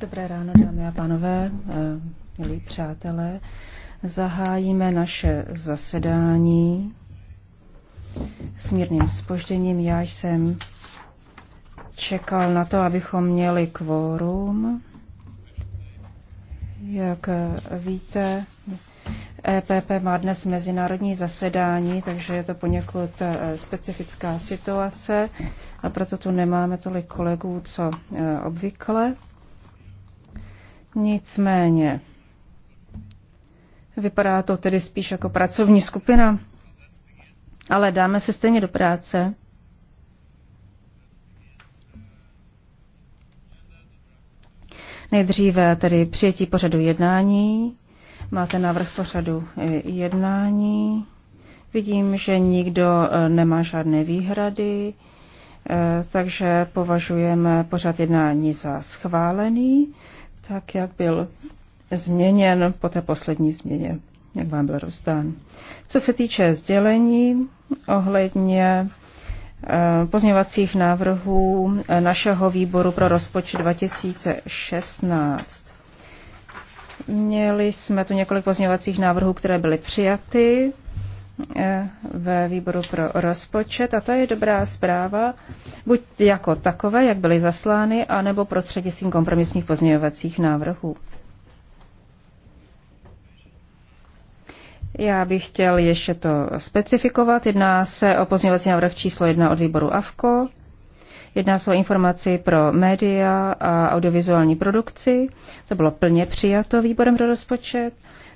Dobré ráno, dámy a pánové, eh, milí přátelé. Zahájíme naše zasedání s mírným spožděním. Já jsem čekal na to, abychom měli kvórum. Jak víte, EPP má dnes mezinárodní zasedání, takže je to poněkud e, specifická situace a proto tu nemáme tolik kolegů, co e, obvykle. Nicméně, vypadá to tedy spíš jako pracovní skupina, ale dáme se stejně do práce. Nejdříve tedy přijetí pořadu jednání. Máte návrh pořadu eh, jednání. Vidím, že nikdo eh, nemá žádné výhrady, eh, takže považujeme pořad jednání za schválený, tak jak byl změněn po té poslední změně, jak vám byl rozdán. Co se týče sdělení ohledně pozměňovacích návrhů našeho výboru pro rozpočet 2016, Měli jsme tu několik pozměňovacích návrhů, které byly přijaty eh, ve výboru pro rozpočet a to je dobrá zpráva, buď jako takové, jak byly zaslány, anebo prostřednictvím kompromisních pozměňovacích návrhů. Já bych chtěl ještě to specifikovat. Jedná se o pozměňovací návrh číslo 1 od výboru AVKO. Jedná se o informaci pro média a audiovizuální produkci. To bylo plně přijato výborem pro rozpočet.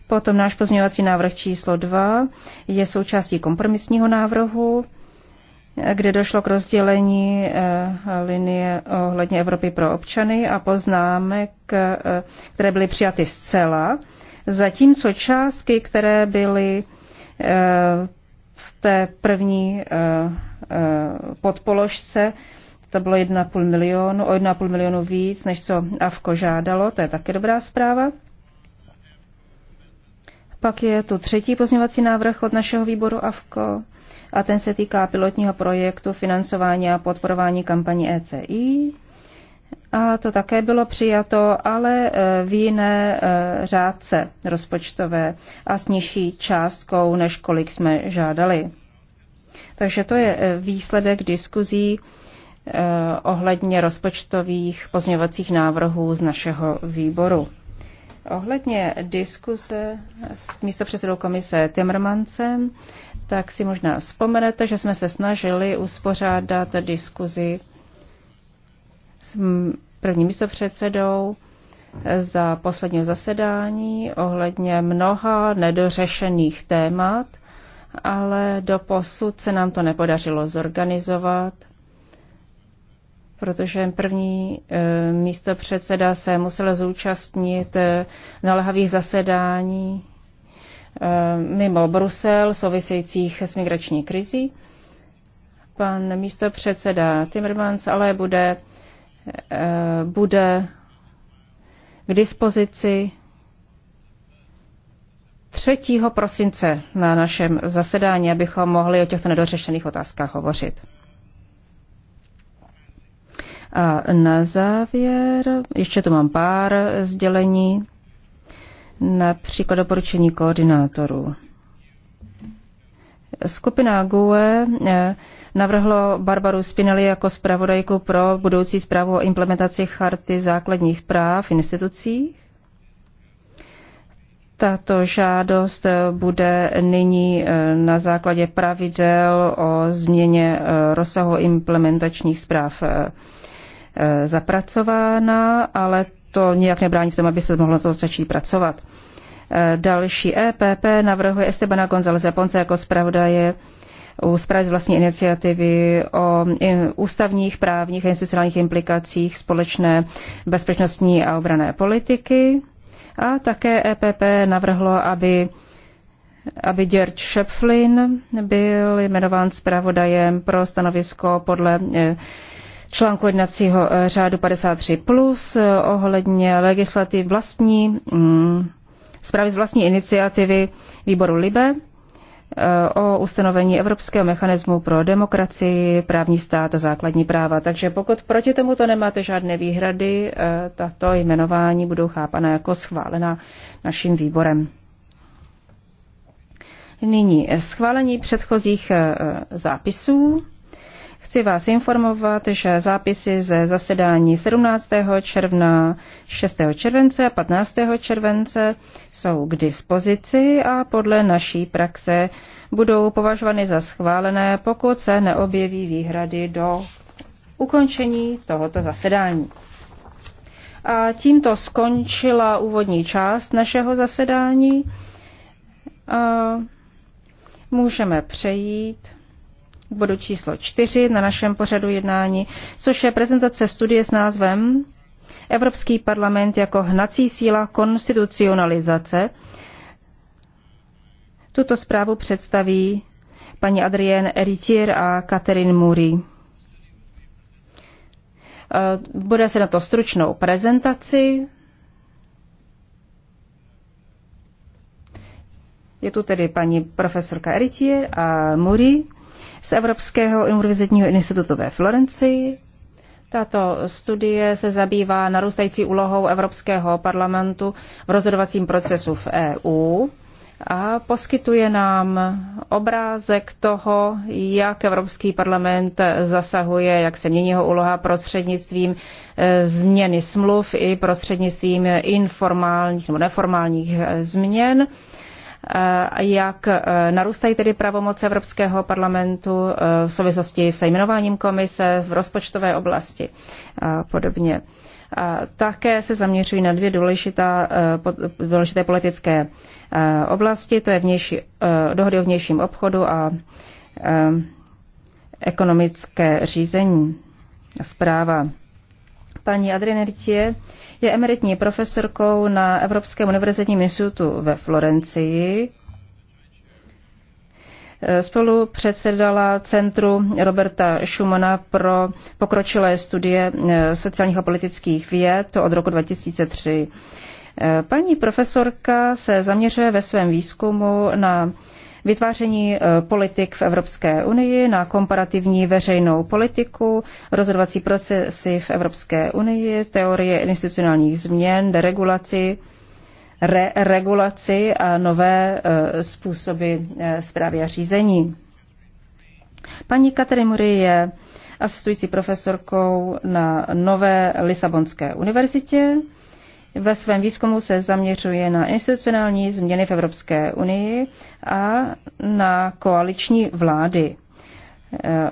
Potom náš pozměňovací návrh číslo 2 je součástí kompromisního návrhu, kde došlo k rozdělení eh, linie ohledně Evropy pro občany a poznámek, eh, které byly přijaty zcela, zatímco částky, které byly eh, v té první podpoložce to bylo 1,5 milionu, o 1,5 milionu víc, než co AVKO žádalo, to je také dobrá zpráva. Pak je tu třetí pozměňovací návrh od našeho výboru AVKO a ten se týká pilotního projektu financování a podporování kampaní ECI. A to také bylo přijato, ale e, v jiné e, řádce rozpočtové a s nižší částkou, než kolik jsme žádali. Takže to je e, výsledek diskuzí Eh, ohledně rozpočtových pozměňovacích návrhů z našeho výboru. Ohledně diskuse s místopředsedou komise Timmermancem, tak si možná vzpomenete, že jsme se snažili uspořádat diskuzi s prvním místopředsedou za posledního zasedání ohledně mnoha nedořešených témat, ale do posud se nám to nepodařilo zorganizovat protože první eh, místo předseda se musel zúčastnit eh, naléhavých zasedání eh, mimo Brusel souvisejících s migrační krizí. Pan místo předseda Timmermans ale bude, bude k dispozici 3. prosince na našem zasedání, abychom mohli o těchto nedořešených otázkách hovořit. A na závěr, ještě tu mám pár sdělení, například doporučení koordinátorů. Skupina GUE eh, navrhlo Barbaru Spinelli jako zpravodajku pro budoucí zprávu o implementaci charty základních práv v institucích. Tato žádost bude nyní eh, na základě pravidel o změně eh, rozsahu implementačních zpráv E, zapracována, ale to nijak nebrání v tom, aby se mohlo začít pracovat. E, další EPP navrhuje Estebana González Ponce jako zpravodaje u zprávy z vlastní iniciativy o e, ústavních, právních a institucionálních implikacích společné bezpečnostní a obrané politiky. A také EPP navrhlo, aby, aby Gerd Schöpflin byl jmenován zpravodajem pro stanovisko podle eh, článku jednacího eh, řádu 53 plus eh, ohledně legislativ vlastní, mm, zprávy z vlastní iniciativy výboru LIBE eh, o ustanovení Evropského mechanismu pro demokracii, právní stát a základní práva. Takže pokud proti tomuto nemáte žádné výhrady, tato jmenování budou chápána jako schválena naším výborem. Nyní schválení předchozích zápisů. Chci vás informovat, že zápisy ze zasedání 17. června, 6. července a 15. července jsou k dispozici a podle naší praxe budou považovány za schválené, pokud se neobjeví výhrady do ukončení tohoto zasedání. A tímto skončila úvodní část našeho zasedání. A můžeme přejít k bodu číslo 4 na našem pořadu jednání, což je prezentace studie s názvem Evropský parlament jako hnací síla konstitucionalizace. Tuto zprávu představí paní Adrienne Eritier a Catherine Murray. Eh, bude se na to stručnou prezentaci. Je tu tedy paní profesorka Eritier a Murray z Evropského univerzitního institutu ve Florencii. Tato studie se zabývá narůstající úlohou Evropského parlamentu v rozhodovacím procesu v EU a poskytuje nám obrázek toho, jak Evropský parlament zasahuje, jak se mění jeho úloha prostřednictvím eh, změny smluv i prostřednictvím informálních nebo neformálních eh, změn. Eh, jak eh, narůstají tedy pravomoce Evropského parlamentu eh, v souvislosti se jmenováním komise v rozpočtové oblasti a podobně. A také se zaměřují na dvě důležitá, důležité politické oblasti, to je vnější, dohody o vnějším obchodu a ekonomické řízení a zpráva. Paní Adrinertie je emeritní profesorkou na Evropském univerzitním institutu ve Florencii. Spolu předsedala Centru Roberta Schumana pro pokročilé studie eh, sociálních a politických věd od roku 2003. Eh, paní profesorka se zaměřuje ve svém výzkumu na vytváření eh, politik v Evropské unii, na komparativní veřejnou politiku, rozhodovací procesy v Evropské unii, teorie institucionálních změn, deregulaci, re-regulaci a nové eh, způsoby eh, zprávy a řízení. Paní Katery Mury je asistující profesorkou na Nové Lisabonské univerzitě ve svém výzkumu se zaměřuje na institucionální změny v Evropské unii a na koaliční vlády, eh,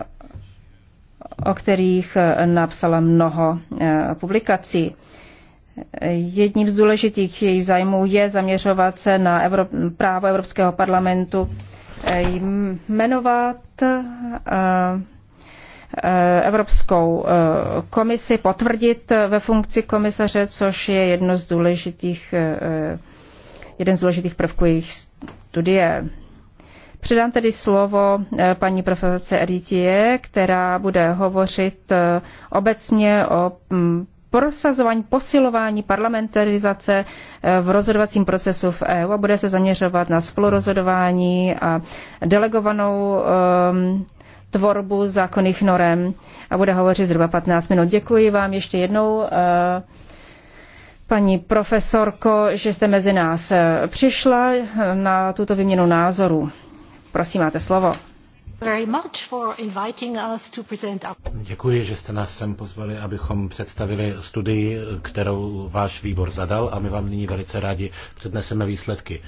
o kterých eh, napsala mnoho eh, publikací. Jedním z důležitých jejich zájmů je zaměřovat se na Evrop- právo Evropského parlamentu jmenovat Eh, Evropskou eh, komisi potvrdit ve funkci komisaře, což je jedno z důležitých, eh, jeden z důležitých prvků jejich studie. Předám tedy slovo paní profesorce Eritie, která bude hovořit obecně o mm, prosazování, posilování parlamentarizace v rozhodovacím procesu v EU a bude se zaměřovat na spolurozhodování a delegovanou um, tvorbu zákonných norem a bude hovořit zhruba 15 minut. Děkuji vám ještě jednou, eh, paní profesorko, že jste mezi nás eh, přišla eh, na tuto výměnu názorů. Prosím, máte slovo. Děkuji, že jste nás sem pozvali, abychom představili studii, kterou váš výbor zadal a my vám nyní velice rádi předneseme výsledky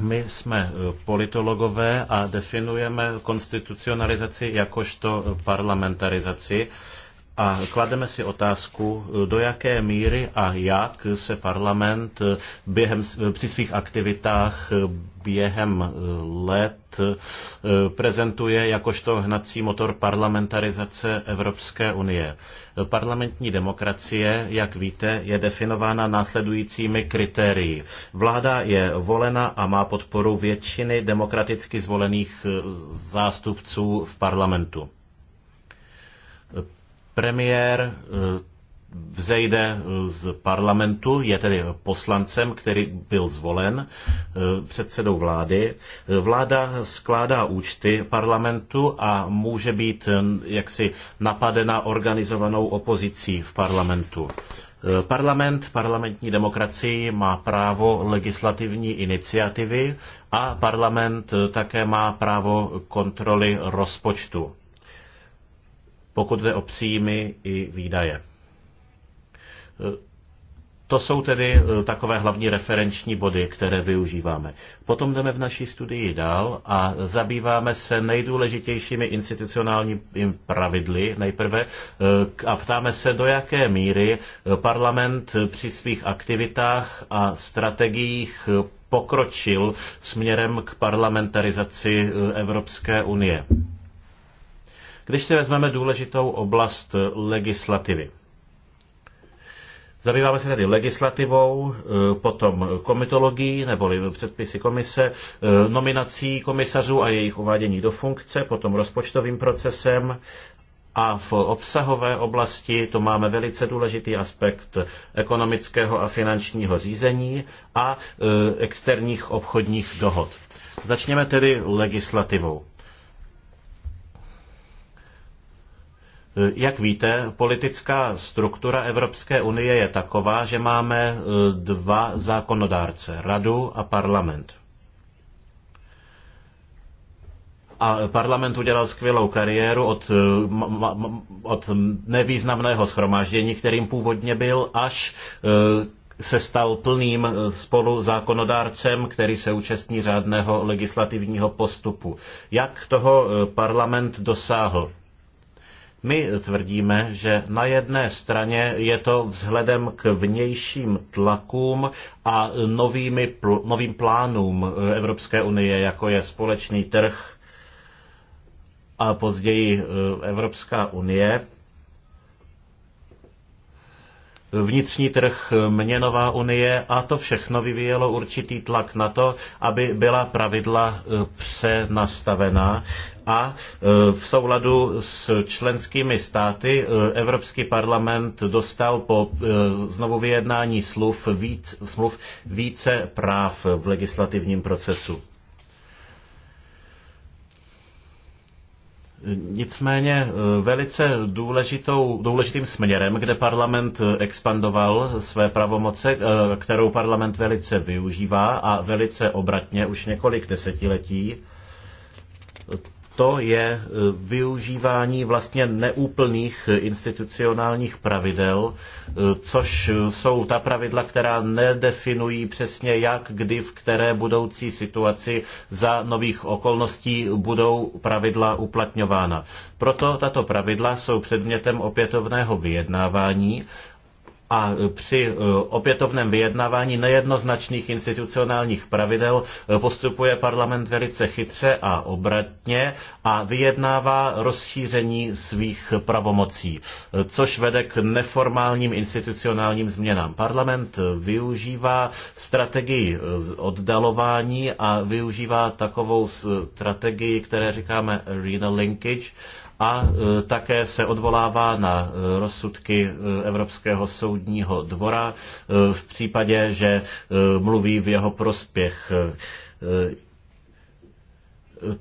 my jsme e, politologové a definujeme konstitucionalizaci jakožto e, parlamentarizaci a klademe si otázku, do jaké míry a jak se parlament eh, během, eh, při svých aktivitách eh, během let prezentuje jakožto hnací motor parlamentarizace Evropské unie. Parlamentní demokracie, jak víte, je definována následujícími kritérii. Vláda je volena a má podporu většiny demokraticky zvolených zástupců v parlamentu. Premiér eh, vzejde eh, z parlamentu, je tedy poslancem, který byl zvolen eh, předsedou vlády. Vláda skládá účty parlamentu a může být jaksi napadena organizovanou opozicí v parlamentu. Parlament, parlamentní demokracii má právo legislativní iniciativy a parlament také má právo kontroly rozpočtu pokud jde o příjmy i výdaje. E, to jsou tedy e, takové hlavní referenční body, které využíváme. Potom jdeme v naší studii dál a zabýváme se nejdůležitějšími institucionálními pravidly nejprve e, a ptáme se, do jaké míry parlament při svých aktivitách a strategiích pokročil směrem k parlamentarizaci Evropské unie. Když si vezmeme důležitou oblast eh, legislativy, Zabýváme se tedy legislativou, eh, potom komitologií neboli předpisy komise, eh, nominací komisařů a jejich uvádění do funkce, potom rozpočtovým procesem a v obsahové oblasti to máme velice důležitý aspekt ekonomického a finančního řízení a externích obchodních dohod. Začněme tedy legislativou. Eh, jak víte, politická struktura Evropské unie je taková, že máme eh, dva zákonodárce, radu a parlament. A parlament udělal skvělou kariéru od, eh, od nevýznamného schromáždění, kterým původně byl, až se stal plným spoluzákonodárcem, který se účastní řádného legislativního postupu. Jak toho parlament dosáhl? My tvrdíme, že na jedné straně je to vzhledem k vnějším tlakům a novými, pl, novým plánům eh, Evropské unie, jako je společný trh a později eh, Evropská unie, vnitřní trh, eh, měnová unie a to všechno vyvíjelo určitý tlak na to, aby byla pravidla přenastavená a e, v souladu s členskými státy e, Evropský parlament dostal po e, znovu vyjednání víc, smluv více práv v legislativním procesu. Nicméně velice důležitou, důležitým směrem, kde parlament expandoval své pravomoce, kterou parlament velice využívá a velice obratně už několik desetiletí, to je eh, využívání vlastně neúplných institucionálních pravidel, eh, což eh, jsou ta pravidla, která nedefinují přesně jak, kdy, v které budoucí situaci za nových okolností budou pravidla uplatňována. Proto tato pravidla jsou předmětem opětovného vyjednávání a při e, opětovném vyjednávání nejednoznačných institucionálních pravidel e, postupuje parlament velice chytře a obratně a vyjednává rozšíření svých pravomocí, e, což vede k neformálním institucionálním změnám. Parlament využívá strategii oddalování a využívá takovou strategii, které říkáme arena linkage, a e, také se odvolává na e, rozsudky e, Evropského soudního dvora v případě, že mluví v jeho prospěch.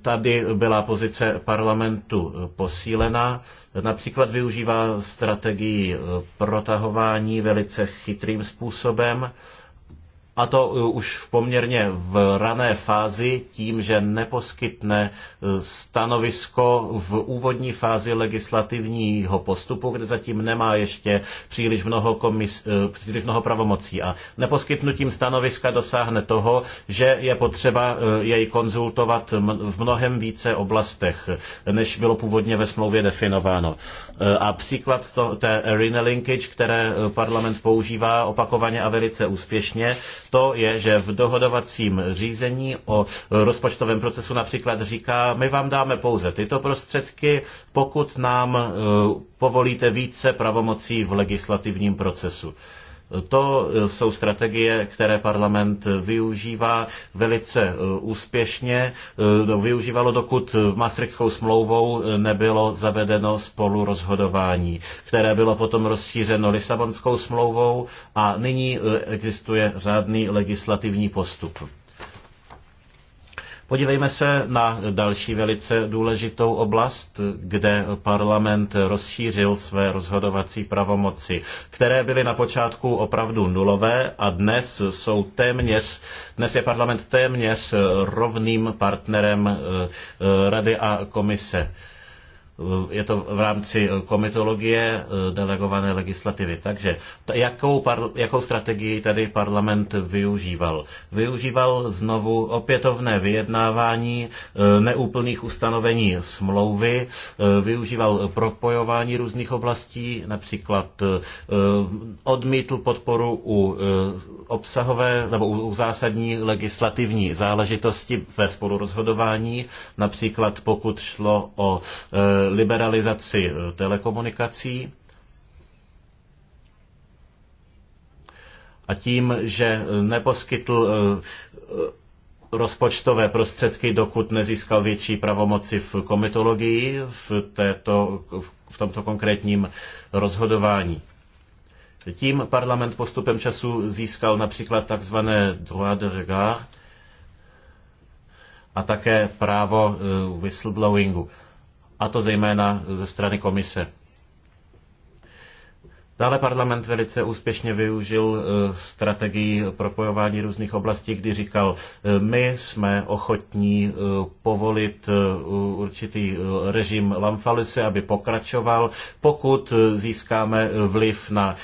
Tady byla pozice parlamentu posílena. Například využívá strategii protahování velice chytrým způsobem a to e, už v poměrně v rané fázi tím, že neposkytne e, stanovisko v úvodní fázi legislativního postupu, kde zatím nemá ještě příliš mnoho, komis, e, příliš mnoho pravomocí. A neposkytnutím stanoviska dosáhne toho, že je potřeba jej konzultovat v mnohem více oblastech, než bylo původně ve smlouvě definováno. A příklad to, té arena linkage, které parlament používá opakovaně a velice úspěšně, to je, že v dohodovacím řízení o rozpočtovém procesu například říká, my vám dáme pouze tyto prostředky, pokud nám eh, povolíte více pravomocí v legislativním procesu. To jsou strategie, které parlament využívá velice e, úspěšně. E, využívalo, dokud v Maastrichtskou smlouvou nebylo zavedeno spolurozhodování, které bylo potom rozšířeno Lisabonskou smlouvou a nyní e, existuje řádný legislativní postup. Podívejme se na další velice důležitou oblast, kde parlament rozšířil své rozhodovací pravomoci, které byly na počátku opravdu nulové a dnes jsou téměř, dnes je parlament téměř rovným partnerem eh, eh, Rady a komise je to v rámci eh, komitologie eh, delegované legislativy. Takže jakou, par, jakou strategii tady parlament využíval? Využíval znovu opětovné vyjednávání eh, neúplných ustanovení smlouvy, využíval propojování různých oblastí, například odmítl podporu u obsahové nebo u zásadní legislativní záležitosti ve spolurozhodování, například pokud šlo o liberalizaci eh, telekomunikací. A tím, že eh, neposkytl eh, rozpočtové prostředky, dokud nezískal větší pravomoci v komitologii, v, této, v tomto konkrétním rozhodování. Tím parlament postupem času získal například takzvané droit de regard a také právo whistleblowingu a to zejména ze strany komise. Dále parlament velice úspěšně využil e, strategii propojování různých oblastí, kdy říkal, e, my jsme ochotní e, povolit určitý režim Lamfalise, aby pokračoval, pokud získáme vliv na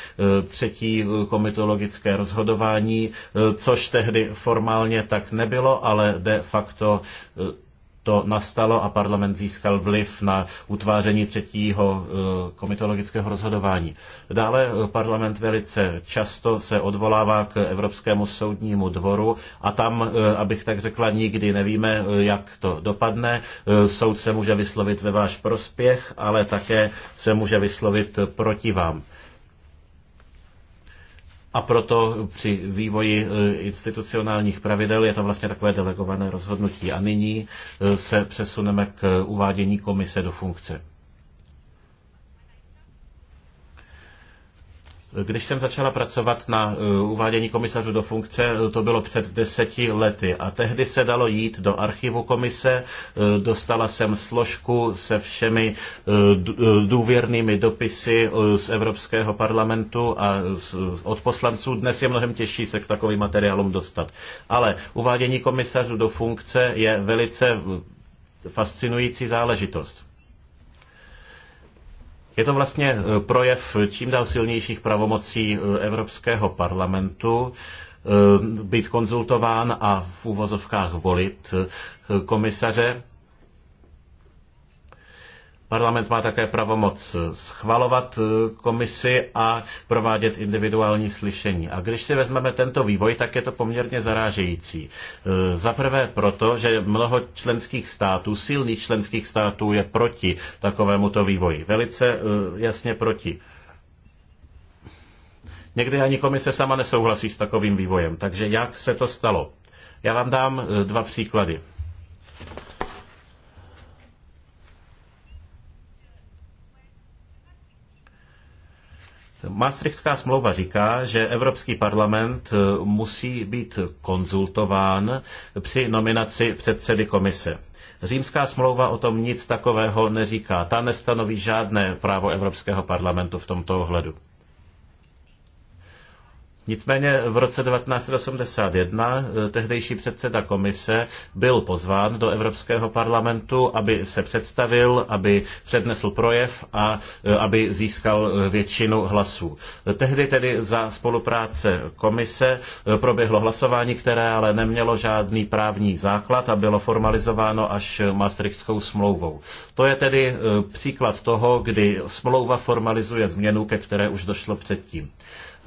třetí komitologické rozhodování, což tehdy formálně tak nebylo, ale de facto to nastalo a parlament získal vliv na utváření třetího eh, komitologického rozhodování. Dále eh, parlament velice často se odvolává k Evropskému soudnímu dvoru a tam, eh, abych tak řekla, nikdy nevíme, jak to dopadne. Soud se může vyslovit ve váš prospěch, ale také se může vyslovit proti vám. A proto při vývoji e, institucionálních pravidel je to vlastně takové delegované rozhodnutí. A nyní e, se přesuneme k uvádění komise do funkce. Když jsem začala pracovat na eh, uvádění komisařů do funkce, eh, to bylo před deseti lety a tehdy se dalo jít do archivu komise, eh, dostala jsem složku se všemi důvěrnými dopisy z Evropského parlamentu a od poslanců. Dnes je mnohem těžší se k takovým materiálům dostat. Ale uvádění komisařů do funkce je velice fascinující záležitost. Je to vlastně eh, projev čím dál silnějších pravomocí eh, Evropského parlamentu eh, být konzultován a v úvozovkách volit komisaře Parlament má také pravomoc eh, schvalovat eh, komisi a provádět individuální slyšení. A když si vezmeme tento vývoj, tak je to poměrně zarážející. Eh, za prvé proto, že mnoho členských států, silných členských států je proti takovémuto vývoji. Velice jasně proti. Někdy ani komise sama nesouhlasí s takovým vývojem. Takže jak se to stalo? Já vám dám dva příklady. Maastrichtská smlouva říká, že Evropský parlament eh, musí být konzultován při nominaci předsedy komise. Římská smlouva o tom nic takového neříká. Ta nestanoví žádné právo Evropského parlamentu v tomto ohledu. Nicméně v roce 1981 eh, tehdejší předseda komise byl pozván do Evropského parlamentu, aby se představil, aby přednesl projev a eh, aby získal eh, většinu hlasů. Tehdy tedy za spolupráce komise proběhlo hlasování, které ale nemělo žádný právní základ a bylo formalizováno až Maastrichtskou smlouvou. To je tedy příklad toho, kdy smlouva formalizuje změnu, ke které už došlo předtím.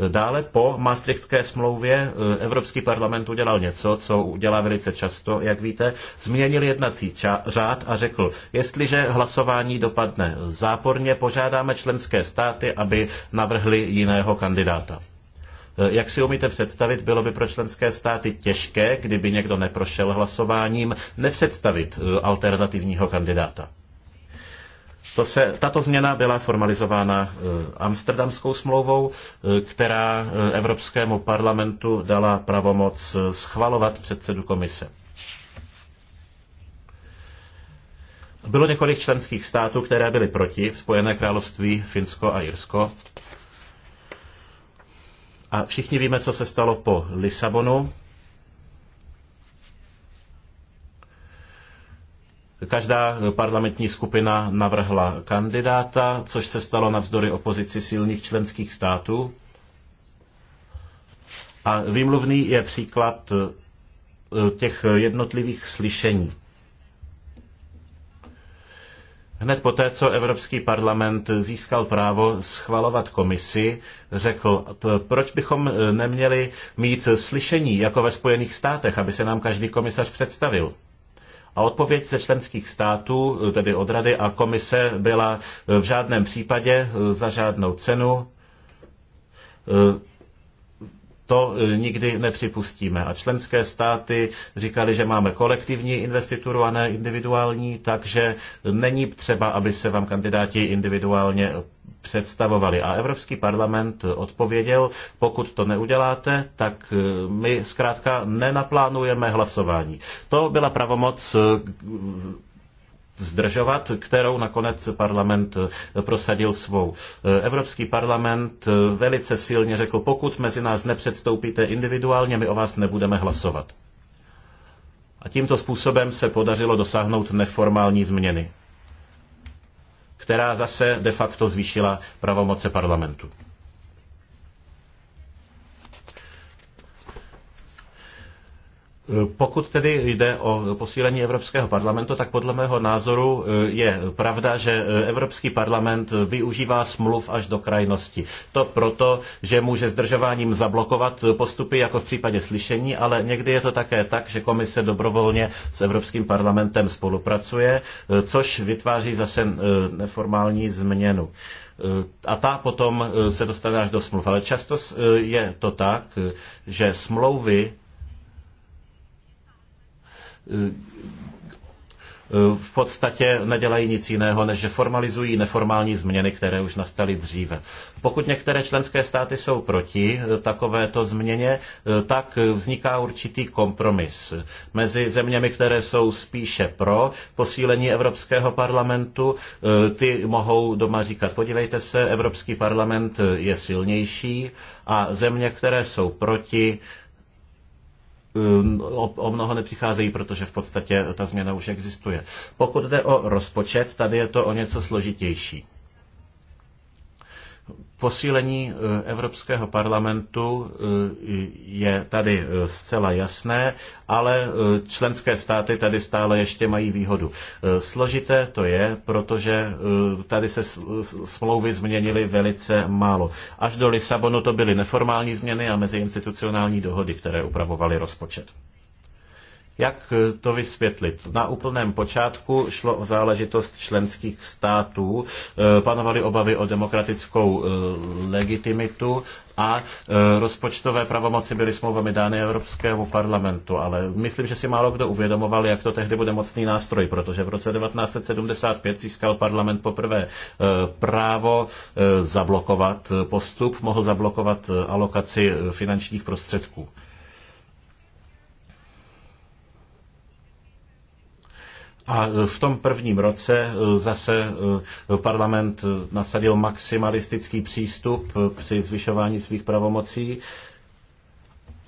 Dále po Maastrichtské smlouvě e, Evropský parlament udělal něco, co udělá velice často, jak víte, změnil jednací řád a řekl, jestliže hlasování dopadne záporně, požádáme členské státy, aby navrhli jiného kandidáta. E, jak si umíte představit, bylo by pro členské státy těžké, kdyby někdo neprošel hlasováním, nepředstavit e, alternativního kandidáta. To se, tato změna byla formalizována eh, Amsterdamskou smlouvou, eh, která eh, Evropskému parlamentu dala pravomoc schvalovat předsedu komise. Bylo několik členských států, které byly proti, Spojené království, Finsko a Jirsko. A všichni víme, co se stalo po Lisabonu. Každá eh, parlamentní skupina navrhla kandidáta, což se stalo navzdory opozici silných členských států. A výmluvný je příklad eh, těch jednotlivých slyšení. Hned poté, co Evropský parlament získal právo schvalovat komisi, řekl, proč bychom eh, neměli mít slyšení jako ve Spojených státech, aby se nám každý komisař představil. A odpověď ze členských států, tedy od Rady a komise, byla v žádném případě za žádnou cenu to e, nikdy nepřipustíme. A členské státy říkali, že máme kolektivní investituru a ne individuální, takže není třeba, aby se vám kandidáti individuálně představovali. A Evropský parlament odpověděl, pokud to neuděláte, tak e, my zkrátka nenaplánujeme hlasování. To byla pravomoc e, zdržovat, kterou nakonec parlament eh, prosadil svou. Eh, Evropský parlament eh, velice silně řekl, pokud mezi nás nepředstoupíte individuálně, my o vás nebudeme hlasovat. A tímto způsobem se podařilo dosáhnout neformální změny, která zase de facto zvýšila pravomoce parlamentu. Pokud tedy jde o posílení Evropského parlamentu, tak podle mého názoru eh, je pravda, že eh, Evropský parlament využívá smluv až do krajnosti. To proto, že může zdržováním zablokovat postupy jako v případě slyšení, ale někdy je to také tak, že komise dobrovolně s Evropským parlamentem spolupracuje, eh, což vytváří zase neformální změnu a ta potom se dostane až do smluv. Ale často je to tak, že smlouvy Eh, v podstatě nedělají nic jiného, než že formalizují neformální změny, které už nastaly dříve. Pokud některé členské státy jsou proti eh, takovéto změně, eh, tak vzniká určitý kompromis mezi zeměmi, které jsou spíše pro posílení Evropského parlamentu. Ty mohou doma říkat, podívejte se, Evropský parlament je silnější a země, které jsou proti, Ehm, o, o mnoho nepřicházejí, protože v podstatě ta změna už existuje. Pokud jde o rozpočet, tady je to o něco složitější. Posílení eh, Evropského parlamentu eh, je tady eh, zcela jasné, ale členské státy tady stále ještě mají výhodu. Složité to je, protože tady se smlouvy změnily velice málo. Až do Lisabonu to byly neformální změny a meziinstitucionální dohody, které upravovaly rozpočet. Jak eh, to vysvětlit? Na úplném počátku šlo o záležitost členských států, eh, panovaly obavy o demokratickou eh, legitimitu a rozpočtové pravomoci byly smlouvami dány Evropskému parlamentu, ale myslím, že si málo kdo uvědomoval, jak to tehdy bude mocný nástroj, protože v roce 1975 získal parlament poprvé právo zablokovat postup, mohl zablokovat alokaci finančních prostředků. A e, v tom prvním roce e, zase e, parlament nasadil maximalistický přístup při zvyšování svých pravomocí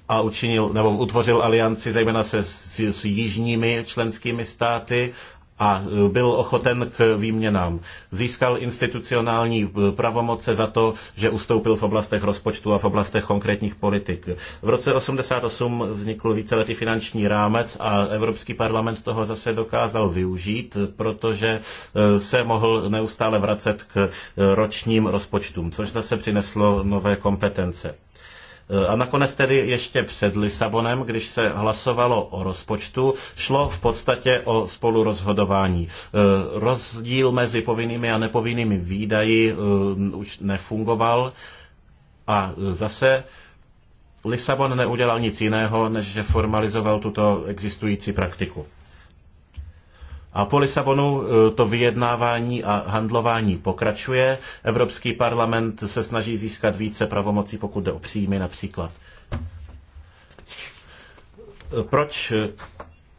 a učinil, nebo utvořil alianci zejména se s, s jižními členskými státy a e, byl ochoten k výměnám. Získal institucionální e, pravomoce za to, že ustoupil v oblastech rozpočtu a v oblastech konkrétních politik. V roce 88 vznikl víceletý finanční rámec a Evropský parlament toho zase dokázal využít, protože e, se mohl neustále vracet k ročním rozpočtům, což zase přineslo nové kompetence. Eh, a nakonec tedy ještě před Lisabonem, když se hlasovalo o rozpočtu, šlo v podstatě o spolurozhodování. Eh, rozdíl mezi povinnými a nepovinnými výdaji eh, už nefungoval a zase Lisabon neudělal nic jiného, než že formalizoval tuto existující praktiku. A po Lisabonu eh, to vyjednávání a handlování pokračuje. Evropský parlament se snaží získat více pravomocí, pokud jde o příjmy například. Eh, proč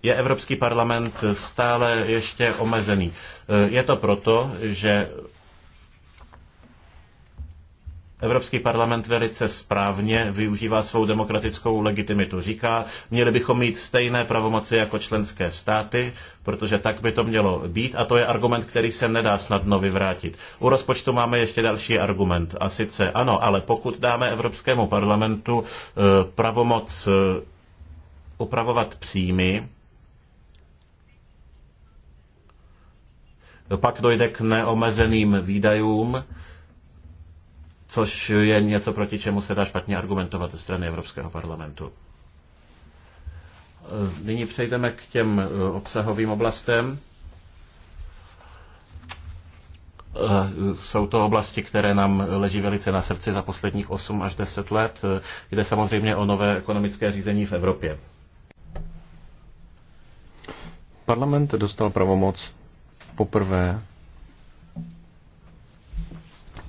je Evropský parlament stále ještě omezený? Eh, je to proto, že Evropský parlament velice správně využívá svou demokratickou legitimitu. Říká, měli bychom mít stejné pravomoci jako členské státy, protože tak by to mělo být a to je argument, který se nedá snadno vyvrátit. U rozpočtu máme ještě další argument a sice ano, ale pokud dáme Evropskému parlamentu eh, pravomoc eh, upravovat příjmy, pak dojde k neomezeným výdajům, což je něco, proti čemu se dá špatně argumentovat ze strany Evropského parlamentu. Nyní přejdeme k těm eh, obsahovým oblastem. Eh, jsou to oblasti, které nám leží velice na srdci za posledních 8 až 10 let. Eh, jde samozřejmě o nové ekonomické řízení v Evropě. Parlament dostal pravomoc poprvé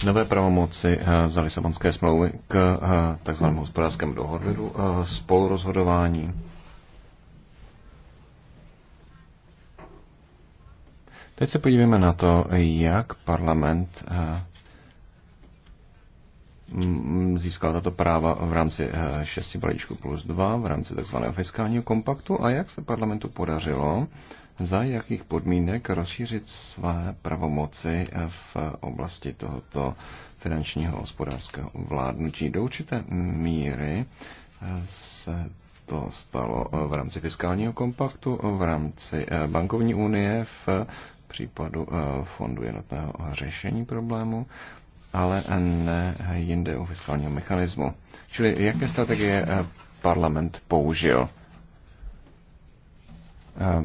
nové pravomoci eh, za Lisabonské smlouvy k eh, takzvanému hospodářskému dohodu eh, spolurozhodování. Teď se podívejme na to, jak parlament získal tato práva v rámci šesti balíčku plus 2, v rámci tzv. fiskálního kompaktu a jak se parlamentu podařilo za jakých podmínek rozšířit své pravomoci v oblasti tohoto finančního hospodářského vládnutí. Do určité míry se to stalo v rámci fiskálního kompaktu, v rámci eh, bankovní unie, v případu eh, fondu jednotného řešení problému, ale ne jinde u fiskálního mechanismu. Čili jaké strategie eh, parlament použil?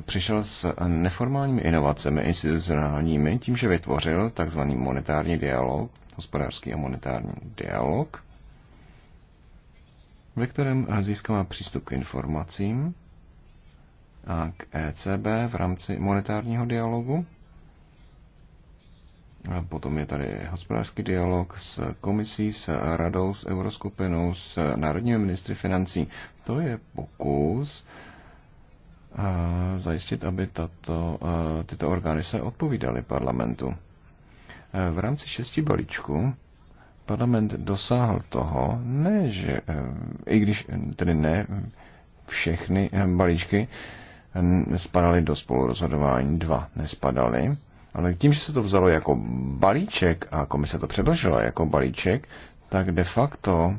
přišel s neformálními inovacemi institucionálními tím, že vytvořil tzv. monetární dialog, hospodářský a monetární dialog, ve kterém získává přístup k informacím a k ECB v rámci monetárního dialogu. A potom je tady hospodářský dialog s komisí, s radou, s euroskupinou, s národními ministry financí. To je pokus zajistit, aby tato, tyto orgány se odpovídaly parlamentu. V rámci šesti balíčků parlament dosáhl toho, ne, že, e, i když e, tedy ne všechny e, balíčky spadaly do spolurozhodování, dva nespadaly, ale tím, že se to vzalo jako balíček a komise to předložila jako balíček, tak de facto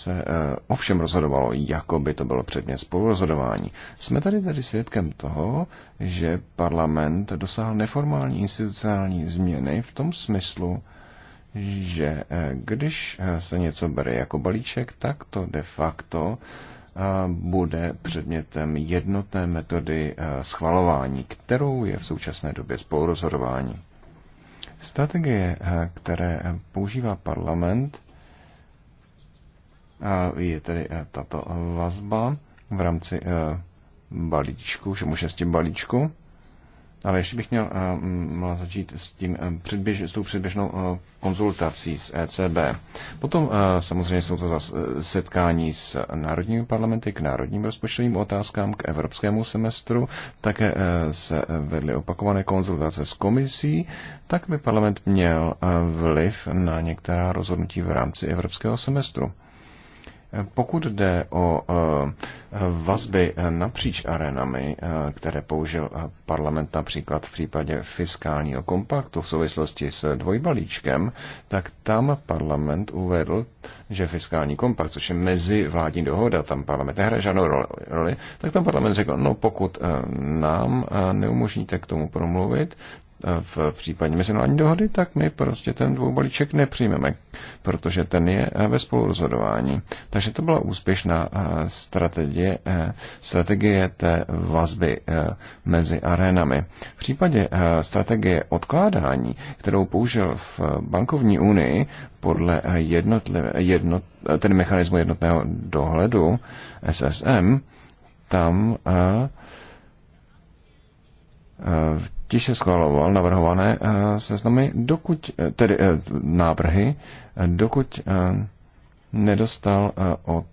se eh, ovšem rozhodovalo, jako by to bylo předmět spolurozhodování. Jsme tady tedy svědkem toho, že parlament dosáhl neformální institucionální změny v tom smyslu, že eh, když eh, se něco bere jako balíček, tak to de facto bude předmětem jednotné metody schvalování, kterou je v současné době spolurozhodování. Strategie, které používá parlament, je tedy eh, tato vazba v rámci eh, balíčku, všemožnosti balíčku. Ale ještě bych měl eh, měla začít s, tím, předběž, s tou předběžnou konzultací s ECB. Potom samozřejmě jsou to zase setkání s národními parlamenty k národním rozpočtovým otázkám, k evropskému semestru. Také se vedly opakované konzultace s komisí, tak by parlament měl vliv na některá rozhodnutí v rámci evropského semestru. Pokud jde o e, vazby napříč arenami, e, které použil parlament například v případě fiskálního kompaktu v souvislosti s dvojbalíčkem, tak tam parlament uvedl, že fiskální kompakt, což je mezi vládní dohoda, tam parlament nehraje žádnou roli, tak tam parlament řekl, no pokud e, nám neumožníte k tomu promluvit, v případě mezinárodní dohody, tak my prostě ten dvoubalíček nepřijmeme, protože ten je eh, ve spolurozhodování. Takže to byla úspěšná eh, strategie, eh, strategie té vazby mezi arénami. V případě strategie odkládání, kterou použil v bankovní unii podle jednot, ten mechanismu jednotného dohledu SSM, tam a, tiše schvaloval navrhované eh, seznamy, dokud, eh, tedy eh, návrhy, dokud nedostal od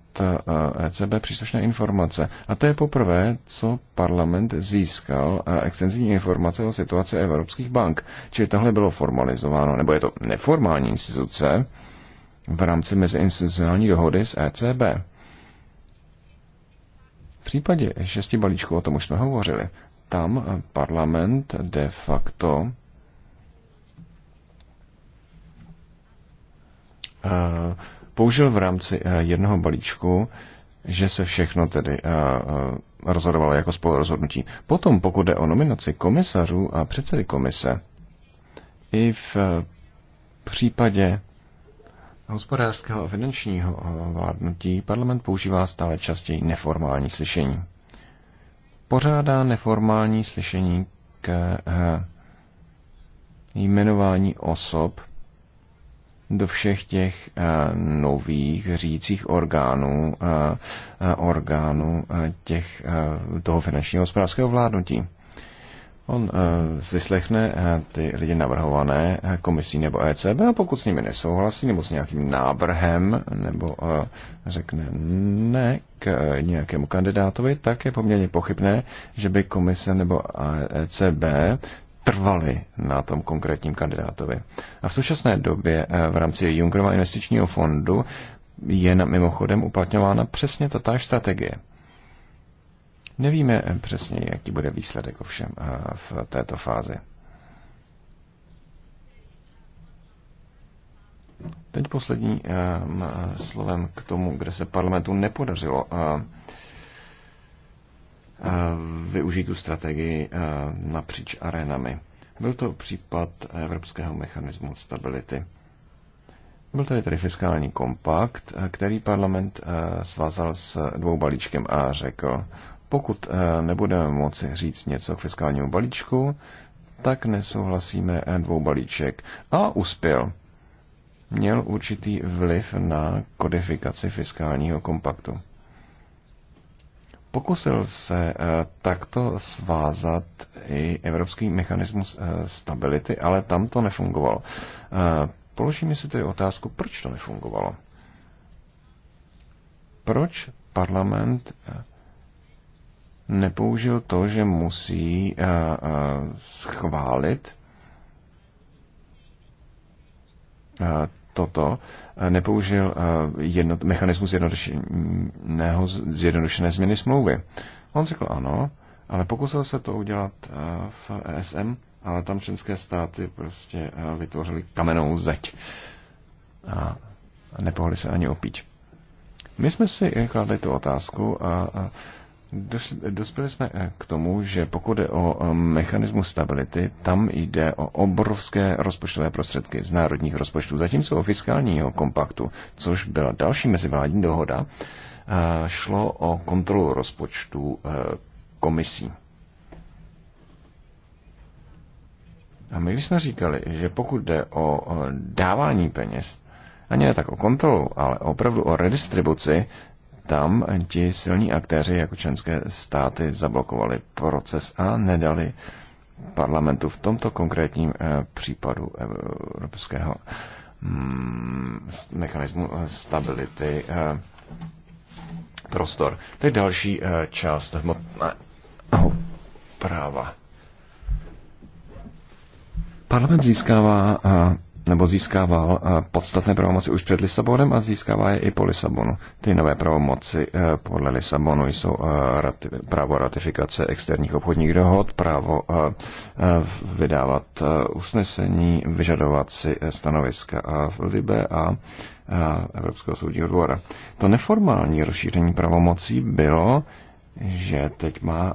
ECB e příslušné informace. A to je poprvé, co parlament získal extenzivní informace o situaci evropských bank. Čili tohle bylo formalizováno, nebo je to neformální instituce v rámci meziinstitucionální dohody s ECB. V případě šesti balíčků, o tom už jsme hovořili, tam parlament de facto eh, použil v rámci eh, jednoho balíčku, že se všechno tedy eh, rozhodovalo jako spolurozhodnutí. Potom, pokud jde o nominaci komisařů a předsedy komise, i v případě hospodářského a finančního vládnutí parlament používá stále častěji neformální slyšení pořádá neformální slyšení k eh, jmenování osob do všech těch eh, nových řídících orgánů, eh, orgánů těch, toho finančního hospodářského vládnutí. On eh, vyslechne eh, ty lidi navrhované eh, komisí nebo ECB a pokud s nimi nesouhlasí nebo s nějakým návrhem nebo řekne ne k nějakému kandidátovi, tak je poměrně pochybné, že by komise nebo ECB e trvali na tom konkrétním kandidátovi. A v současné době v rámci Junckerova investičního fondu je mimochodem uplatňována přesně ta strategie. Nevíme eh, přesně, jaký bude výsledek ovšem eh, v této fázi. Teď poslední eh, slovem k tomu, kde se parlamentu nepodařilo využít tu strategii napříč arenami. Byl to případ Evropského mechanismu stability. Byl tady tedy fiskální kompakt, který parlament svázal s dvou balíčkem a řekl, pokud eh, nebudeme moci říct něco k fiskálnímu balíčku, tak nesouhlasíme eh, dvou balíček. A uspěl. Měl určitý vliv na kodifikaci fiskálního kompaktu. Pokusil se eh, takto svázat i evropský mechanismus stability, ale tam to nefungovalo. Položíme si tedy otázku, proč to nefungovalo. Proč parlament nepoužil to, že musí eh, eh, schválit eh, toto, nepoužil jednot, mechanismus zjednodušené změny smlouvy. On řekl ano, ale pokusil se to udělat v ESM, ale tam členské státy prostě vytvořili kamenou zeď a nepohli se ani opít. My jsme si kladli tu otázku a, a Dospěli jsme eh, k tomu, že pokud je o eh, mechanismus stability, tam jde o obrovské rozpočtové prostředky z národních rozpočtů. Zatímco o fiskálního kompaktu, což byla další mezivládní dohoda, eh, šlo o kontrolu rozpočtu komisí. A my jsme říkali, že pokud jde o dávání peněz, ani ne tak o kontrolu, ale opravdu o redistribuci, tam ti silní aktéři jako členské státy zablokovali proces a nedali parlamentu v tomto konkrétním eh, případu evropského mm, mechanismu stability eh, prostor. Teď další eh, část hmotného práva. Parlament získává nebo získával eh, podstatné pravomoci už před Lisabonem a získává je i po Lisabonu. Ty nové pravomoci eh, podle Lisabonu jsou eh, právo ratifikace externích obchodních dohod, právo vydávat usnesení, vyžadovat si stanoviska v Libe a Evropského soudního dvora. To neformální rozšíření pravomocí bylo, že teď má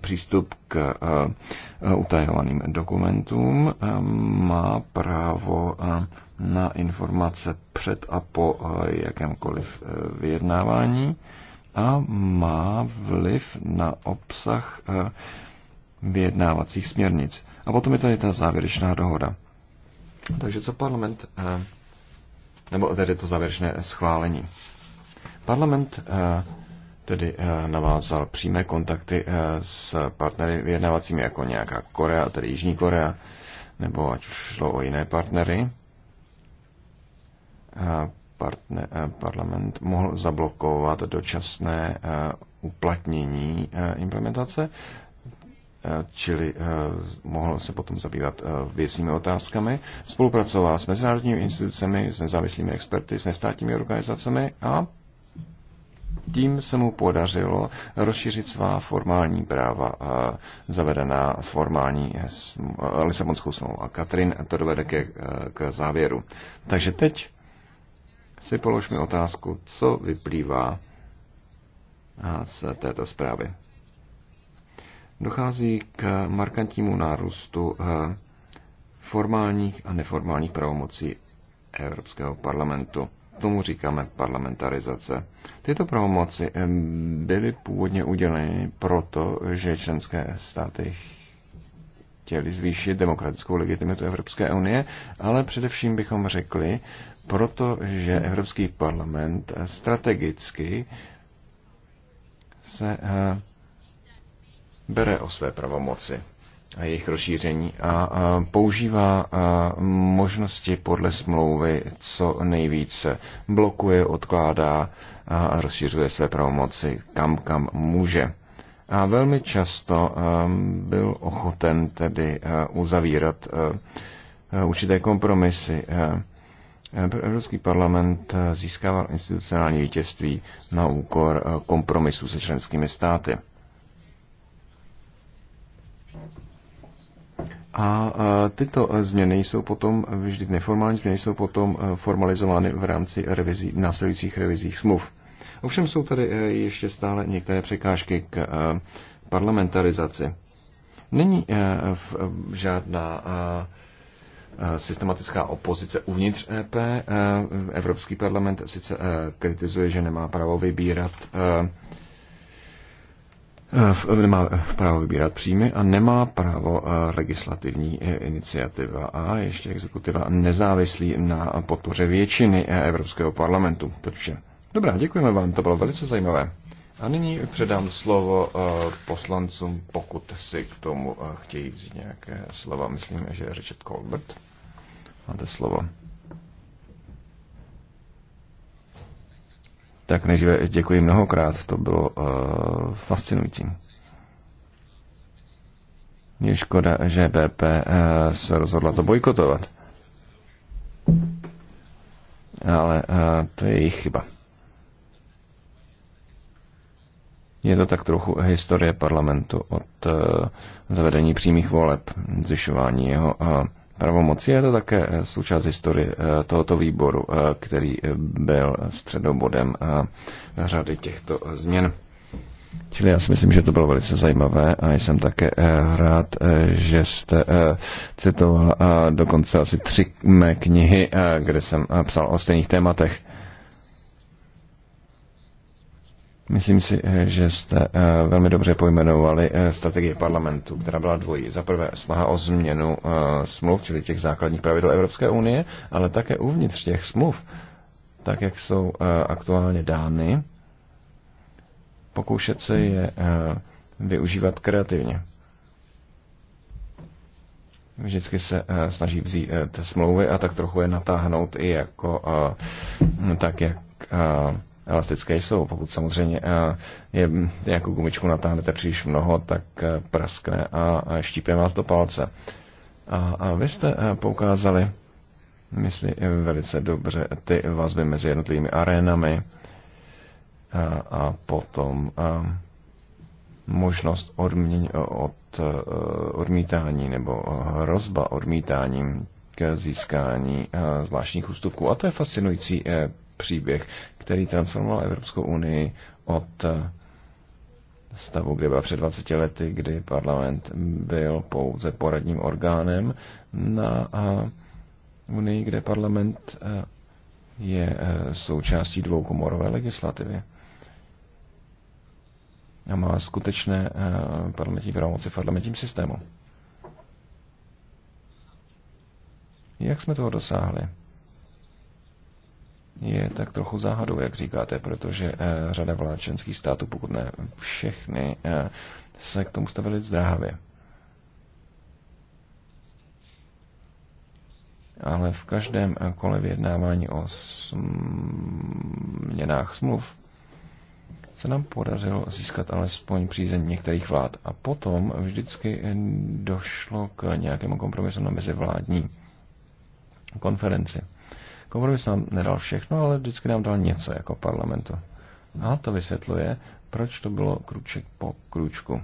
přístup k utajovaným dokumentům, má právo na informace před a po jakémkoliv e, vyjednávání a má vliv na obsah e, vyjednávacích směrnic. A potom je tady ta závěrečná dohoda. Takže co parlament, e, nebo tedy to závěrečné schválení. Parlament tedy eh, navázal přímé kontakty eh, s partnery vyjednávacími jako nějaká Korea, tedy Jižní Korea, nebo ať už šlo o jiné partnery. Eh, partne, parlament mohl zablokovat dočasné uplatnění implementace, čili mohl se potom zabývat věcnými otázkami. Spolupracoval s mezinárodními institucemi, s nezávislými experty, s nestátními organizacemi a tím se mu podařilo rozšířit svá formální práva zavedená formální Lisabonskou smlouvou. A Katrin to dovede ke, k závěru. Takže teď si položme otázku, co vyplývá z této zprávy. Dochází k markantnímu nárůstu formálních a neformálních pravomocí Evropského parlamentu tomu říkáme parlamentarizace. Tyto pravomoci byly původně uděleny proto, že členské státy chtěli zvýšit demokratickou legitimitu Evropské unie, ale především bychom řekli, protože Evropský parlament strategicky se eh, bere o své pravomoci a jejich rozšíření a používá možnosti podle smlouvy co nejvíce. Blokuje, odkládá a rozšiřuje své pravomoci kam, kam může. A velmi často byl ochoten tedy uzavírat určité kompromisy. Evropský parlament získával institucionální vítězství na úkor kompromisu se členskými státy. A tyto změny jsou potom, vždy neformální změny jsou potom e, formalizovány v rámci revizí, následujících revizích smluv. Ovšem jsou tady e, ještě stále některé překážky k e, parlamentarizaci. Není žádná systematická opozice uvnitř EP. Evropský parlament sice kritizuje, že nemá právo vybírat nemá právo vybírat příjmy a nemá právo eh, legislativní eh, iniciativa a ještě exekutiva nezávislí na podpoře většiny eh, Evropského parlamentu. To vše. Dobrá, děkujeme vám, to bylo velice zajímavé. A nyní předám slovo poslancům, pokud si k tomu chtějí vzít nějaké slova. Myslím, že Richard Colbert. Máte slovo. Tak než děkuji mnohokrát, to bylo uh, fascinující. Je škoda, že BP uh, eh, se rozhodla to bojkotovat. Ale uh, to je jejich chyba. Je to tak trochu historie parlamentu od uh, zavedení přímých voleb, zvyšování jeho uh, pravomoci. Je to také eh, součást historie eh, tohoto výboru, eh, který byl středobodem řady těchto změn. Čili já si myslím, že to bylo velice zajímavé a jsem také rád, že jste citoval dokonce asi tři mé knihy, kde jsem psal o stejných tématech. Myslím si, eh, že jste eh, velmi dobře pojmenovali eh, strategii parlamentu, která byla dvojí. Za prvé snaha o změnu smluv, čili těch základních pravidel Evropské unie, ale také uvnitř těch smluv, tak jak jsou aktuálně dány, pokoušet se je využívat kreativně. Vždycky se snaží vzít smlouvy a tak trochu je natáhnout i jako tak, jak elastické jsou. Pokud samozřejmě eh, je jako gumičku natáhnete příliš mnoho, tak eh, praskne a štípe vás do palce. A vy jste eh, poukázali, myslím, velice dobře ty vazby mezi jednotlivými arénami a, potom možnost odměň, od odmítání nebo hrozba odmítáním k získání zvláštních ústupků. A to je fascinující příběh, který transformoval Evropskou unii od eh, stavu, kde byla před 20 lety, kdy parlament byl pouze poradním orgánem na eh, unii, kde parlament eh, je součástí dvoukomorové legislativy a má skutečné parlamentní pravomoci v parlamentním systému. Jak jsme toho dosáhli? je tak trochu záhadou, jak říkáte, protože eh, řada vlád členských států, pokud ne všechny, eh, se k tomu stavili zdráhavě. Ale v každém eh, kole vyjednávání o změnách smluv se nám podařilo získat alespoň přízeň některých vlád. A potom vždycky došlo k nějakému kompromisu na mezivládní konferenci. Kompromis nám nedal všechno, ale vždycky nám dal něco jako parlamentu. A to vysvětluje, proč to bylo kruček po kručku.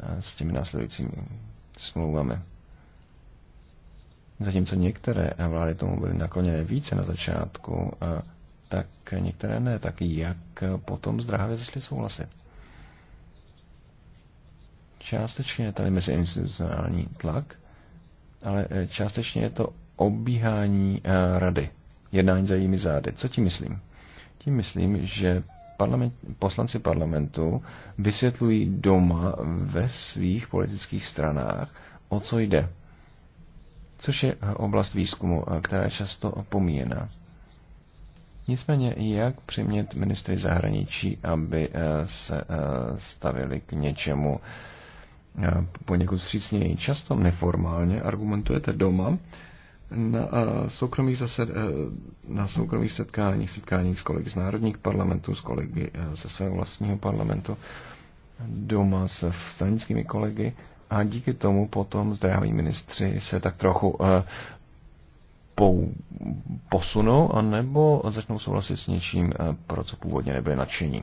A s těmi následujícími smlouvami. Zatímco některé vlády tomu byly nakloněné více na začátku, tak některé ne, tak jak potom zdravě zašli souhlasit. Částečně je tady institucionální tlak, ale eh, částečně je to obíhání eh, rady, jednání za jejími zády. Co tím myslím? Tím myslím, že parlament, poslanci parlamentu vysvětlují doma ve svých politických stranách, o co jde. Což je eh, oblast výzkumu, která je často opomíjena. Nicméně, jak přimět ministry zahraničí, aby se stavili k něčemu, poněkud střícněji, Často neformálně argumentujete doma na soukromých, zased, eh, na soukromých setkáních, setkáních s kolegy z národních parlamentů, s kolegy eh, ze svého vlastního parlamentu, doma s stranickými kolegy a díky tomu potom zdraví ministři se tak trochu eh, posunou a posunou anebo začnou souhlasit s něčím, pro co původně nebyli nadšení.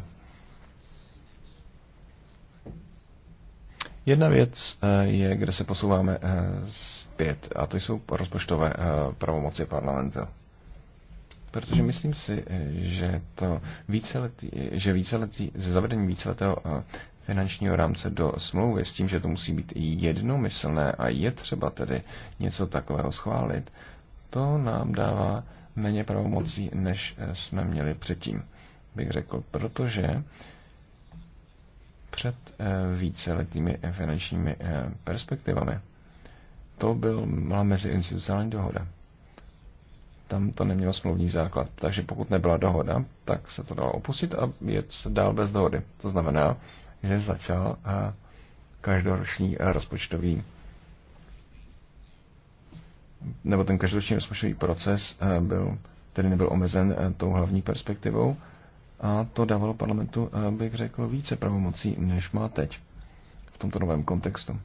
Jedna věc eh, je, kde se posouváme eh, zpět, a to jsou rozpočtové eh, pravomoci parlamentu. Protože myslím si, že to víceletý, že víceletý, ze zavedení víceletého finančního rámce do smlouvy s tím, že to musí být jednomyslné a je třeba tedy něco takového schválit, to nám dává méně pravomocí, než jsme měli předtím, bych řekl. Protože před eh, víceletými eh, finančními eh, perspektivami. To byla meziinstitucionální dohoda. Tam to nemělo smluvní základ. Takže pokud nebyla dohoda, tak se to dalo opustit a jet dál bez dohody. To znamená, že začal každoroční rozpočtový nebo ten každoroční rozpočtový proces byl, tedy nebyl omezen tou hlavní perspektivou, a to dávalo parlamentu, eh, bych řekl, více pravomocí, než má teď v tomto novém kontextu.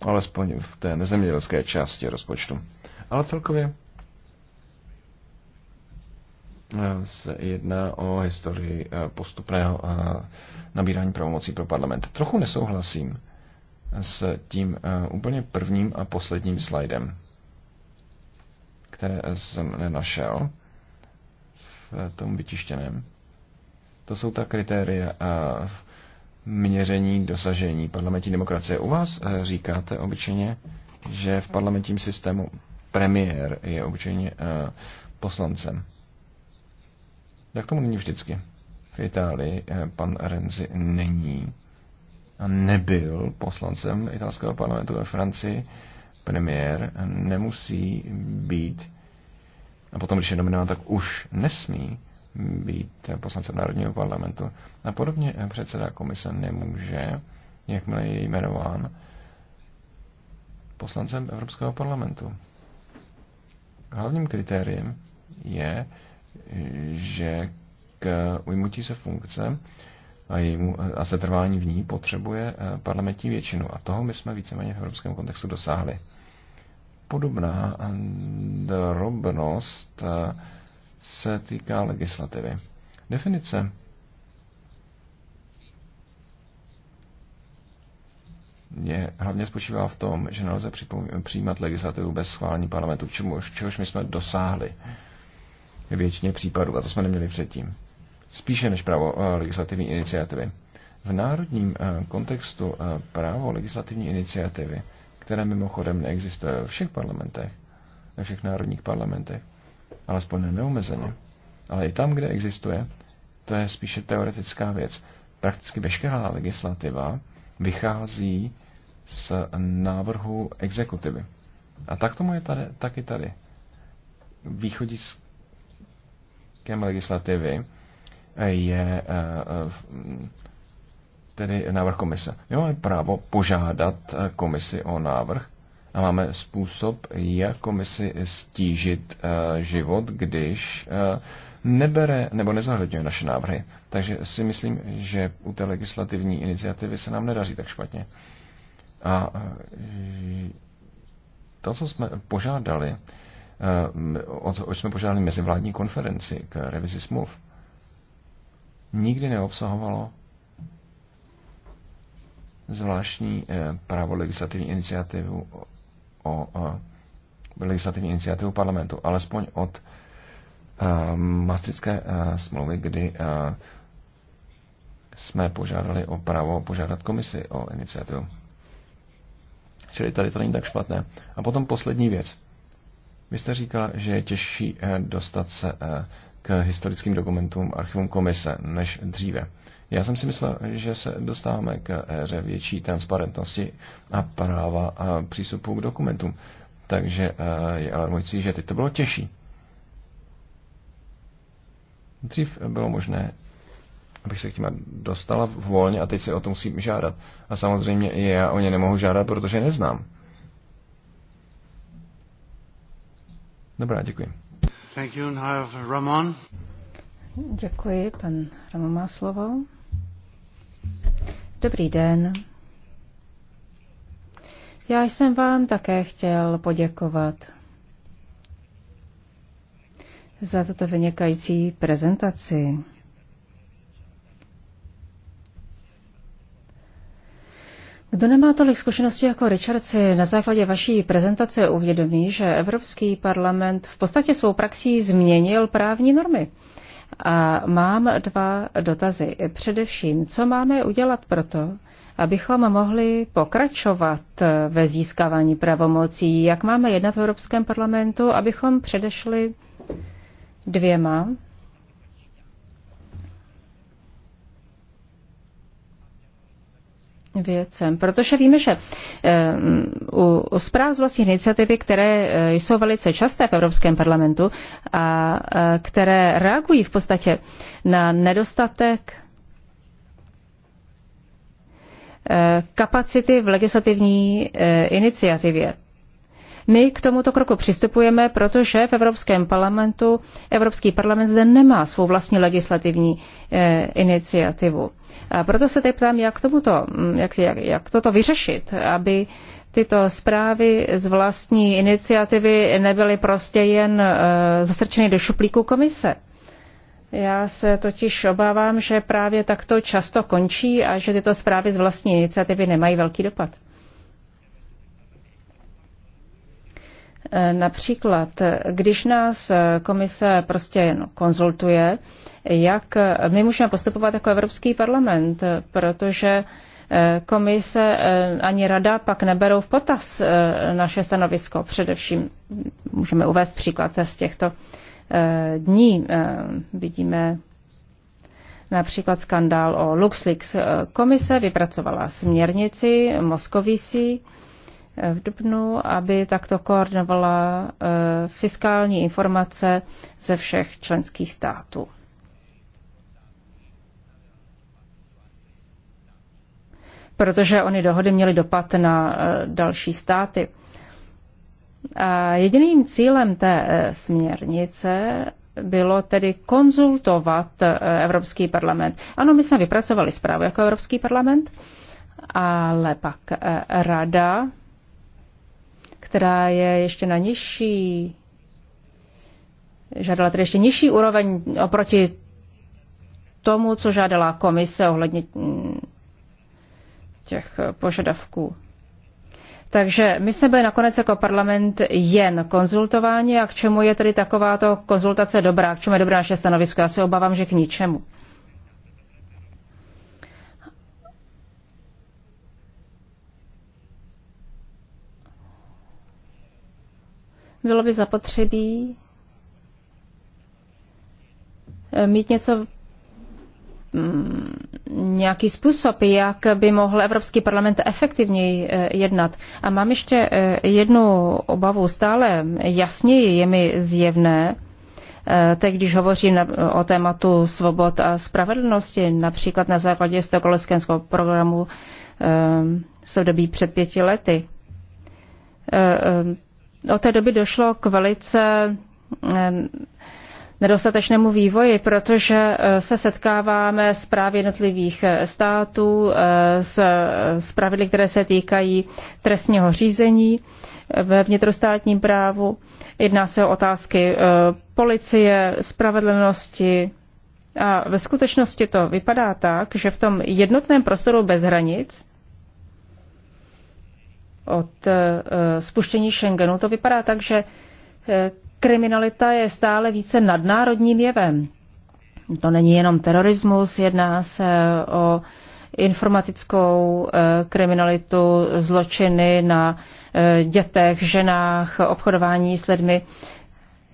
Alespoň v té nezemědělské části rozpočtu. Ale celkově eh, se jedná o historii eh, postupného nabírání pravomocí pro parlament. Trochu nesouhlasím s tím úplně prvním a posledním slajdem, které jsem nenašel v tom vytištěném. To jsou ta kritéria a eh, měření, dosažení parlamentní demokracie. U vás eh, říkáte obyčejně, že v parlamentním systému premiér je obyčejně eh, poslancem. Tak tomu není vždycky. V Itálii pan Renzi není a nebyl poslancem italského parlamentu ve Francii. Premiér nemusí být a potom, když je nominován, tak už nesmí být poslancem Národního parlamentu. A podobně eh, předseda komise nemůže, jakmile je jmenován, poslancem Evropského parlamentu. Hlavním kritériem je, že k ujmutí se funkce a, jejímu, eh, a setrvání v ní potřebuje eh, parlamentní většinu. A toho my jsme víceméně v evropském kontextu dosáhli podobná drobnost eh, se týká legislativy. Definice je, hlavně spočívá v tom, že nelze přijímat legislativu bez schválení parlamentu, čemuž, čehož my jsme dosáhli většině případů, a to jsme neměli předtím. Spíše než právo eh, legislativní iniciativy. V národním eh, kontextu právo legislativní iniciativy které mimochodem neexistuje ve všech parlamentech, ve všech národních parlamentech, alespoň ne neomezeně. Ale i tam, kde existuje, to je spíše teoretická věc. Prakticky veškerá legislativa vychází z návrhu exekutivy. A tak tomu je tady, taky tady. Východiskem legislativy je eh, eh, tedy návrh komise. My máme právo požádat eh, komisi o návrh a máme způsob, jak komisi stížit eh, život, když eh, nebere nebo nezahledňuje naše návrhy. Takže si myslím, že u té legislativní iniciativy se nám nedaří tak špatně. A to, co jsme požádali, o co jsme požádali mezivládní konferenci k revizi smluv, nikdy neobsahovalo zvláštní eh, právo legislativní iniciativu o, o eh, legislativní iniciativu parlamentu, alespoň od eh, mastické smlouvy, kdy jsme požádali o právo požádat komisi o iniciativu. Čili tady to není tak špatné. A potom poslední věc. Vy jste říkala, že je těžší dostat se k historickým dokumentům archivům komise než dříve. Já jsem si myslel, že se dostáváme k éře větší transparentnosti a práva a přístupu k dokumentům. Takže eh, je alarmující, že teď to bylo těžší. Dřív bylo možné, abych se k těma dostala volně a teď se o to musím žádat. A samozřejmě i já o ně nemohu žádat, protože neznám. Dobrá, děkuji. Thank you, Ramon. Děkuji, pan Ramon má slovo. Dobrý den. Já jsem vám také chtěl poděkovat za tuto vynikající prezentaci. Kdo nemá tolik zkušeností jako Richard, si na základě vaší prezentace uvědomí, že Evropský parlament v podstatě svou praxí změnil právní normy. A mám dva dotazy. Především, co máme udělat proto, abychom mohli pokračovat ve získávání pravomocí, jak máme jednat v Evropském parlamentu, abychom předešli dvěma věcem, protože víme, že eh, u, zpráv z vlastních iniciativy, které eh, jsou velice časté v Evropském parlamentu a eh, které reagují v podstatě na nedostatek kapacity v legislativní iniciativě. My k tomuto kroku přistupujeme, protože v Evropském parlamentu Evropský parlament zde nemá svou vlastní legislativní eh, iniciativu. A proto se teď ptám, jak, tomuto, mm, jak, jak, jak toto vyřešit, aby tyto zprávy z vlastní iniciativy nebyly prostě jen eh, zasrčeny do šuplíku komise. Já se totiž obávám, že právě takto často končí a že tyto zprávy z vlastní iniciativy nemají velký dopad. Například, když nás komise prostě jen konzultuje, jak my můžeme postupovat jako Evropský parlament, protože eh, komise eh, ani rada pak neberou v potaz eh, naše stanovisko. Především můžeme uvést příklad z těchto dní. Vidíme například skandál o LuxLeaks. Komise vypracovala směrnici Moskovisí, v Dubnu, aby takto koordinovala eh, fiskální informace ze všech členských států. Protože oni dohody měly dopad na eh, další státy. A jediným cílem té eh, směrnice bylo tedy konzultovat Evropský parlament. Ano, my jsme vypracovali zprávu jako Evropský parlament, ale pak rada která je ještě na nižší, žádala tedy ještě nižší úroveň oproti tomu, co žádala komise ohledně mm, těch požadavků. Takže my jsme byli nakonec jako parlament jen konzultováni a k čemu je tedy takováto konzultace dobrá, k čemu je dobrá naše stanovisko? Já se obávám, že k ničemu. bylo by zapotřebí eh, mít něco mm, nějaký způsob, jak by mohl Evropský parlament efektivněji eh, jednat. A mám ještě eh, jednu obavu stále jasněji je mi zjevné, teď když hovořím o tématu svobod a spravedlnosti, například na základě stokholmského programu v dobí před pěti lety. Od té doby došlo k velice eh, nedostatečnému vývoji, protože eh, se setkáváme s právě jednotlivých eh, států, s, s pravidly, které se týkají trestního řízení ve vnitrostátním právu. Jedná se o otázky policie, spravedlnosti. A ve skutečnosti to vypadá tak, že v tom jednotném prostoru bez hranic od eh, spuštění Schengenu, to vypadá tak, že eh, kriminalita je stále více nadnárodním jevem. To není jenom terorismus, jedná se eh, o informatickou kriminalitu, zločiny na dětech, ženách, obchodování s lidmi.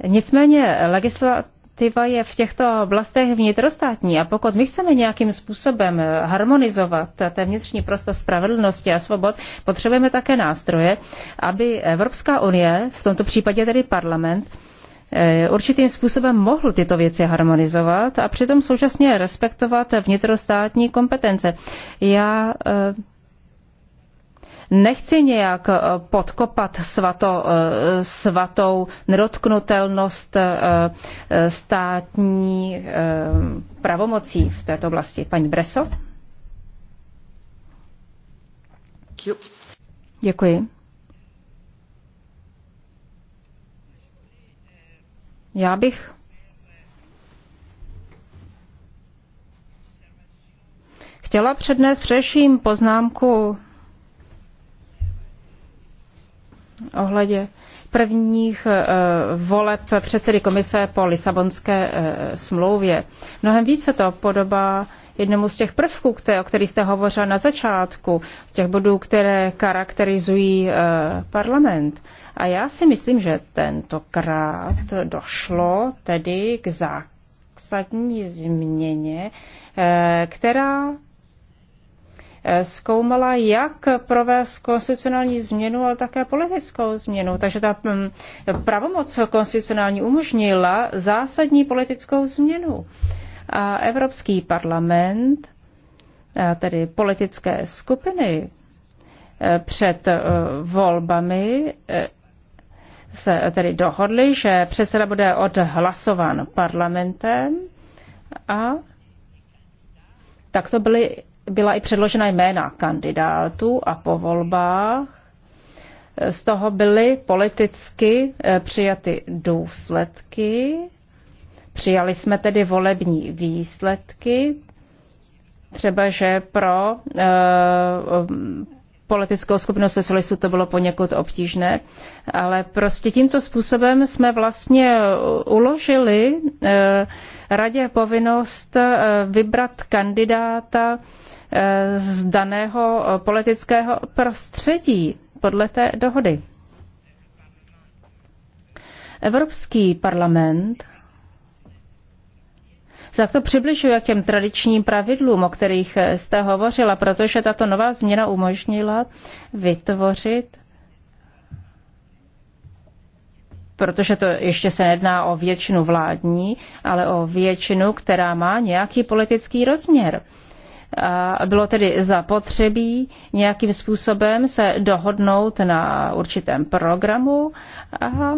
Nicméně legislat legislativa je v těchto oblastech vnitrostátní a pokud my chceme nějakým způsobem harmonizovat ten vnitřní prostor spravedlnosti a svobod, potřebujeme také nástroje, aby Evropská unie, v tomto případě tedy parlament, eh, určitým způsobem mohl tyto věci harmonizovat a přitom současně respektovat vnitrostátní kompetence. Já eh, Nechci nějak eh, podkopat svato, eh, svatou nedotknutelnost eh, státní pravomocí v této oblasti. Paní Breso? Děkuji. Já bych chtěla přednést především poznámku ohledě prvních eh, voleb předsedy komise po Lisabonské eh, smlouvě. Mnohem více to podobá jednomu z těch prvků, které, o kterých jste hovořil na začátku, těch bodů, které charakterizují eh, parlament. A já si myslím, že tentokrát došlo tedy k zásadní změně, která zkoumala, jak provést konstitucionální změnu, ale také politickou změnu. Takže ta mm, pravomoc konstitucionální umožnila zásadní politickou změnu. A Evropský parlament, tedy politické skupiny e, před e, volbami e, se tedy dohodli, že předseda bude odhlasován parlamentem a tak to byly byla i předložena jména kandidátů a po volbách eh, z toho byly politicky eh, přijaty důsledky. Přijali jsme tedy volební výsledky, třeba že pro e, politickou skupinu socialistů to bylo poněkud obtížné, ale prostě tímto způsobem jsme vlastně uložili e, radě povinnost e, vybrat kandidáta e, Eh, z daného eh, politického prostředí podle té dohody. Evropský parlament se takto přibližuje k těm tradičním pravidlům, o kterých eh, jste hovořila, protože tato nová změna umožnila vytvořit protože to ještě se nedná o většinu vládní, ale o většinu, která má nějaký politický rozměr. A bylo tedy zapotřebí nějakým způsobem se dohodnout na určitém programu a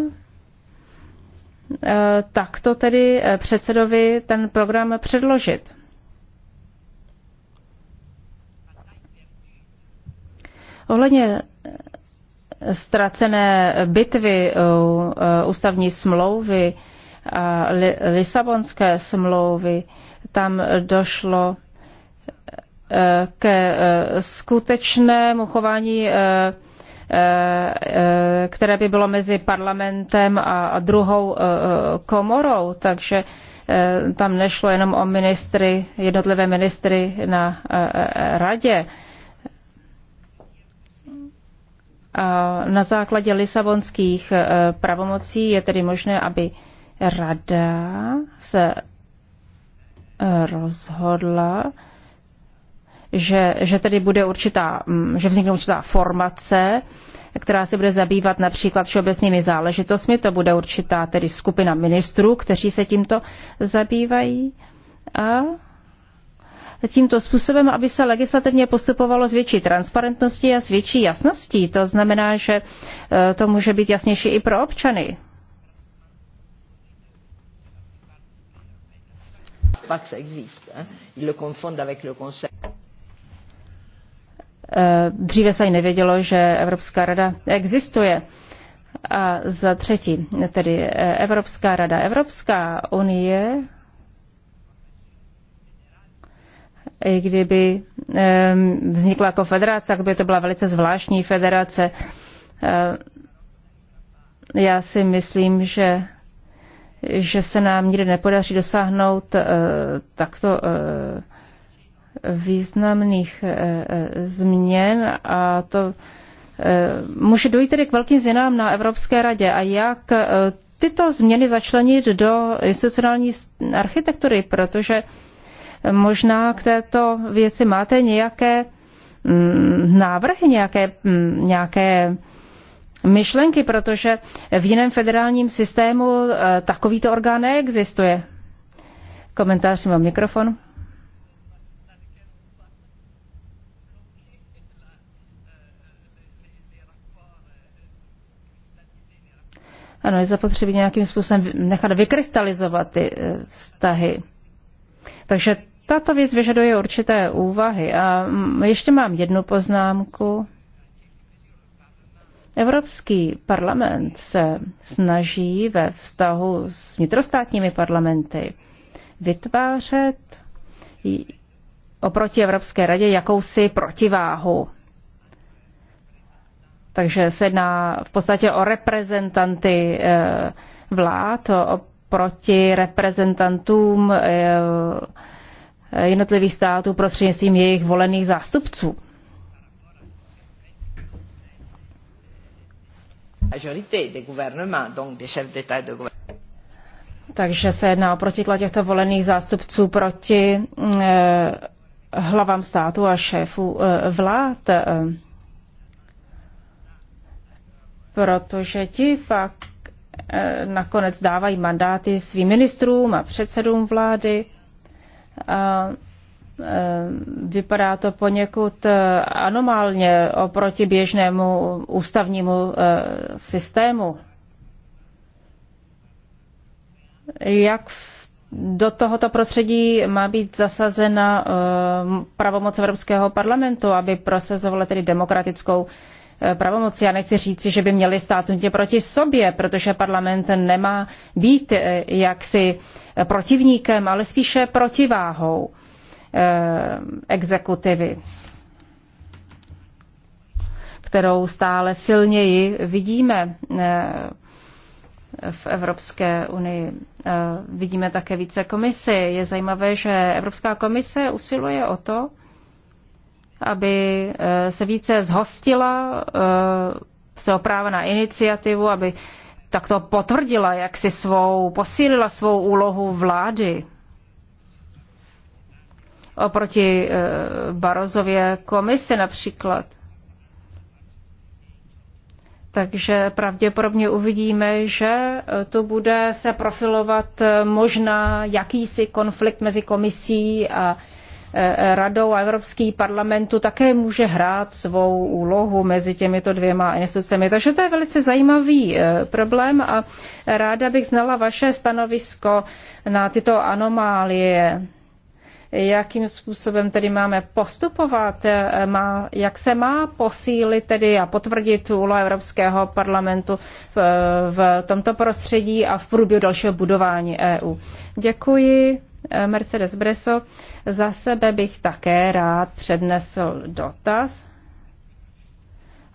takto tedy předsedovi ten program předložit. Ohledně ztracené bitvy ústavní smlouvy a Lisabonské smlouvy, tam došlo ke eh, skutečnému chování, eh, eh, které by bylo mezi parlamentem a druhou komorou, takže tam nešlo jenom o ministry, jednotlivé ministry na radě. A na základě lisabonských pravomocí je tedy možné, aby rada se rozhodla, že, že tedy bude určitá, mm, že vznikne určitá formace, která se bude zabývat například všeobecnými záležitostmi. To bude určitá tedy skupina ministrů, kteří se tímto zabývají. A tímto způsobem, aby se legislativně postupovalo s větší transparentností a s větší jasností. To znamená, že e, to může být jasnější i pro občany. Pak se existuje. Eh? Il le avec le Conseil. Eh, dříve se ani nevědělo, že Evropská rada existuje. A za třetí, tedy eh, Evropská rada. Evropská unie, i kdyby ehm, vznikla jako federace, tak by to byla velice zvláštní federace. Eh, já si myslím, že že se nám nikdy nepodaří dosáhnout takto významných eh, eh, změn a to eh, může dojít tedy k velkým změnám na Evropské radě a jak tyto změny začlenit do institucionální architektury, protože možná k této věci máte nějaké mm, návrhy, nějaké, mm, nějaké myšlenky, protože v jiném federálním systému takovýto orgán neexistuje. Komentář mám mikrofon. Ano, je zapotřebí nějakým způsobem nechat vykrystalizovat ty eh, vztahy. Takže tato věc vyžaduje určité úvahy. A mm, ještě mám jednu poznámku. Evropský parlament se snaží ve vztahu s vnitrostátními parlamenty vytvářet oproti Evropské radě jakousi protiváhu. Takže se jedná v podstatě o reprezentanty eh, vlád, o proti reprezentantům eh, jednotlivých států prostřednictvím jejich volených zástupců. Takže se jedná o protiklad těchto volených zástupců proti eh, hlavám státu a šéfů vlád protože ti pak eh, nakonec dávají mandáty svým ministrům a předsedům vlády. A eh, vypadá to poněkud eh, anomálně oproti běžnému ústavnímu systému. Jak do tohoto prostředí má být zasazena pravomoc Evropského parlamentu, aby prosazovala tedy demokratickou Eh, pravomoci. Já nechci říci, že by měli stát nutně proti sobě, protože parlament nemá být eh, jaksi eh, protivníkem, ale spíše protiváhou exekutivy, kterou stále silněji vidíme v Evropské unii. Vidíme také více komisy. Je zajímavé, že Evropská komise usiluje o to, aby eh, se více zhostila eh, svého práva na iniciativu, aby takto potvrdila, jak si svou, posílila svou úlohu vlády oproti eh, Barozově komisi například. Takže pravděpodobně uvidíme, že to bude se profilovat možná jakýsi konflikt mezi komisí a Eh, eh, radou a Evropský parlamentu také může hrát svou úlohu mezi těmito dvěma institucemi. Takže to je velice zajímavý eh, problém a ráda bych znala vaše stanovisko na tyto anomálie. Jakým způsobem tedy máme postupovat, má, jak se má posílit tedy a potvrdit úlohu Evropského parlamentu v, v tomto prostředí a v průběhu dalšího budování EU. Děkuji. Eh, Mercedes Breso. Za sebe bych také rád přednesl dotaz.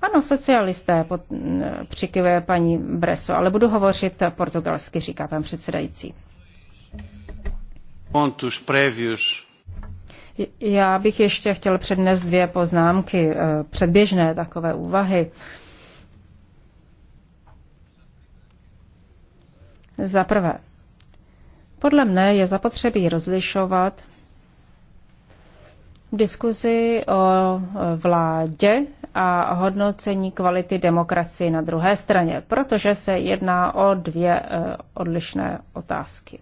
Ano, socialisté pod, eh, přikivuje paní Breso, ale budu hovořit portugalsky, říká pan předsedající. Já bych ještě chtěl přednést dvě poznámky, eh, předběžné takové úvahy. Za prvé, podle mne je zapotřebí rozlišovat diskuzi o vládě a hodnocení kvality demokracie na druhé straně, protože se jedná o dvě eh, odlišné otázky.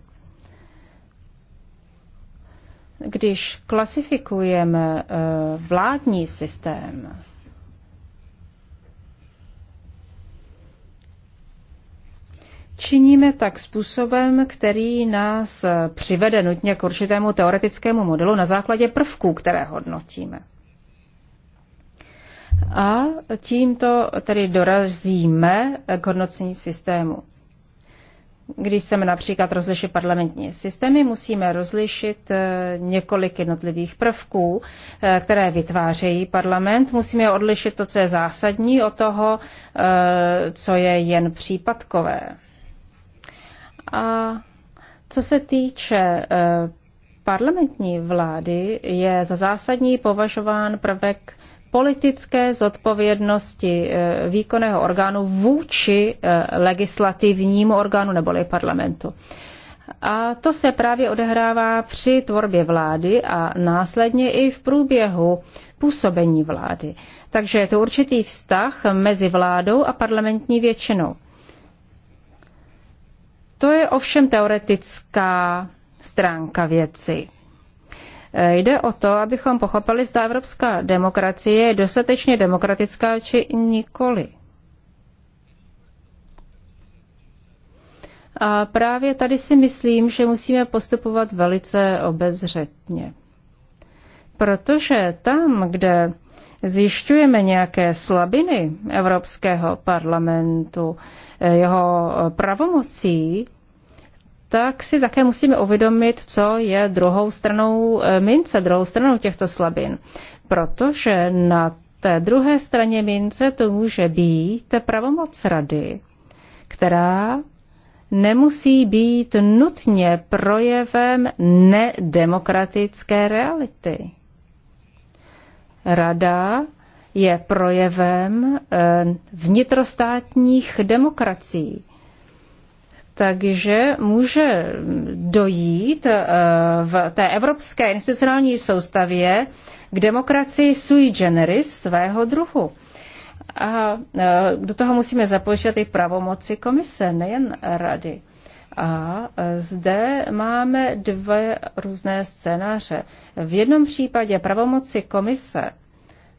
Když klasifikujeme eh, vládní systém Činíme tak způsobem, který nás přivede nutně k určitému teoretickému modelu na základě prvků, které hodnotíme. A tímto tedy dorazíme k hodnocení systému. Když chceme například rozlišit parlamentní systémy, musíme rozlišit eh, několik jednotlivých prvků, eh, které vytvářejí parlament. Musíme odlišit to, co je zásadní, od toho, eh, co je jen případkové. A co se týče eh, parlamentní vlády, je za zásadní považován prvek politické zodpovědnosti eh, výkonného orgánu vůči eh, legislativnímu orgánu neboli parlamentu. A to se právě odehrává při tvorbě vlády a následně i v průběhu působení vlády. Takže je to určitý vztah mezi vládou a parlamentní většinou. To je ovšem teoretická stránka věci. E, jde o to, abychom pochopili, zda evropská demokracie je dostatečně demokratická či nikoli. A právě tady si myslím, že musíme postupovat velice obezřetně. Protože tam, kde zjišťujeme nějaké slabiny Evropského parlamentu, eh, jeho eh, pravomocí, tak si také musíme uvědomit, co je druhou stranou eh, mince, druhou stranou těchto slabin. Protože na té druhé straně mince to může být pravomoc rady, která nemusí být nutně projevem nedemokratické reality. Rada je projevem eh, vnitrostátních demokracií. Takže může dojít eh, v té evropské institucionální soustavě k demokracii sui generis svého druhu. A eh, do toho musíme započítat i pravomoci komise, nejen rady. A zde máme dva různé scénáře. V jednom případě pravomoci komise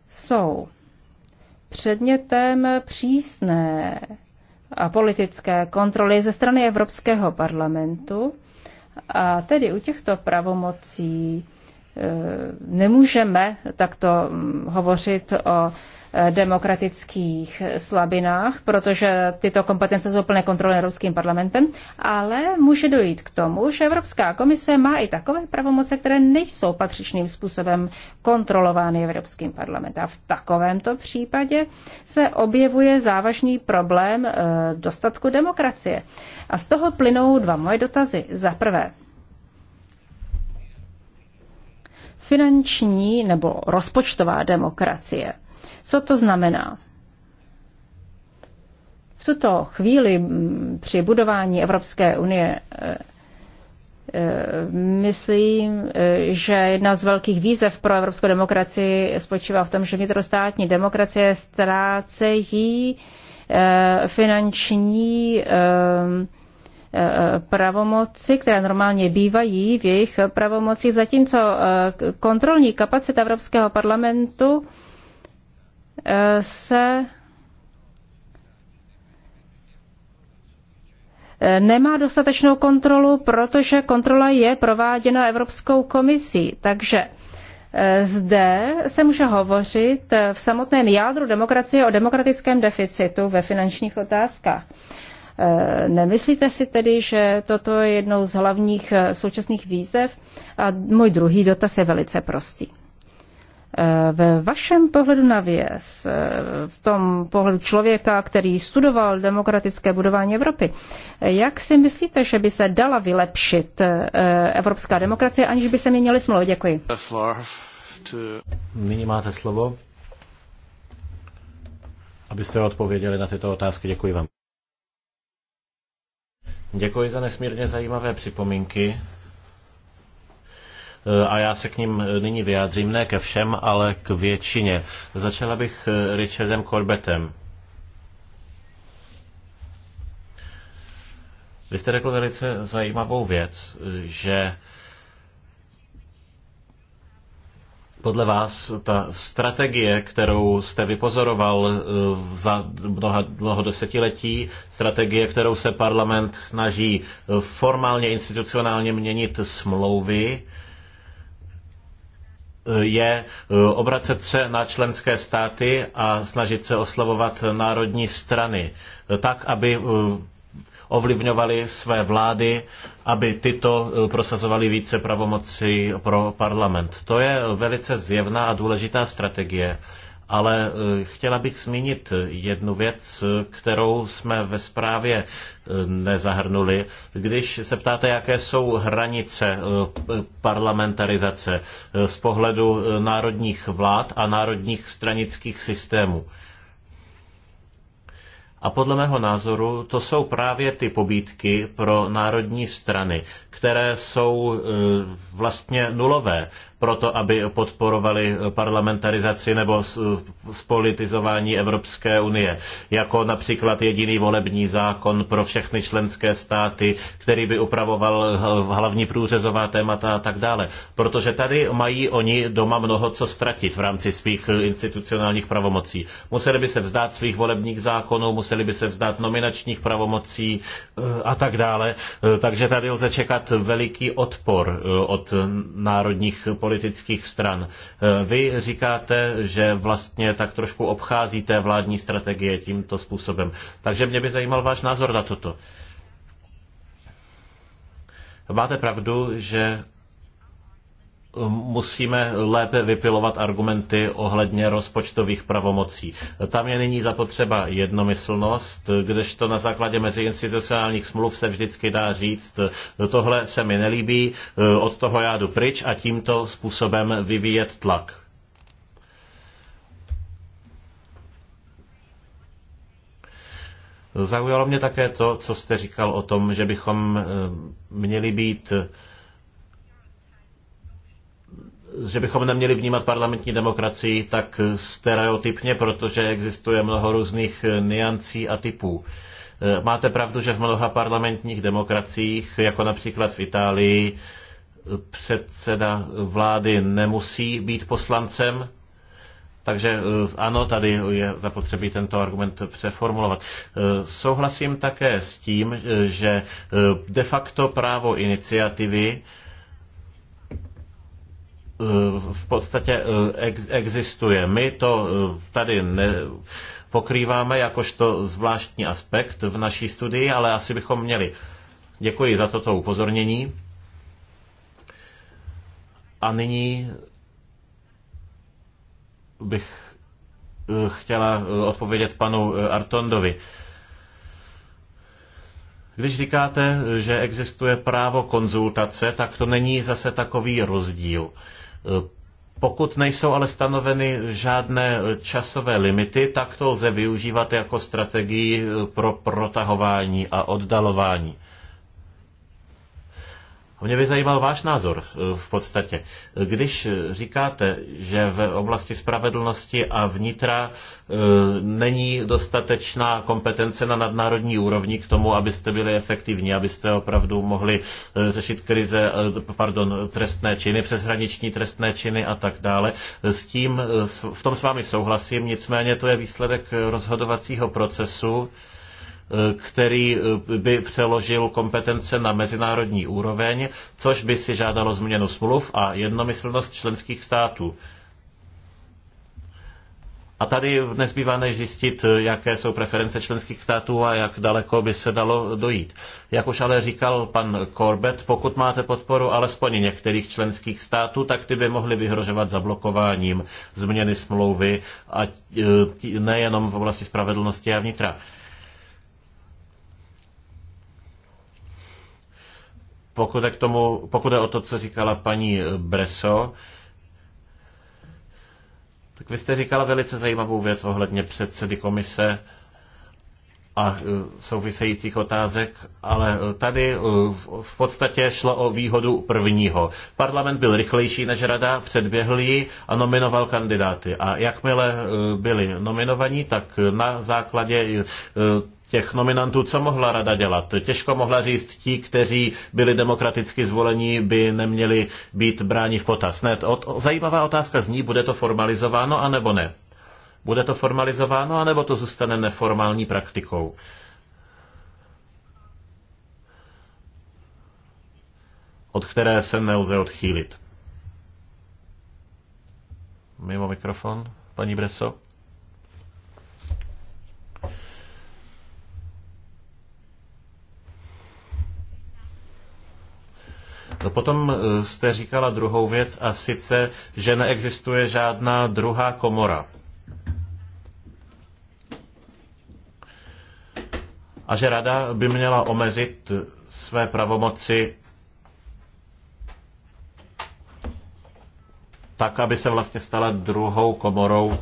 jsou předmětem přísné a politické kontroly ze strany Evropského parlamentu. A tedy u těchto pravomocí eh, nemůžeme takto hm, hovořit o Eh, demokratických slabinách, protože tyto kompetence jsou plné kontroly Evropským parlamentem, ale může dojít k tomu, že Evropská komise má i takové pravomoce, které nejsou patřičným způsobem kontrolovány Evropským parlamentem. A v takovémto případě se objevuje závažný problém eh, dostatku demokracie. A z toho plynou dva moje dotazy. Za prvé, finanční nebo rozpočtová demokracie – co to znamená? V tuto chvíli mm, při budování Evropské unie eh, eh, myslím, eh, že jedna z velkých výzev pro evropskou demokracii spočívá v tom, že vnitrostátní demokracie ztrácejí finanční ehm, pravomoci, které normálně bývají v jejich pravomocích, zatímco kontrolní kapacita Evropského parlamentu Eh, se eh, nemá dostatečnou kontrolu, protože kontrola je prováděna Evropskou komisí. Takže eh, zde se může hovořit v samotném jádru demokracie o demokratickém deficitu ve finančních otázkách. Nemyslíte si tedy, že toto je jednou z hlavních současných výzev? A můj druhý dotaz je velice prostý. Eh, ve vašem pohledu na věc, eh, v tom pohledu člověka, který studoval demokratické budování Evropy, eh, jak si myslíte, že by se dala vylepšit evropská demokracie, aniž by se měnily smlouvy? Děkuji. Nyní máte slovo, abyste odpověděli na tyto otázky. Děkuji vám. Děkuji za nesmírně zajímavé připomínky. Eh, a já se k ním eh, nyní vyjádřím, ne ke všem, ale k většině. Začala bych eh, Richardem Corbettem. Vy jste řekl velice zajímavou věc, že podle vás ta strategie, kterou jste vypozoroval za mnoha, mnoho desetiletí, strategie, kterou se parlament snaží formálně, institucionálně měnit smlouvy, je e, obracet se na členské státy a snažit se oslovovat národní strany, e, tak, aby e, ovlivňovali své vlády, aby tyto prosazovali více pravomocí pro parlament. To je velice zjevná a důležitá strategie, ale eh, chtěla bych zmínit eh, jednu věc, eh, kterou jsme ve zprávě nezahrnuli. Když se ptáte, jaké jsou hranice parlamentarizace z pohledu národních vlád a národních stranických systémů, a podle mého názoru to jsou právě ty pobídky pro národní strany, které jsou vlastně nulové proto, aby podporovali parlamentarizaci nebo spolitizování Evropské unie, jako například jediný volební zákon pro všechny členské státy, který by upravoval hlavní průřezová témata a tak dále. Protože tady mají oni doma mnoho co ztratit v rámci svých institucionálních pravomocí. Museli by se vzdát svých volebních zákonů, museli by se vzdát nominačních pravomocí eh, a tak dále. Eh, takže tady lze čekat veliký odpor eh, od národních politiků politických stran. E, vy říkáte, že vlastně tak trošku obcházíte vládní strategie tímto způsobem. Takže mě by zajímal váš názor na toto. Máte pravdu, že musíme lépe vypilovat argumenty ohledně rozpočtových pravomocí. Tam je nyní zapotřeba jednomyslnost, kdežto na základě meziinstitucionálních smluv se vždycky dá říct, tohle se mi nelíbí, od toho já jdu pryč a tímto způsobem vyvíjet tlak. Zaujalo mě také to, co jste říkal o tom, že bychom eh, měli být že bychom neměli vnímat parlamentní demokracii tak stereotypně, protože existuje mnoho různých eh, niancí a typů. Eh, máte pravdu, že v mnoha parlamentních demokraciích, jako například v Itálii, eh, předseda vlády nemusí být poslancem, takže ano, tady je zapotřebí tento argument přeformulovat. Souhlasím také s tím, že de facto právo iniciativy Eh, v podstatě eh, ex, existuje. My to eh, tady ne, pokrýváme jakožto zvláštní aspekt v naší studii, ale asi bychom měli. Děkuji za toto upozornění. A nyní bych chtěla odpovědět panu Artondovi. Když říkáte, že existuje právo konzultace, tak to není zase takový rozdíl. Pokud nejsou ale stanoveny žádné časové limity, tak to lze využívat jako strategii pro protahování a oddalování. Mě by zajímal váš názor eh, v podstatě. Když eh, říkáte, že v oblasti spravedlnosti a vnitra eh, není dostatečná kompetence na nadnárodní úrovni k tomu, abyste byli efektivní, abyste opravdu mohli řešit krize, pardon, trestné činy, přeshraniční trestné činy a tak dále. S tím, v tom s vámi souhlasím, nicméně to je výsledek rozhodovacího procesu, který eh, by přeložil kompetence na mezinárodní úroveň, což by si žádalo změnu smluv a jednomyslnost členských států. A tady nezbývá než zjistit, eh, jaké jsou preference členských států a jak daleko by se dalo dojít. Jak už ale říkal pan Corbett, pokud máte podporu alespoň některých členských států, tak ty by mohly vyhrožovat zablokováním změny smlouvy a eh, nejenom v oblasti spravedlnosti a vnitra. Pokud k tomu, pokud je o to, co říkala paní Breso, tak vy jste říkala velice zajímavou věc ohledně předsedy komise a e, souvisejících otázek, ale e, tady e, v podstatě šlo o výhodu prvního. Parlament byl rychlejší než rada, předběhl ji a nominoval kandidáty. A jakmile byli nominovaní, tak na základě těch nominantů, co mohla rada dělat? Těžko mohla říct, ti, kteří byli demokraticky zvoleni, by neměli být bráni v potaz. Ne, to, zajímavá otázka zní, bude to formalizováno anebo ne? Bude to formalizováno anebo to zůstane neformální praktikou? od které se nelze odchýlit. Mimo mikrofon, paní Bresok. No, potom eh, jste říkala druhou věc a sice, že neexistuje žádná druhá komora. A že rada by měla omezit eh, své pravomoci tak, aby se vlastně stala druhou komorou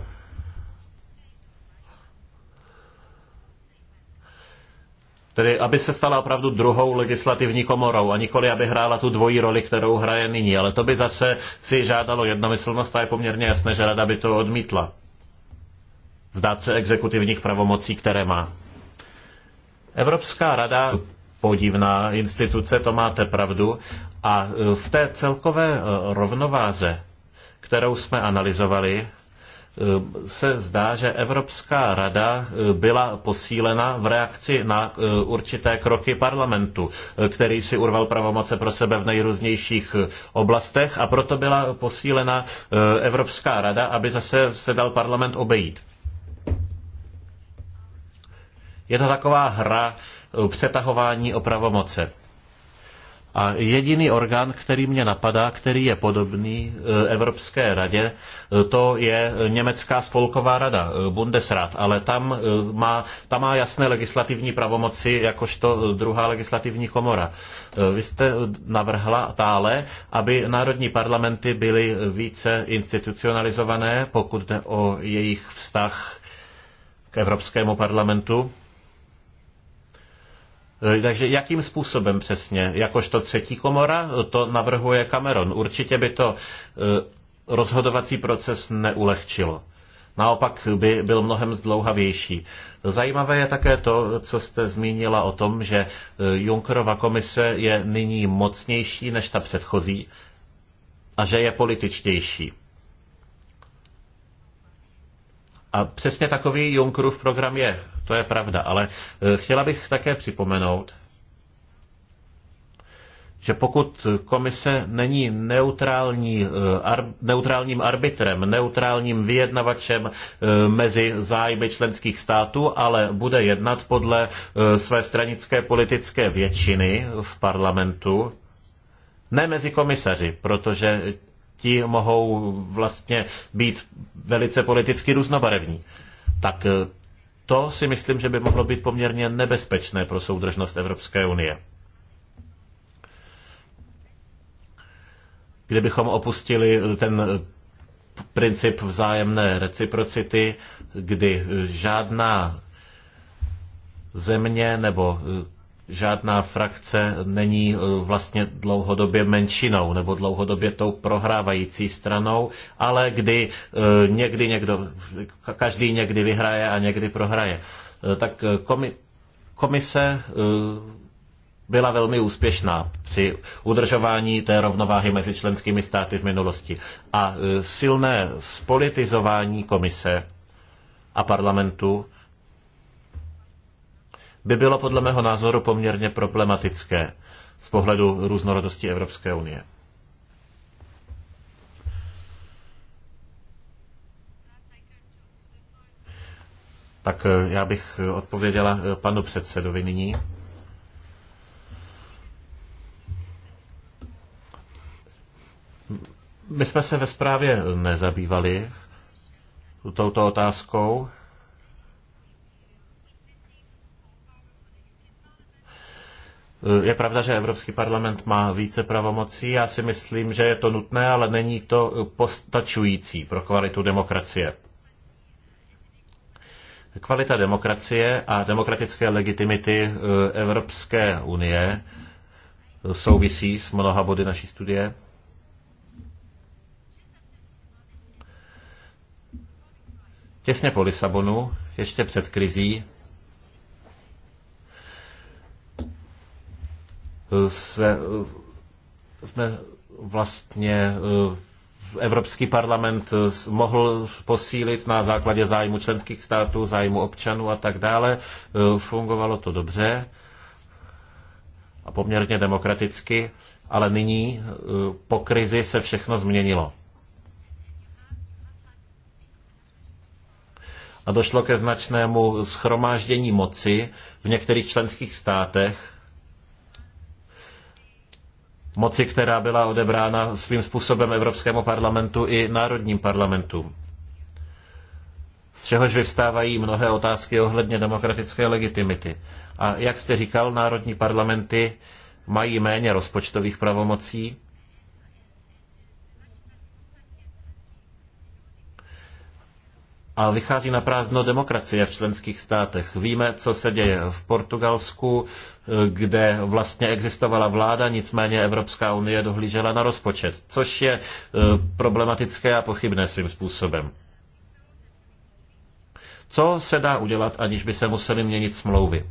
Tedy aby se stala opravdu druhou legislativní komorou a nikoli, aby hrála tu dvojí roli, kterou hraje nyní. Ale to by zase si žádalo jednomyslnost a je poměrně jasné, že rada by to odmítla. Zdát se exekutivních pravomocí, které má. Evropská rada podivná instituce, to máte pravdu. A e, v té celkové e, rovnováze, kterou jsme analyzovali, Eh, se zdá, že Evropská rada eh, byla posílena v reakci na eh, určité kroky parlamentu, který si urval pravomoce pro sebe v nejrůznějších oblastech a proto byla posílena Evropská rada, aby zase se dal parlament obejít. Je to taková hra přetahování o pravomoce. A jediný orgán, který mě napadá, který je podobný e, Evropské radě, e, to je Německá spolková rada, e, Bundesrat, ale tam má, tam má jasné legislativní pravomoci, jakožto druhá legislativní komora. Vy jste navrhla tále, aby národní parlamenty byly více institucionalizované, pokud jde o jejich vztah k Evropskému parlamentu. E, takže jakým způsobem přesně? Jakožto třetí komora to navrhuje Cameron. Určitě by to e, rozhodovací proces neulehčilo. Naopak by byl mnohem zdlouhavější. Zajímavé je také to, co jste zmínila o tom, že e, Junckerova komise je nyní mocnější než ta předchozí a že je političtější. A přesně takový Junckerův program je to je pravda, ale eh, chtěla bych také připomenout, že pokud komise není neutrální, eh, ar, neutrálním arbitrem, neutrálním vyjednavačem eh, mezi zájmy členských států, ale bude jednat podle své stranické politické většiny v parlamentu, ne mezi komisaři, protože ti mohou vlastně být velice politicky různobarevní, tak to si myslím, že by mohlo být poměrně nebezpečné pro soudržnost Evropské unie. Kdybychom opustili ten princip vzájemné reciprocity, kdy žádná země nebo žádná frakce není e, vlastně dlouhodobě menšinou nebo dlouhodobě tou prohrávající stranou, ale kdy e, někdy někdo, každý někdy vyhraje a někdy prohraje. E, tak komise byla velmi úspěšná při udržování té rovnováhy mezi členskými státy v minulosti. A silné spolitizování komise a parlamentu by bylo podle mého názoru poměrně problematické z pohledu různorodosti Evropské unie. Tak eh, já bych eh, odpověděla eh, panu předsedovi nyní. My jsme se ve zprávě nezabývali touto otázkou. Eh, je pravda, že Evropský parlament má více pravomocí, já si myslím, že je to nutné, ale není to eh, postačující pro kvalitu demokracie. Kvalita demokracie a demokratické legitimity eh, Evropské unie souvisí s mnoha body naší studie. Těsně po Lisabonu, ještě před krizí, se, jsme vlastně eh, Evropský parlament eh, mohl posílit na základě zájmu členských států, zájmu občanů a tak dále. Eh, fungovalo to dobře a poměrně demokraticky, ale nyní po krizi se všechno změnilo. A došlo ke značnému schromáždění moci v některých členských státech, moci, která byla odebrána svým způsobem Evropskému parlamentu i národním parlamentům. Z čehož vyvstávají mnohé otázky ohledně demokratické legitimity. A jak jste říkal, národní parlamenty mají méně rozpočtových pravomocí, a vychází na prázdno demokracie v členských státech. Víme, co se děje v Portugalsku, kde vlastně existovala vláda, nicméně Evropská unie dohlížela na rozpočet, což je e, problematické a pochybné svým způsobem. Co se dá udělat, aniž by se museli měnit smlouvy?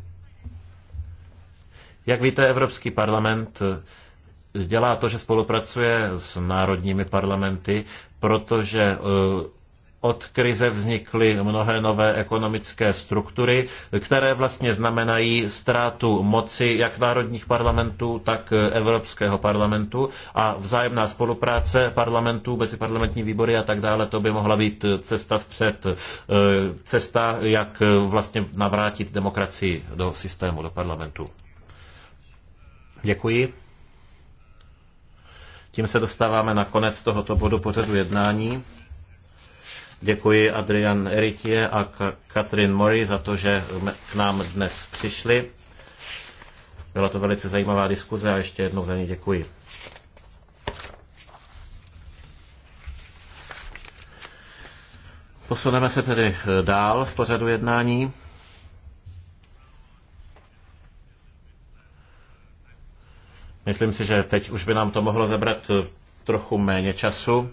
Jak víte, Evropský parlament e, dělá to, že spolupracuje s národními parlamenty, protože e, od krize vznikly mnohé nové ekonomické struktury, které vlastně znamenají ztrátu moci jak národních parlamentů, tak Evropského parlamentu a vzájemná spolupráce parlamentů, meziparlamentní výbory a tak dále, to by mohla být cesta vpřed, e, cesta, jak vlastně navrátit demokracii do systému, do parlamentu. Děkuji. Tím se dostáváme na konec tohoto bodu pořadu jednání. Děkuji Adrian Eritie a Katrin Mori za to, že k nám dnes přišli. Byla to velice zajímavá diskuze a ještě jednou za ní děkuji. Posuneme se tedy eh, dál v pořadu jednání. Myslím si, že teď už by nám to mohlo zabrat eh, trochu méně času.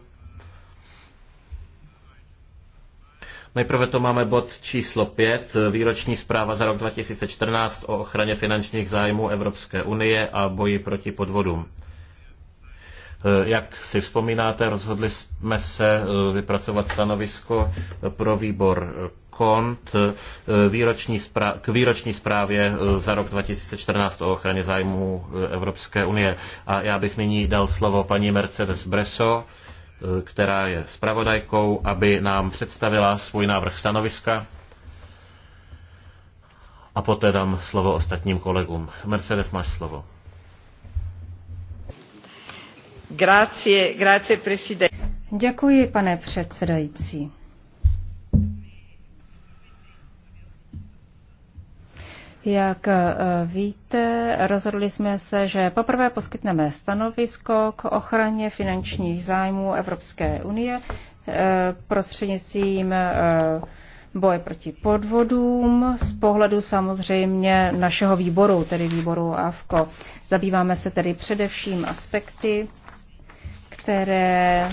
Nejprve to máme bod číslo 5, výroční zpráva za rok 2014 o ochraně finančních zájmů Evropské unie a boji proti podvodům. Eh, jak si vzpomínáte, rozhodli jsme se eh, vypracovat stanovisko pro výbor kont eh, výroční zpráv, k výroční zprávě za rok 2014 o ochraně zájmů Evropské unie. A já bych nyní dal slovo paní Mercedes Bresso, Eh, která je zpravodajkou, aby nám představila svůj návrh stanoviska a poté dám slovo ostatním kolegům. Mercedes, máš slovo. Grazie, grazie, Děkuji, pane předsedající. Jak eh, víte, rozhodli jsme se, že poprvé poskytneme stanovisko k ochraně finančních zájmů Evropské unie eh, prostřednictvím eh, boje proti podvodům z pohledu samozřejmě našeho výboru, tedy výboru AFKO. Zabýváme se tedy především aspekty, které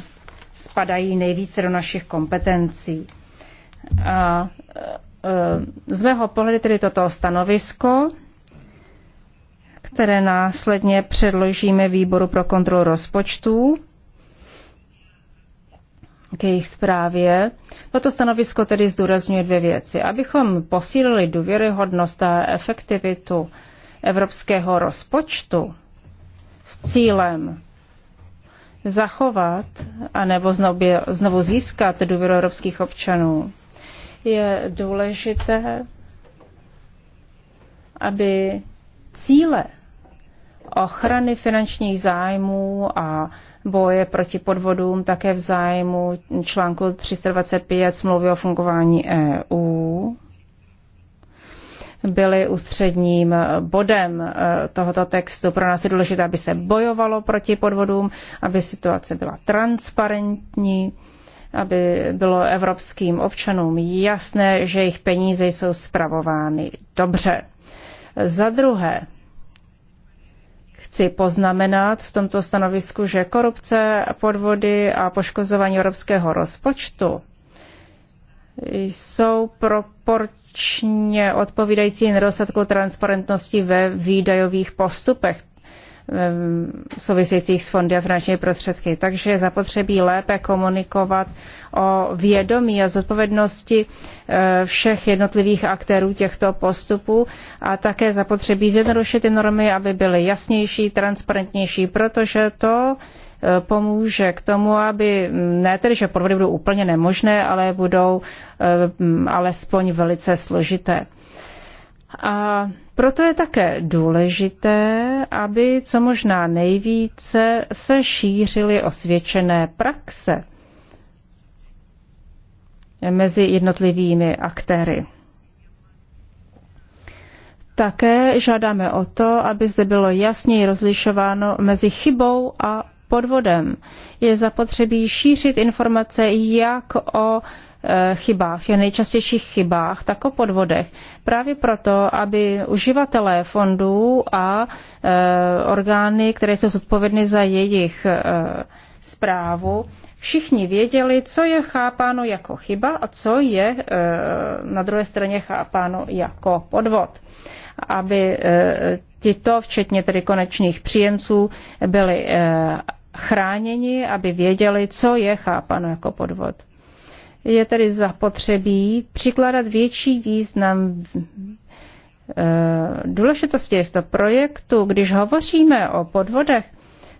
spadají nejvíce do našich kompetencí. A Eh, z mého pohledu tedy toto stanovisko, které následně předložíme výboru pro kontrolu rozpočtů k jejich zprávě. Toto stanovisko tedy zdůrazňuje dvě věci. Abychom posílili důvěryhodnost a efektivitu evropského rozpočtu s cílem zachovat nebo znovu, znovu získat důvěru evropských občanů, je důležité, aby cíle ochrany finančních zájmů a boje proti podvodům také v zájmu článku 325 smlouvy o fungování EU byly ústředním bodem eh, tohoto textu. Pro nás je důležité, aby se bojovalo proti podvodům, aby situace byla transparentní aby bylo evropským občanům jasné, že jejich peníze jsou spravovány dobře. Za druhé, chci poznamenat v tomto stanovisku, že korupce, podvody a poškozování evropského rozpočtu jsou proporčně odpovídající nedostatku transparentnosti ve výdajových postupech. Eh, souvisejících s fondy a finanční prostředky. Takže je zapotřebí lépe komunikovat o vědomí a zodpovědnosti eh, všech jednotlivých aktérů těchto postupů a také zapotřebí zjednodušit ty normy, aby byly jasnější, transparentnější, protože to eh, pomůže k tomu, aby mm, ne tedy, že podvody budou úplně nemožné, ale budou mm, alespoň velice složité. A proto je také důležité, aby co možná nejvíce se šířily osvědčené praxe mezi jednotlivými aktéry. Také žádáme o to, aby zde bylo jasněji rozlišováno mezi chybou a podvodem. Je zapotřebí šířit informace jak o Eh, chybách, je těch nejčastějších chybách, tak o podvodech. Právě proto, aby uživatelé fondů a eh, orgány, které jsou zodpovědny za jejich zprávu, eh, všichni věděli, co je chápáno jako chyba a co je na druhé straně chápáno jako podvod. Aby tito, včetně tedy konečných příjemců, byli chráněni, aby věděli, co je chápáno jako podvod. Je tedy zapotřebí přikládat větší význam eh, důležitosti těchto projektů, když hovoříme o podvodech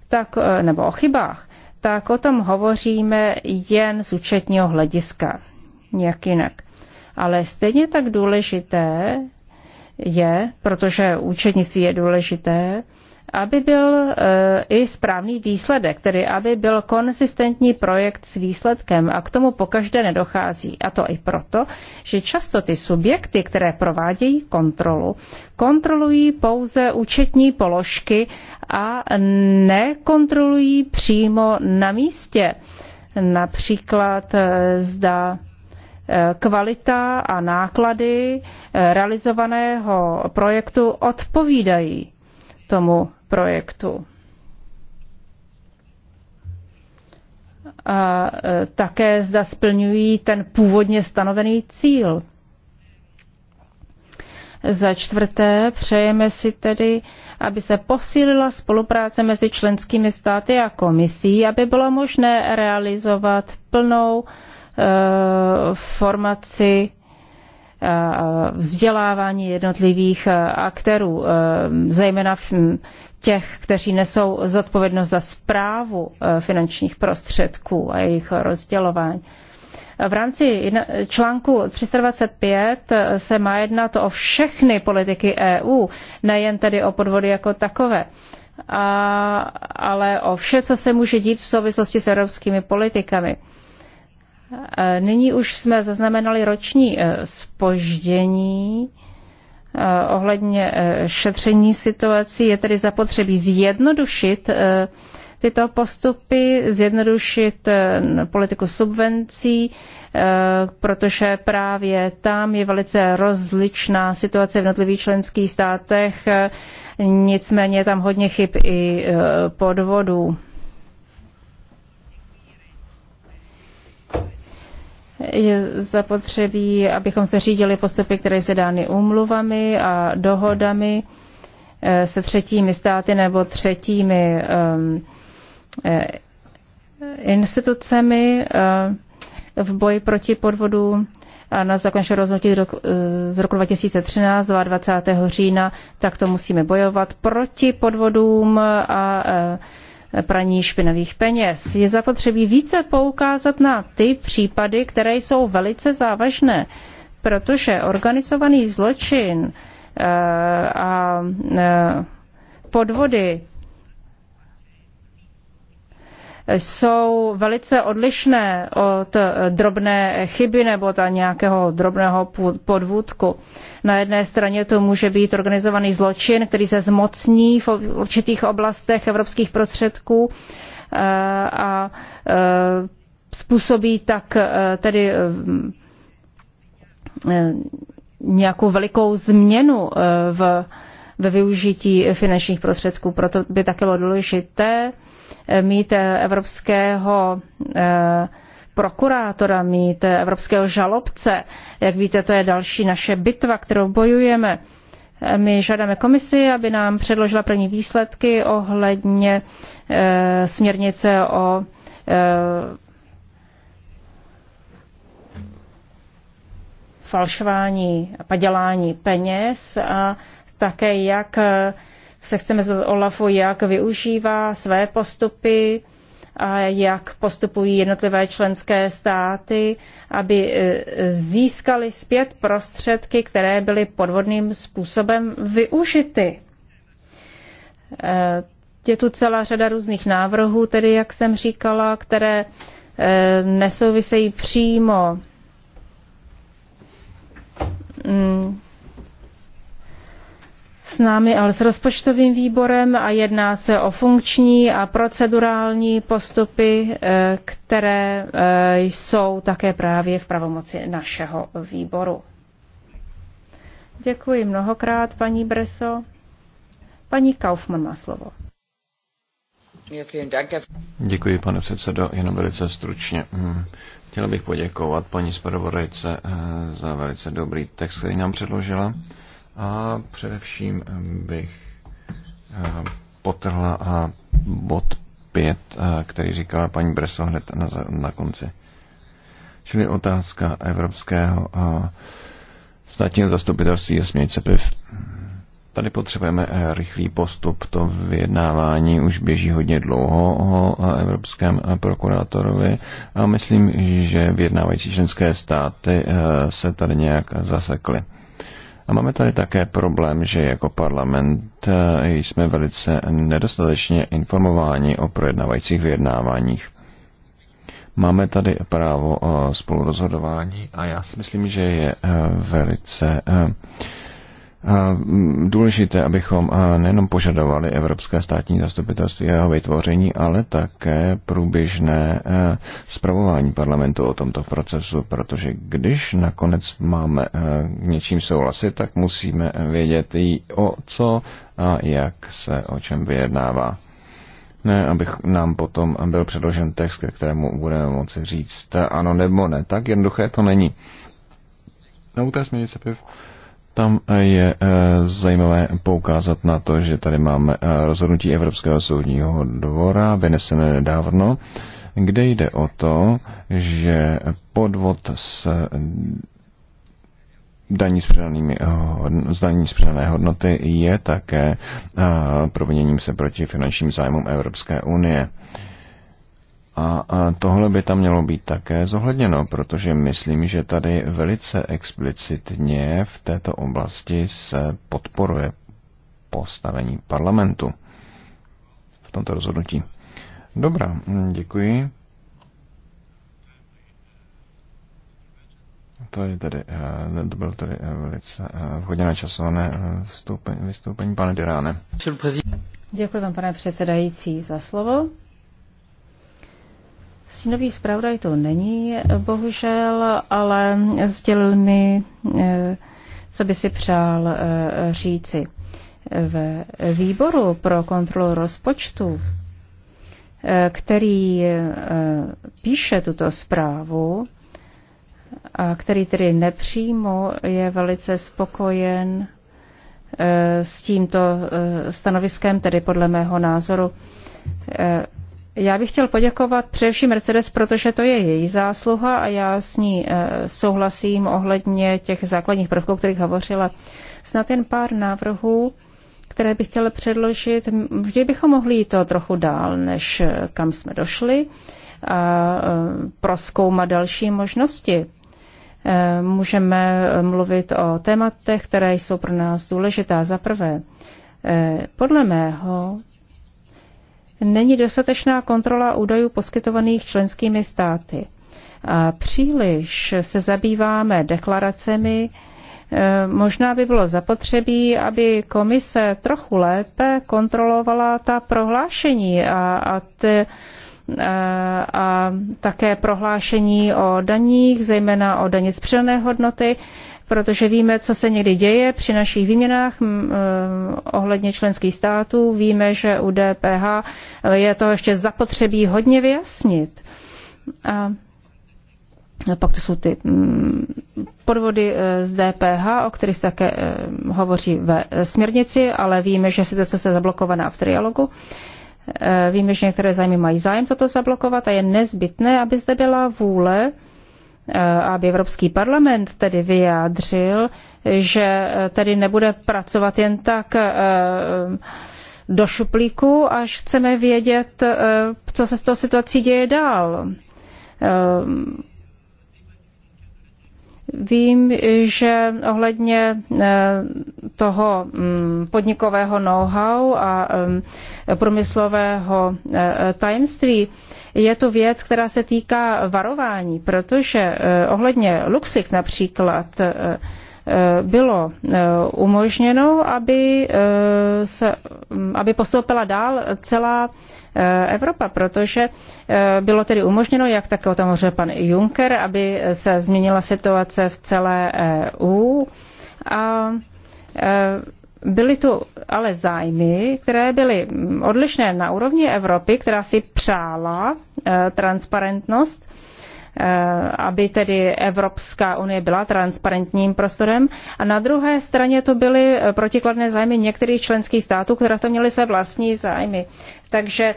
tak, eh, nebo o chybách, tak o tom hovoříme jen z účetního hlediska, nějak jinak. Ale stejně tak důležité je, protože účetnictví je důležité, aby byl eh, i správný výsledek, tedy aby byl konsistentní projekt s výsledkem a k tomu pokaždé nedochází. A to i proto, že často ty subjekty, které provádějí kontrolu, kontrolují pouze účetní položky a nekontrolují přímo na místě. Například eh, zda eh, kvalita a náklady realizovaného projektu odpovídají tomu projektu. A e, také zda splňují ten původně stanovený cíl. Za čtvrté, přejeme si tedy, aby se posílila spolupráce mezi členskými státy a komisí, aby bylo možné realizovat plnou e, formaci vzdělávání jednotlivých aktérů, zejména těch, kteří nesou zodpovědnost za zprávu finančních prostředků a jejich rozdělování. V rámci článku 325 se má jednat o všechny politiky EU, nejen tedy o podvody jako takové, a, ale o vše, co se může dít v souvislosti s evropskými politikami. E, nyní už jsme zaznamenali roční spoždění e, e, ohledně šetření situací. Je tedy zapotřebí zjednodušit tyto postupy, zjednodušit politiku subvencí, protože právě tam je velice rozličná situace v jednotlivých členských státech, nicméně je tam hodně chyb i podvodů. Je zapotřebí, abychom se řídili postupy, které se dány úmluvami a dohodami eh, se třetími státy nebo třetími um, institucemi eh, v boji proti podvodu a na zakončení rozhodnutí z roku 2013, 22. října, tak to musíme bojovat proti podvodům a praní špinavých peněz. Je zapotřebí více poukázat na ty případy, které jsou velice závažné, protože organizovaný zločin eh, a eh, podvody jsou velice odlišné od drobné chyby nebo ta nějakého drobného podvůdku. Na jedné straně to může být organizovaný zločin, který se zmocní v určitých oblastech evropských prostředků eh, a eh, způsobí tak eh, tedy nějakou velikou změnu v, ve využití finančních prostředků. Proto by také bylo důležité Eh, mít eh, evropského eh, prokurátora, mít evropského žalobce. Jak víte, to je další naše bitva, kterou bojujeme. My žádáme komisi, aby nám předložila první výsledky ohledně e, směrnice o e, falšování a padělání peněz a také jak e, se chceme zeptat Olafu, jak využívá své postupy, a jak postupují jednotlivé členské státy, aby e, získali zpět prostředky, které byly podvodným způsobem využity. E, je tu celá řada různých návrhů, tedy jak jsem říkala, které e, nesouvisejí přímo mm, s námi, ale s rozpočtovým výborem a jedná se o funkční a procedurální postupy, eh, které eh, jsou také právě v pravomoci našeho výboru. Děkuji mnohokrát, paní Breso. Paní Kaufmann má slovo. Děkuji, pane předsedo, jenom velice stručně. Hmm. Chtěl bych poděkovat paní zpravodajce eh, za velice dobrý text, který nám předložila. A především eh, bych eh, potrhla a eh, bod 5, který říkala paní Breso hned na, na konci. Čili otázka evropského a státního zastupitelství je smějce piv. Tady potřebujeme rychlý postup. To vyjednávání už běží hodně dlouho o evropském prokurátorovi a myslím, že vyjednávající členské státy se tady nějak zasekly. A máme tady také problém, že jako parlament eh, jsme velice nedostatečně informováni o projednávajících vyjednáváních. Máme tady právo eh, spolurozhodování a já si myslím, že je eh, velice Mm, důležité, abychom nejenom požadovali Evropské státní zastupitelství a jeho vytvoření, ale také průběžné zpravování parlamentu o tomto procesu, protože když nakonec máme k něčím souhlasit, tak musíme vědět i o co a jak se o čem vyjednává. Ne, abych nám potom byl předložen text, ke kterému budeme moci říct ano nebo ne. Tak jednoduché to není. No u té směrnice piv tam eh, je eh, zajímavé poukázat na to, že tady máme eh, rozhodnutí Evropského soudního dvora, vynesené nedávno, kde jde o to, že podvod s daní z, z daní z přidané hodnoty je také proviněním se proti finančním zájmům Evropské unie. A tohle by tam mělo být také zohledněno, protože myslím, že tady velice explicitně v této oblasti se podporuje postavení parlamentu v tomto rozhodnutí. Dobrá, děkuji. To, je tedy, eh, to bylo tedy eh, velice eh, vhodně načasované vystoupení, vystoupení pane Diráne. Děkuji vám, pane předsedající, za slovo. Stínový zpravodaj to není, bohužel, ale sdělil mi, eh, co by si přál eh, říci. Ve výboru pro kontrolu rozpočtu, eh, který píše tuto zprávu, a který tedy nepřímo je velice spokojen s tímto stanoviskem, tedy podle mého názoru já bych chtěl poděkovat především Mercedes, protože to je její zásluha a já s ní eh, souhlasím ohledně těch základních prvků, o kterých hovořila. Snad jen pár návrhů, které bych chtěla předložit. Vždy bychom mohli jít to trochu dál, než eh, kam jsme došli a eh, proskoumat další možnosti. Můžeme mluvit o tématech, které jsou pro nás důležitá. Za prvé, podle mého není dostatečná kontrola údajů poskytovaných členskými státy. A příliš se zabýváme deklaracemi, e, Možná by bylo zapotřebí, aby komise trochu lépe kontrolovala ta prohlášení a, a, ty, a, e, a také prohlášení o daních, zejména o daně z přidané hodnoty, protože víme, co se někdy děje při našich výměnách eh, ohledně členských států. Víme, že u DPH je to ještě zapotřebí hodně vyjasnit. A pak to jsou ty podvody eh, z DPH, o kterých se také eh, hovoří ve směrnici, ale víme, že situace se zablokovaná v trialogu. Víme, že některé zájmy mají zájem toto zablokovat a je nezbytné, aby zde byla vůle Eh, aby Evropský parlament tedy vyjádřil, že eh, tedy nebude pracovat jen tak eh, do šuplíku, až chceme vědět, co se s tou situací děje dál. Vím, že ohledně toho mm, podnikového know-how a mm, průmyslového tajemství je to věc, která se týká varování, protože eh, ohledně Luxix například eh, eh, bylo umožněno, aby, se, mm, aby postoupila dál celá Evropa, protože bylo tedy umožněno, jak také o tom hovořil pan Juncker, aby se změnila situace v celé EU. A Byly tu ale zájmy, které byly odlišné na úrovni Evropy, která si přála eh, transparentnost, eh, aby tedy Evropská unie byla transparentním prostorem. A na druhé straně to byly eh, protikladné zájmy některých členských států, které to měly své vlastní zájmy. Takže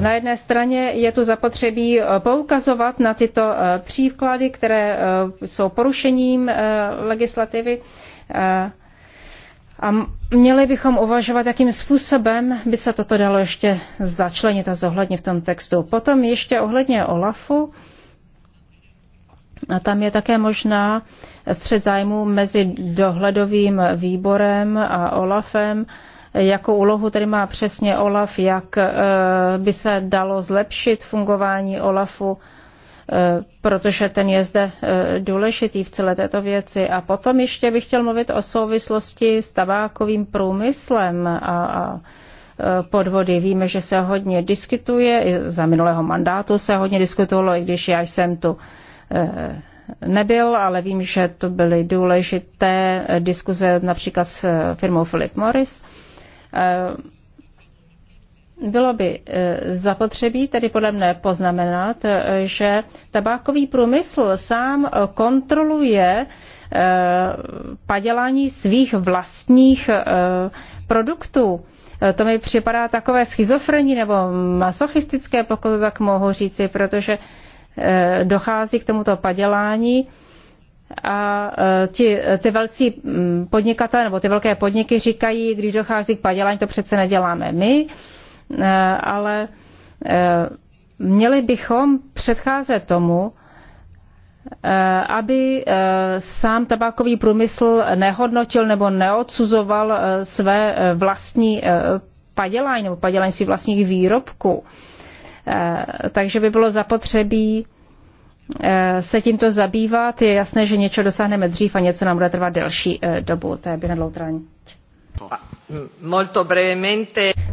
na jedné straně je tu zapotřebí poukazovat na tyto příklady, které jsou porušením legislativy a měli bychom uvažovat, jakým způsobem by se toto dalo ještě začlenit a zohlednit v tom textu. Potom ještě ohledně OLAFu. A tam je také možná střed zájmu mezi dohledovým výborem a OLAFem. Jakou úlohu tedy má přesně OLAF, jak eh, by se dalo zlepšit fungování OLAFu Eh, protože ten je zde eh, důležitý v celé této věci. A potom ještě bych chtěl mluvit o souvislosti s tabákovým průmyslem a, a eh, podvody. Víme, že se hodně diskutuje, I za minulého mandátu se hodně diskutovalo, i když já jsem tu nebyl, ale vím, že to byly důležité diskuze například s firmou Philip Morris bylo by eh, zapotřebí tedy podle mne poznamenat, eh, že tabákový průmysl sám eh, kontroluje padělání svých vlastních produktů. To mi připadá takové schizofrení nebo masochistické, pokud to tak mohu říci, protože dochází k tomuto padělání a ti, ty velcí mm, podnikatelé nebo ty velké podniky říkají, když dochází k padělání, to přece neděláme my. Eh, ale eh, měli bychom předcházet tomu, eh, aby sám tabákový průmysl nehodnotil nebo neodsuzoval své vlastní padělání nebo padělání svých vlastních výrobků. Takže by bylo zapotřebí se tímto zabývat. Je jasné, že něco dosáhneme dřív a něco nám bude trvat delší dobu. To je by nedloutrání.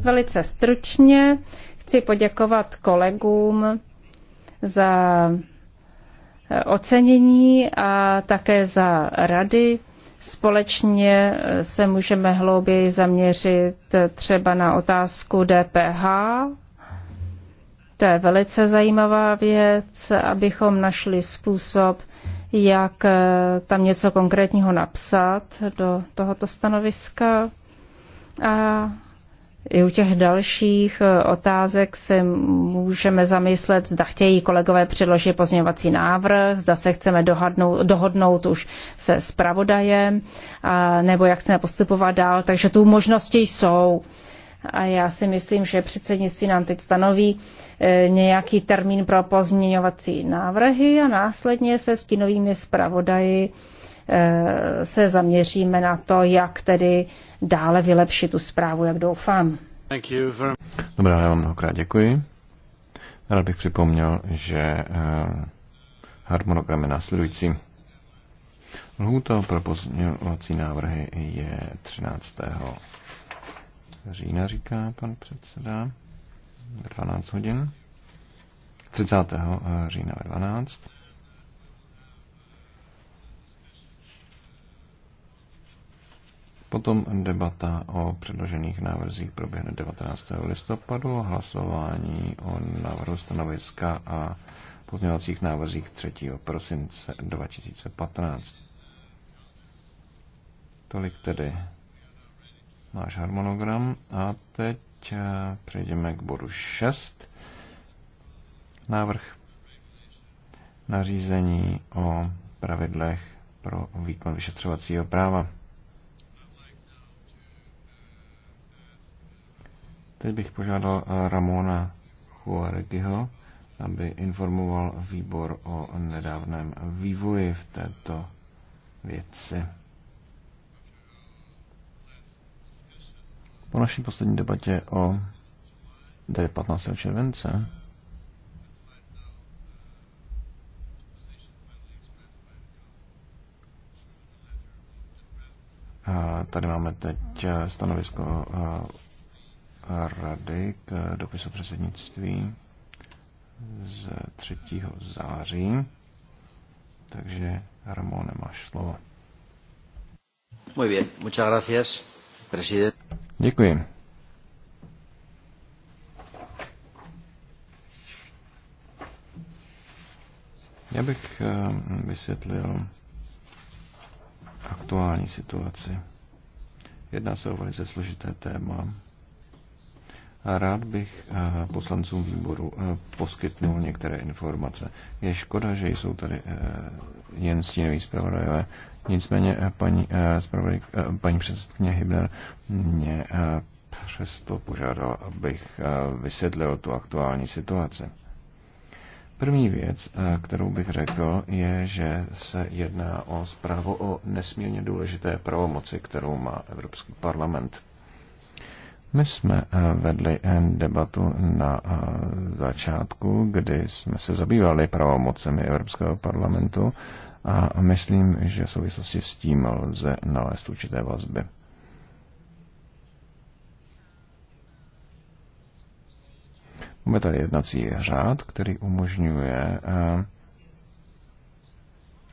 Velice stručně chci poděkovat kolegům za eh, ocenění a také za rady. Společně eh, se můžeme hlouběji zaměřit eh, třeba na otázku DPH. To je velice zajímavá věc, abychom našli způsob, jak eh, tam něco konkrétního napsat do tohoto stanoviska. A i u těch dalších eh, otázek se můžeme zamyslet, zda chtějí kolegové předložit pozměňovací návrh, zda se chceme dohodnout, dohodnout už se zpravodajem, nebo jak chceme postupovat dál. Takže tu možnosti jsou. A já si myslím, že předsednictví nám teď stanoví eh, nějaký termín pro pozměňovací návrhy a následně se s tinovými zpravodaji eh, se zaměříme na to, jak tedy dále vylepšit tu zprávu, jak doufám. Dobrá, já vám mnohokrát děkuji. Rád bych připomněl, že eh, harmonogram je následující. Lhůta pro pozměňovací návrhy je 13 října, říká pan předseda, 12 hodin. 30. Eh, října ve 12. Potom debata o předložených návrzích proběhne 19. listopadu, hlasování o návrhu stanoviska a pozměňovacích návrzích 3. prosince 2015. Tolik tedy náš harmonogram. A teď eh, přejdeme k bodu 6. Návrh nařízení o pravidlech pro výkon vyšetřovacího práva. Teď bych požádal eh, Ramona Juaregiho, aby informoval výbor o nedávném vývoji v této věci. Po naší poslední debatě o 15. července a tady máme teď stanovisko rady k dopisu předsednictví z 3. září. Takže Ramón, máš slovo. Muy bien, muchas gracias. Prezident. Děkuji. Já bych eh, vysvětlil aktuální situaci. Jedná se o velice složité téma. Rád bych eh, poslancům výboru eh, poskytnul některé informace. Je škoda, že jsou tady eh, jen stínoví zpravodajové. Nicméně paní, zpravodaj, paní předsedkyně Hybner mě přesto požádala, abych vysvětlil tu aktuální situaci. První věc, kterou bych řekl, je, že se jedná o zprávu o nesmírně důležité pravomoci, kterou má Evropský parlament. My jsme eh, vedli eh, debatu na eh, začátku, kdy jsme se zabývali pravomocemi Evropského parlamentu a myslím, že v souvislosti s tím lze nalézt určité vazby. Máme tady jednací řád, který umožňuje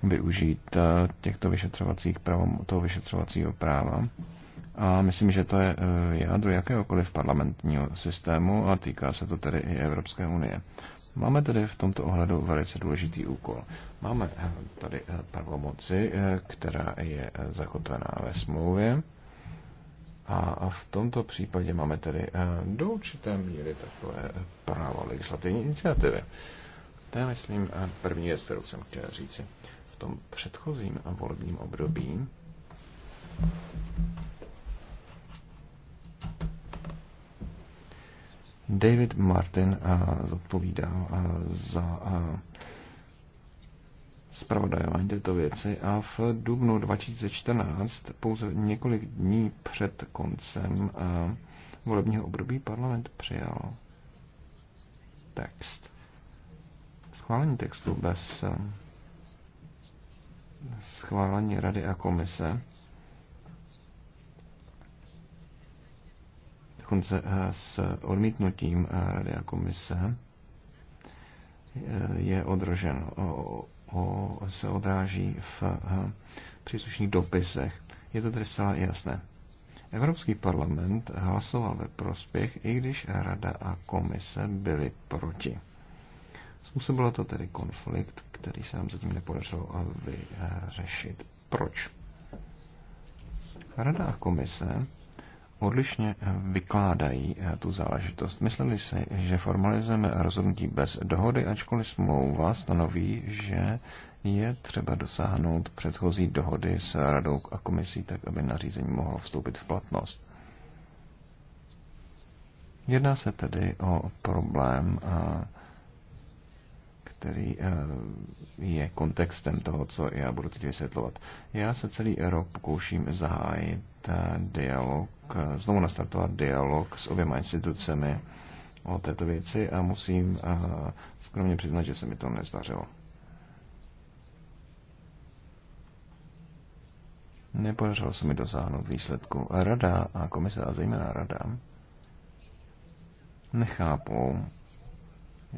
využít těchto vyšetřovacích pravom, toho vyšetřovacího práva a myslím, že to je eh, jádro jakéhokoliv parlamentního systému a týká se to tedy i Evropské unie. Máme tedy v tomto ohledu velice důležitý úkol. Máme eh, tady eh, pravomoci, která je zakotvená ve smlouvě. A v tomto případě máme tedy do určité míry takové právo legislativní iniciativy. To je, myslím, první věc, kterou jsem chtěl říci. V tom předchozím volebním období David Martin eh, zodpovídá eh, za eh, zpravodajování této věci a v dubnu 2014, pouze několik dní před koncem volebního období, parlament přijal text. Schválení textu bez schválení Rady a komise dokonce eh, s odmítnutím eh, Rady a komise eh, je odrožen, o, o, se odráží v příslušných dopisech. Je to tedy zcela jasné. Evropský parlament hlasoval ve prospěch, i když Rada a komise byly proti. Způsobilo to tedy konflikt, který se nám zatím nepodařilo vyřešit. Proč? Rada a komise odlišně eh, vykládají eh, tu záležitost. Mysleli si, že formalizujeme rozhodnutí bez dohody, ačkoliv smlouva stanoví, že je třeba dosáhnout předchozí dohody s radou a komisí, tak aby nařízení mohlo vstoupit v platnost. Jedná se tedy o problém a který eh, je kontextem toho, co já budu teď vysvětlovat. Já se celý rok pokouším zahájit eh, dialog, eh, znovu nastartovat dialog s oběma institucemi o této věci a musím skromně přiznat, že se mi to nezdařilo. Nepodařilo se mi dosáhnout výsledku. Rada a komise a zejména rada nechápou,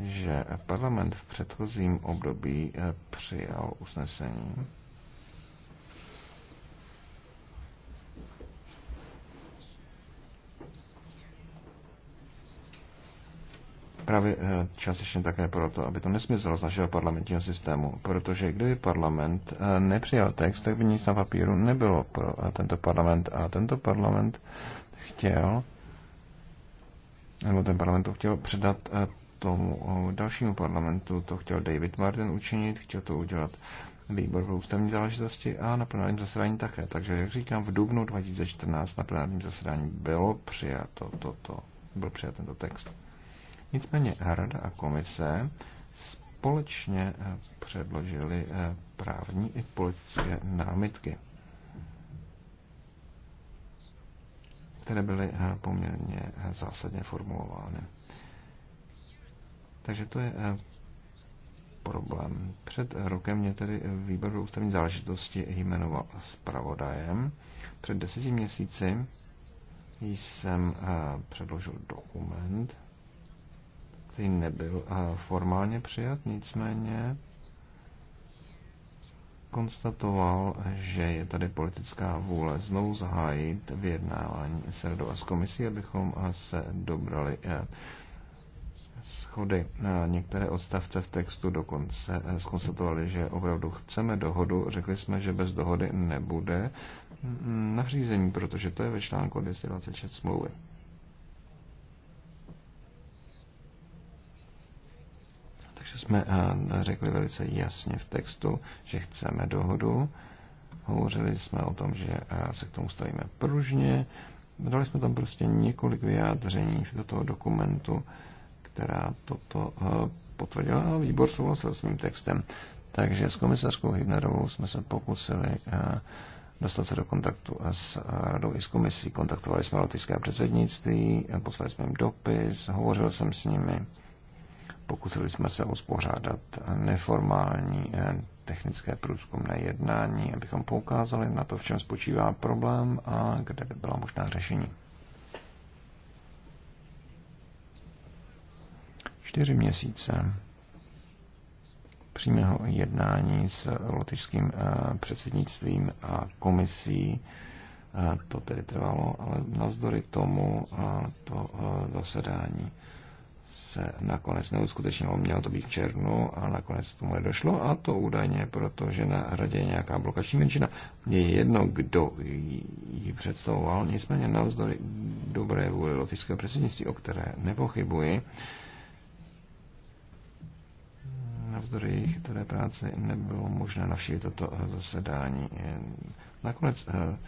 že parlament v předchozím období eh, přijal usnesení, právě eh, částečně také proto, aby to nesmizelo z našeho parlamentního systému, protože kdyby parlament eh, nepřijal text, tak by nic na papíru nebylo pro tento parlament a tento parlament chtěl, nebo ten parlament to chtěl předat tomu dalšímu parlamentu. To chtěl David Martin učinit, chtěl to udělat výbor pro ústavní záležitosti a na plenárním zasedání také. Takže, jak říkám, v dubnu 2014 na plenárním zasedání bylo přijato toto, byl přijat tento text. Nicméně Rada a komise společně eh, předložili eh, právní i politické námitky, které byly eh, poměrně zásadně formulovány. Takže to je eh, problém. Před rokem mě tedy eh, výbor pro ústavní záležitosti jmenoval zpravodajem. Před deseti měsíci jsem eh, předložil dokument, který nebyl formálně přijat, nicméně konstatoval, že je tady politická vůle znovu zahájit vyjednávání s Radou a s komisí, abychom se dobrali schody. E, některé odstavce v textu dokonce e, zkonstatovali, že opravdu chceme dohodu. Řekli jsme, že bez dohody nebude mm, nařízení, protože to je ve článku 226 smlouvy. Takže jsme e, řekli velice jasně v textu, že chceme dohodu. Hovořili jsme o tom, že se k tomu stavíme pružně. Dali jsme tam prostě několik vyjádření do toho dokumentu, která toto eh, potvrdila a výbor souhlasil s mým textem. Takže s komisařkou Hybnerovou jsme se pokusili eh, dostat se do kontaktu s radou i s komisí. Kontaktovali jsme lotické předsednictví, eh, poslali jsme jim dopis, hovořil jsem s nimi. Pokusili jsme se uspořádat neformální technické průzkumné jednání, abychom poukázali na to, v čem spočívá problém a kde by byla možná řešení. čtyři měsíce přímého jednání s lotyšským eh, předsednictvím a komisí. Eh, to tedy trvalo, ale navzdory tomu eh, to zasedání se nakonec neuskutečnilo. Mělo to být v červnu a nakonec tomu nedošlo a to údajně proto, že na hradě je nějaká blokační menšina. Je jedno, kdo ji představoval, nicméně navzdory dobré vůli lotyšského předsednictví, o které nepochybuji, navzdory jejich tvé práci nebylo možné navštívit toto eh, zasedání. Eh, nakonec eh,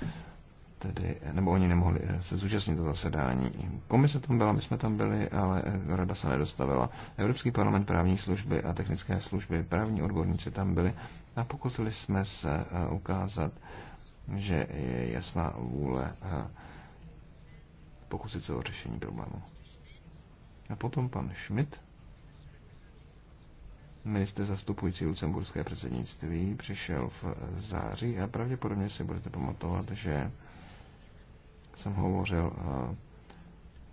tedy, nebo oni nemohli se zúčastnit toho zasedání. Komise tam byla, my jsme tam byli, ale rada se nedostavila. Evropský parlament právní služby a technické služby, právní odborníci tam byli a pokusili jsme se ukázat, že je jasná vůle pokusit se o řešení problému. A potom pan Schmidt Minister zastupující lucemburské předsednictví přišel v září a pravděpodobně si budete pamatovat, že jsem hovořil eh,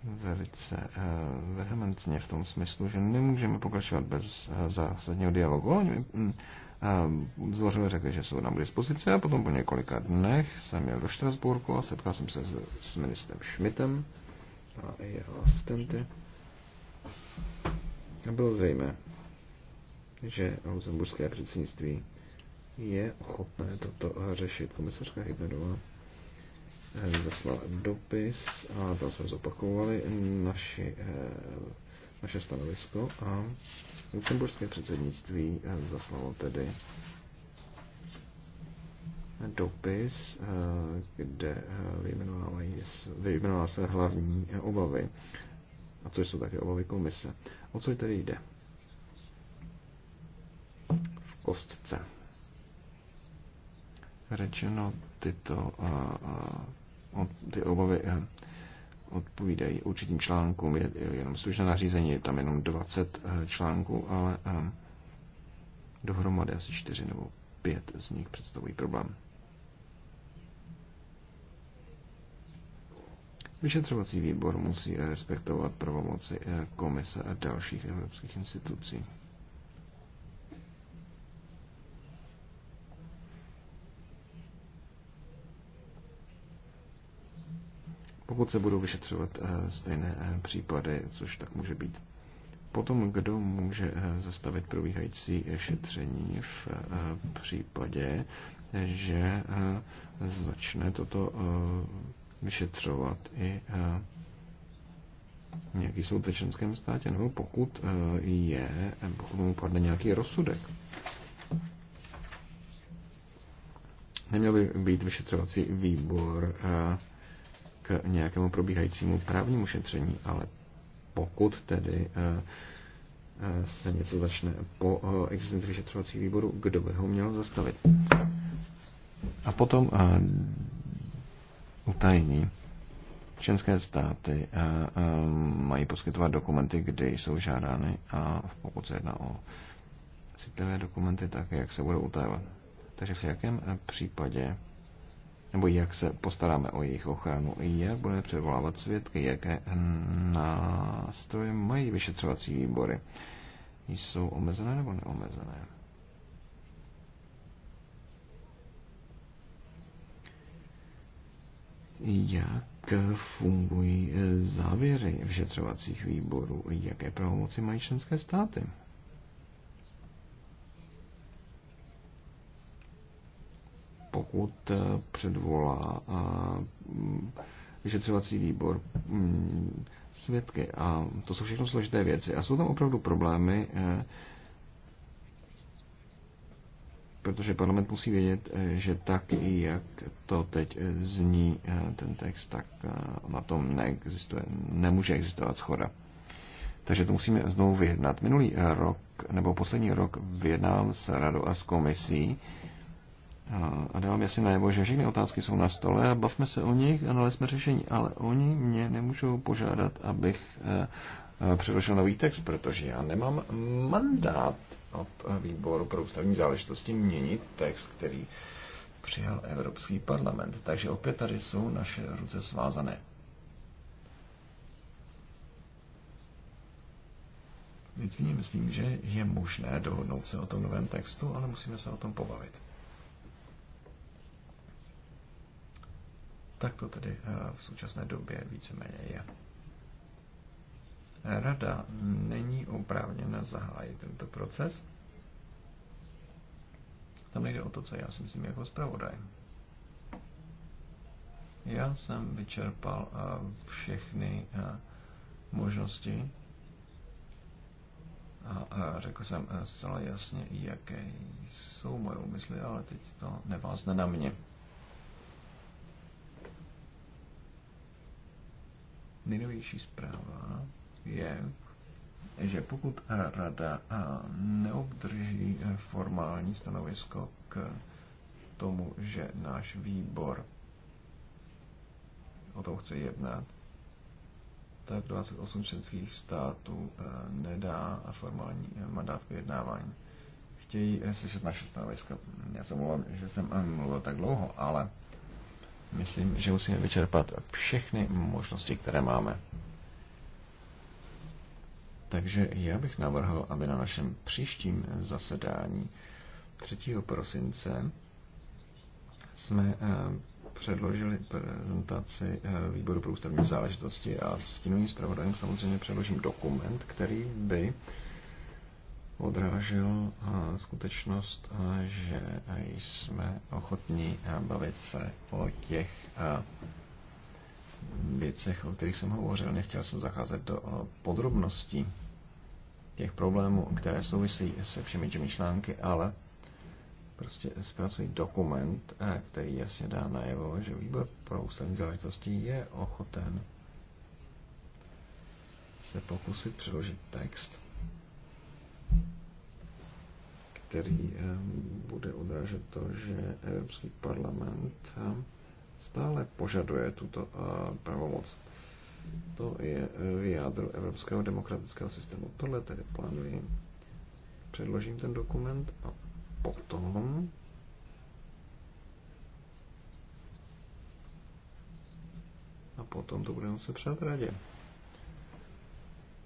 velice eh, vehementně v tom smyslu, že nemůžeme pokračovat bez eh, zásadního dialogu. Oni mm, zdvořile řekli, že jsou nám k dispozici a potom po několika dnech jsem jel do Štrasburku a setkal jsem se s, s ministrem Schmidtem a jeho asistenty. A bylo zřejmé, že Lucemburské předsednictví je ochotné toto řešit. Komisařka Hybnerová eh, zaslala dopis a tam jsme zopakovali naši, eh, naše stanovisko a Lucemburské předsednictví eh, zaslalo tedy dopis, kde vyjmenovala se hlavní obavy, a co jsou také obavy komise. O co tedy jde? kostce. Řečeno, tyto ty obavy eh, odpovídají určitým článkům. Je jenom slušné nařízení, je tam jenom 20 eh, článků, ale eh, dohromady asi 4 nebo 5 z nich představují problém. Vyšetřovací výbor musí respektovat pravomoci komise a dalších evropských institucí. pokud se budou vyšetřovat eh, stejné eh, případy, což tak může být. Potom, kdo může eh, zastavit probíhající šetření v případě, že začne toto vyšetřovat i nějaký soud ve členském státě, nebo pokud je, pokud mu padne nějaký rozsudek. Neměl by být vyšetřovací výbor k nějakému probíhajícímu právnímu šetření, ale pokud tedy eh, eh, se něco začne po eh, existenci vyšetřovacích výborů, kdo by ho měl zastavit? A potom utajení. Členské státy mají poskytovat dokumenty, kde jsou žádány a pokud se jedná o citlivé dokumenty, tak jak se budou utajovat. Takže v jakém případě nebo jak se postaráme o jejich ochranu, jak budeme předvolávat svědky, jaké nástroje mají vyšetřovací výbory. Jsou omezené nebo neomezené? Jak fungují závěry vyšetřovacích výborů? Jaké pravomoci mají členské státy? pokud eh, předvolá eh, mm, vyšetřovací výbor mm, svědky. A to jsou všechno složité věci. A jsou tam opravdu problémy, eh, protože parlament musí vědět, že tak, jak to teď zní ten text, tak na tom neexistuje, nemůže existovat schoda. Takže to musíme znovu vyjednat. Minulý rok, nebo poslední rok, vyjednám s radou a s komisí a, a dávám jasně najevo, že všechny otázky jsou na stole a bavme se o nich a nalezme řešení. Ale oni mě nemůžou požádat, abych eh, eh, předložil nový text, protože já nemám mandát od eh, výboru pro ústavní záležitosti měnit text, který přijal Evropský parlament. Takže opět tady jsou naše ruce svázané. Litvíně myslím, že je možné dohodnout se o tom novém textu, ale musíme se o tom pobavit. Tak to tedy eh, v současné době víceméně je. Rada není oprávněna zahájit tento proces. Tam nejde o to, co já si myslím jako zpravodaj. Já jsem vyčerpal eh, všechny eh, možnosti a řekl jsem zcela jasně, jaké jsou moje úmysly, ale teď to nevázne na mě. Nejnovější zpráva je, že pokud rada neobdrží formální stanovisko k tomu, že náš výbor o tom chce jednat, tak 28 členských států eh, nedá formální mandát k vyjednávání. Chtějí slyšet naše stanoviska. Já se mluvím, že jsem mluvil tak dlouho, ale Myslím, že musíme vyčerpat všechny možnosti, které máme. Takže já bych navrhl, aby na našem příštím zasedání 3. prosince jsme eh, předložili prezentaci eh, výboru pro ústavní záležitosti a s tím zpravodajem samozřejmě předložím dokument, který by odrážel eh, skutečnost, eh, že jsme ochotní eh, bavit se o těch věcech, o kterých jsem hovořil. Nechtěl jsem zacházet do podrobností těch problémů, které souvisí se všemi těmi články, ale prostě zpracují dokument, který jasně dá najevo, že výbor pro ústavní záležitosti je ochoten se pokusit přeložit text, který eh, bude odrážet to, že Evropský parlament eh, stále požaduje tuto eh, pravomoc. To je v jádru evropského demokratického systému. Tohle tedy plánuji. Předložím ten dokument a potom a potom to budeme se přát radě.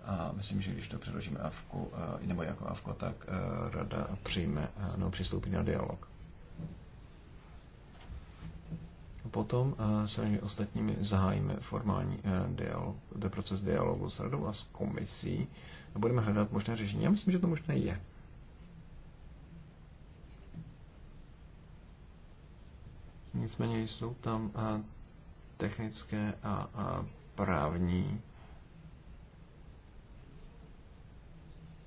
A myslím, že když to předložíme AVKu, eh, nebo jako AVKo, tak eh, rada přijme eh, nebo přistoupí na dialog. Potom se ostatními zahájíme formální dialog, proces dialogu s radou a s komisí a budeme hledat možné řešení. Já myslím, že to možné je. Nicméně jsou tam technické a právní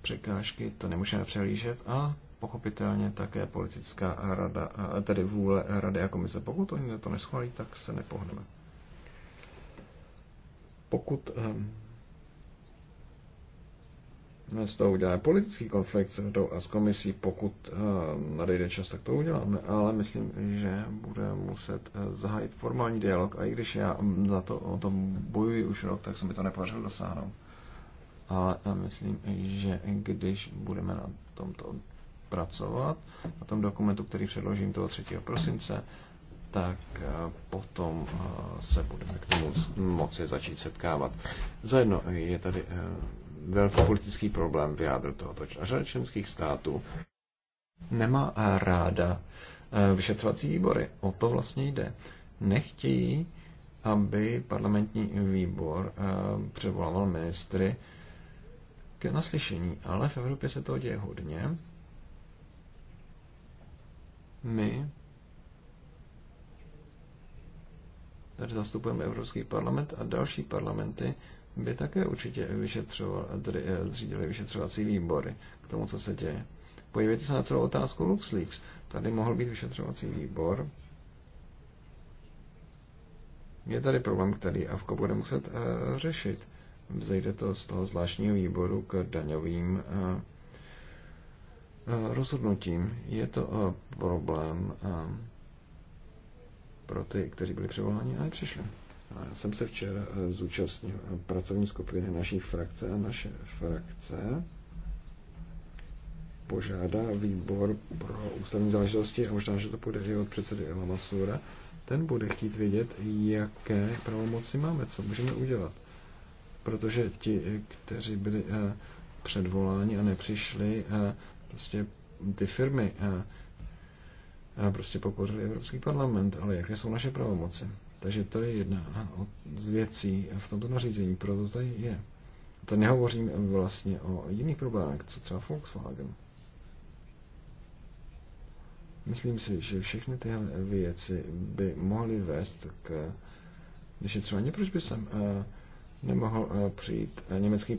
překážky, to nemůžeme přelížet a pochopitelně také politická rada, tedy vůle rady a komise. Pokud oni to neschválí, tak se nepohneme. Pokud ehm, z toho uděláme politický konflikt s radou a s komisí, pokud ehm, nadejde čas, tak to uděláme, ale myslím, že bude muset eh, zahájit formální dialog a i když já mm, za to, o tom bojuji už rok, tak se mi to nepodařilo dosáhnout ale myslím, že když budeme na tomto pracovat, na tom dokumentu, který předložím toho 3. prosince, tak eh, potom eh, se budeme k tomu moci začít setkávat. Zajedno je tady eh, velký politický problém v jádru tohoto. členských států nemá ráda vyšetřovací výbory. O to vlastně jde. Nechtějí, aby parlamentní výbor převolával ministry k slyšení, ale v Evropě se toho děje hodně. My tady zastupujeme Evropský parlament a další parlamenty by také určitě vyšetřoval, eh, zřídili vyšetřovací výbory k tomu, co se děje. Podívejte se na celou otázku LuxLeaks. Tady mohl být vyšetřovací výbor. Je tady problém, který AVKO bude muset uh, řešit vzejde to z toho zvláštního výboru k daňovým eh, eh, rozhodnutím. Je to eh, problém pro ty, kteří byli převoláni a nepřišli. Já jsem se včera zúčastnil pracovní skupiny naší frakce a naše frakce požádá výbor pro ústavní záležitosti a možná, že to půjde i od předsedy Eva Sura, ten bude chtít vědět, jaké pravomoci máme, co můžeme udělat protože ti, kteří byli eh, předvoláni a nepřišli, eh, prostě ty firmy eh, prostě pokořily Evropský parlament, ale jaké jsou naše pravomoci? Takže to je jedna z věcí v tomto nařízení, proto tady je. To nehovořím vlastně o jiných problémech, co třeba Volkswagen. Myslím si, že všechny tyhle věci by mohly vést k vyšetřování. Proč by jsem uh, nemohl eh, přijít eh, německý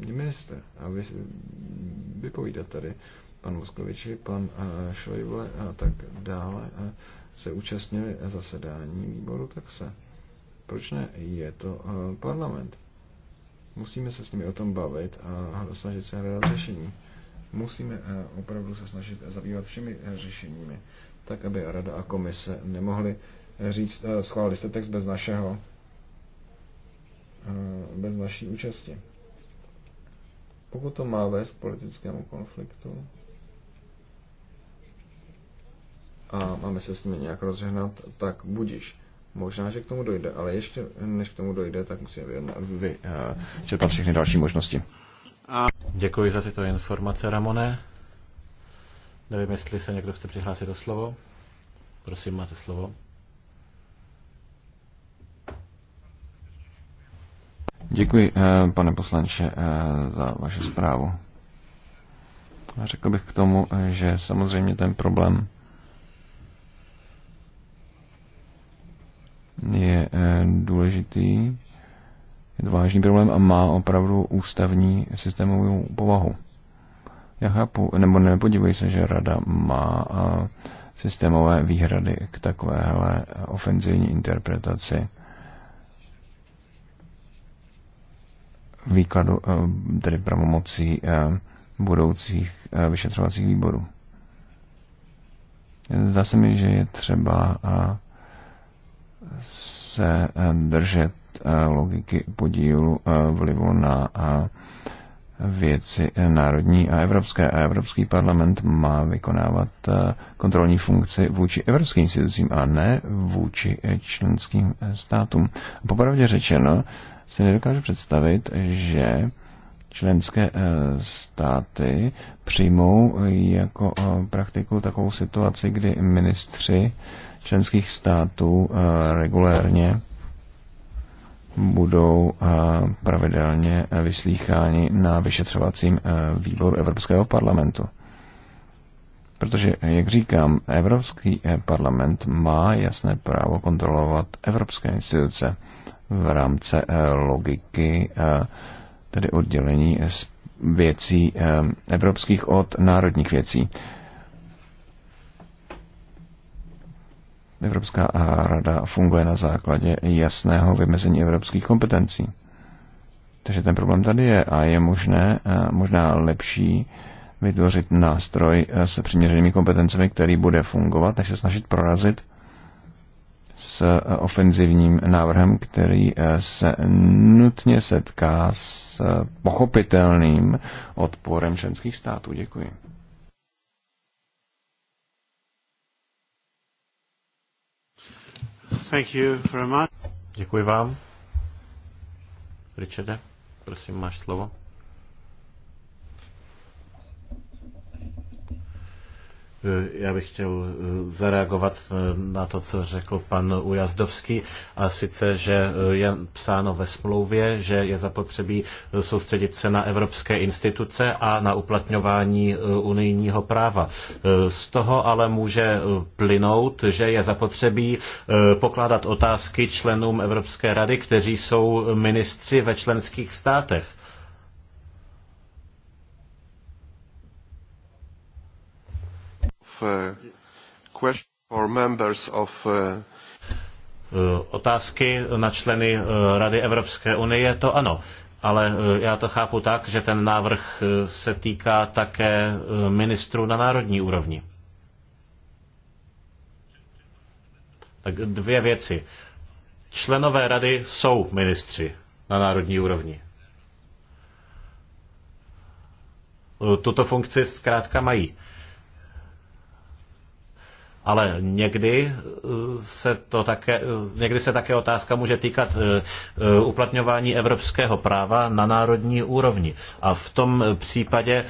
minister a vy, vypovídat tady pan Moskoviči, pan Šojble eh, a tak dále se účastnili zasedání výboru, tak se. Proč ne? Je to parlament. Musíme se s nimi o tom bavit a snažit se hledat řešení. Musíme opravdu se snažit zabývat všemi řešeními, tak aby Rada a komise nemohli říct, schválili jste text bez našeho bez vaší účasti. Pokud to má vést politickému konfliktu a máme se s nimi nějak rozžehnat, tak budiš. Možná, že k tomu dojde, ale ještě než k tomu dojde, tak musíme vyčerpat eh, všechny další možnosti. Děkuji za tyto informace, Ramone. Nevím, jestli se někdo chce přihlásit do slovo. Prosím, máte slovo. Děkuji, eh, pane poslanče, eh, za vaši zprávu. Řekl bych k tomu, že samozřejmě ten problém je eh, důležitý, je to vážný problém a má opravdu ústavní systémovou povahu. Já chápu, nebo nepodívej se, že rada má systémové výhrady k takovéhle ofenzivní interpretaci výkladu, eh, tedy pravomocí eh, budoucích eh, vyšetřovacích výborů. Zdá se mi, že je třeba se držet logiky podílu vlivu na věci národní a evropské. A Evropský parlament má vykonávat kontrolní funkci vůči evropským institucím a ne vůči členským státům. Popravdě řečeno, si nedokážu představit, že členské eh, státy přijmou jako eh, praktiku takovou situaci, kdy ministři členských států eh, regulérně budou pravidelně vyslýcháni na vyšetřovacím výboru Evropského parlamentu. Protože, jak říkám, Evropský parlament má jasné právo kontrolovat evropské instituce v rámci eh, logiky eh, tedy oddělení věcí eh, evropských od národních věcí. Evropská rada funguje na základě jasného vymezení evropských kompetencí. Takže ten problém tady je a je možné, možná lepší vytvořit nástroj se přiměřenými kompetencemi, který bude fungovat, než se snažit prorazit s eh, ofenzivním návrhem, který eh, se nutně setká s eh, pochopitelným odporem členských států. Děkuji. Thank you very much. Děkuji vám. Richarde, prosím, máš slovo. Eh, já bych chtěl eh, zareagovat eh, na to, co řekl pan Ujazdovský, a sice, že je psáno ve smlouvě, že je zapotřebí soustředit se na evropské instituce a na uplatňování unijního práva. Z toho ale může plynout, že je zapotřebí pokládat otázky členům Evropské rady, kteří jsou ministři ve členských státech. Uh, uh, eh, otázky na členy eh, Rady Evropské unie, to ano. Ale eh, já to chápu tak, že ten návrh se týká také ministrů na národní úrovni. Tak dvě věci. Členové rady jsou ministři na národní úrovni. Tuto funkci zkrátka mají ale někdy eh, se, to také, eh, někdy se také otázka může týkat eh, uplatňování evropského práva na národní úrovni. A v tom případě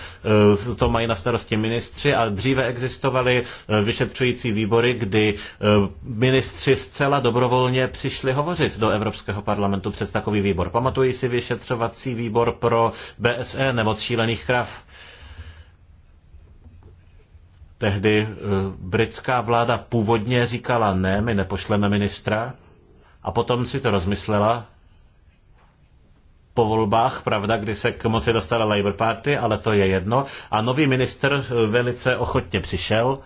to mají na starosti ministři a dříve existovaly vyšetřující výbory, kdy ministři zcela dobrovolně přišli hovořit do Evropského parlamentu před takový výbor. Pamatují si vyšetřovací výbor pro BSE, nebo šílených krav Tehdy eh, britská vláda původně říkala, ne, my nepošleme ministra, a potom si to rozmyslela po volbách, pravda, kdy se k moci dostala Labour Party, ale to je jedno. A nový minister eh, velice ochotně přišel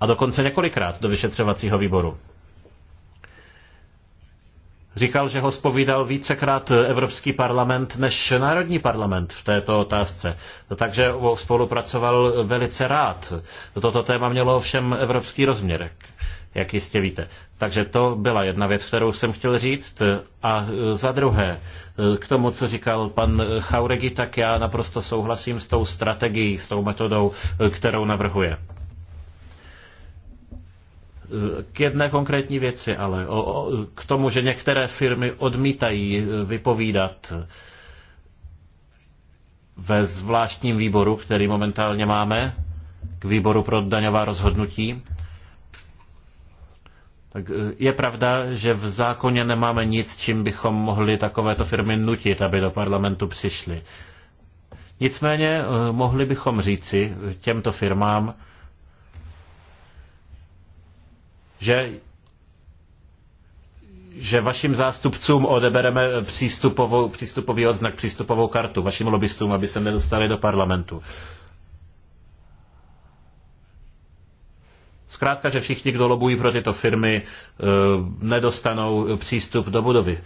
a dokonce několikrát do vyšetřovacího výboru. Říkal, že ho spovídal vícekrát Evropský parlament než Národní parlament v této otázce. Takže spolupracoval velice rád. Toto téma mělo ovšem evropský rozměr, jak jistě víte. Takže to byla jedna věc, kterou jsem chtěl říct. A e, za druhé, e, k tomu, co říkal pan Chauregi, tak já naprosto souhlasím s tou strategií, s tou metodou, e, kterou navrhuje. K jedné konkrétní věci ale, o, o, k tomu, že některé firmy odmítají eh, vypovídat eh, ve zvláštním výboru, který momentálně máme, k výboru pro daňová rozhodnutí. Tak eh, je pravda, že v zákoně nemáme nic, čím bychom mohli takovéto firmy nutit, aby do parlamentu přišli. Nicméně mohli bychom říci těmto firmám, že že vašim zástupcům odebereme přístupovou, přístupový odznak, přístupovou kartu, vašim lobbystům, aby se nedostali do parlamentu. Zkrátka, že všichni, kdo lobují pro tyto firmy, eh, nedostanou přístup do budovy.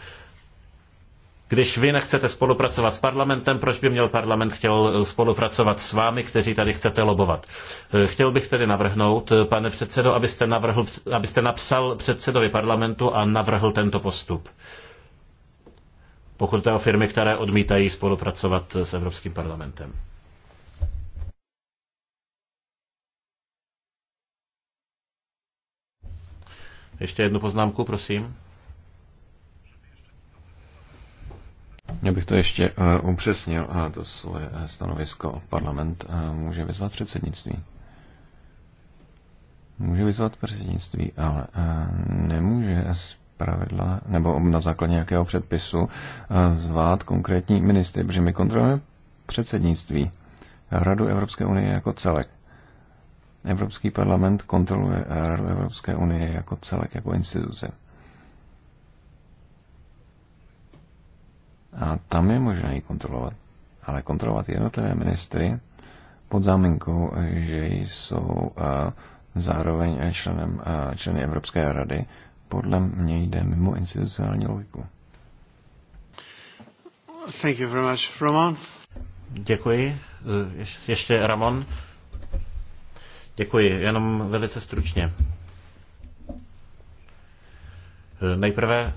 Když vy nechcete spolupracovat s parlamentem, proč by měl parlament chtěl eh, spolupracovat s vámi, kteří tady chcete lobovat? Eh, chtěl bych tedy navrhnout, eh, pane předsedo, abyste, navrhl, abyste napsal předsedovi parlamentu a navrhl tento postup. Pokud je o firmy, které odmítají spolupracovat s Evropským parlamentem. Ještě jednu poznámku, prosím. Já bych to ještě uh, upřesnil, a to svoje eh, stanovisko parlament uh, může vyzvat předsednictví. Může vyzvat předsednictví, ale uh, nemůže pravidla nebo na základě nějakého předpisu uh, zvát konkrétní ministry, protože my kontrolujeme předsednictví, Radu Evropské unie jako celek. Evropský parlament kontroluje Radu Evropské unie jako celek, jako instituce. A tam je možné ji kontrolovat. Ale kontrolovat jednotlivé ministry pod záminkou, že jsou eh, zároveň eh, členem, eh, členy Evropské rady, podle mě jde mimo institucionální logiku. Thank you very much, Roman. Děkuji. Ještě Ramon. Děkuji, jenom velice stručně. Nejprve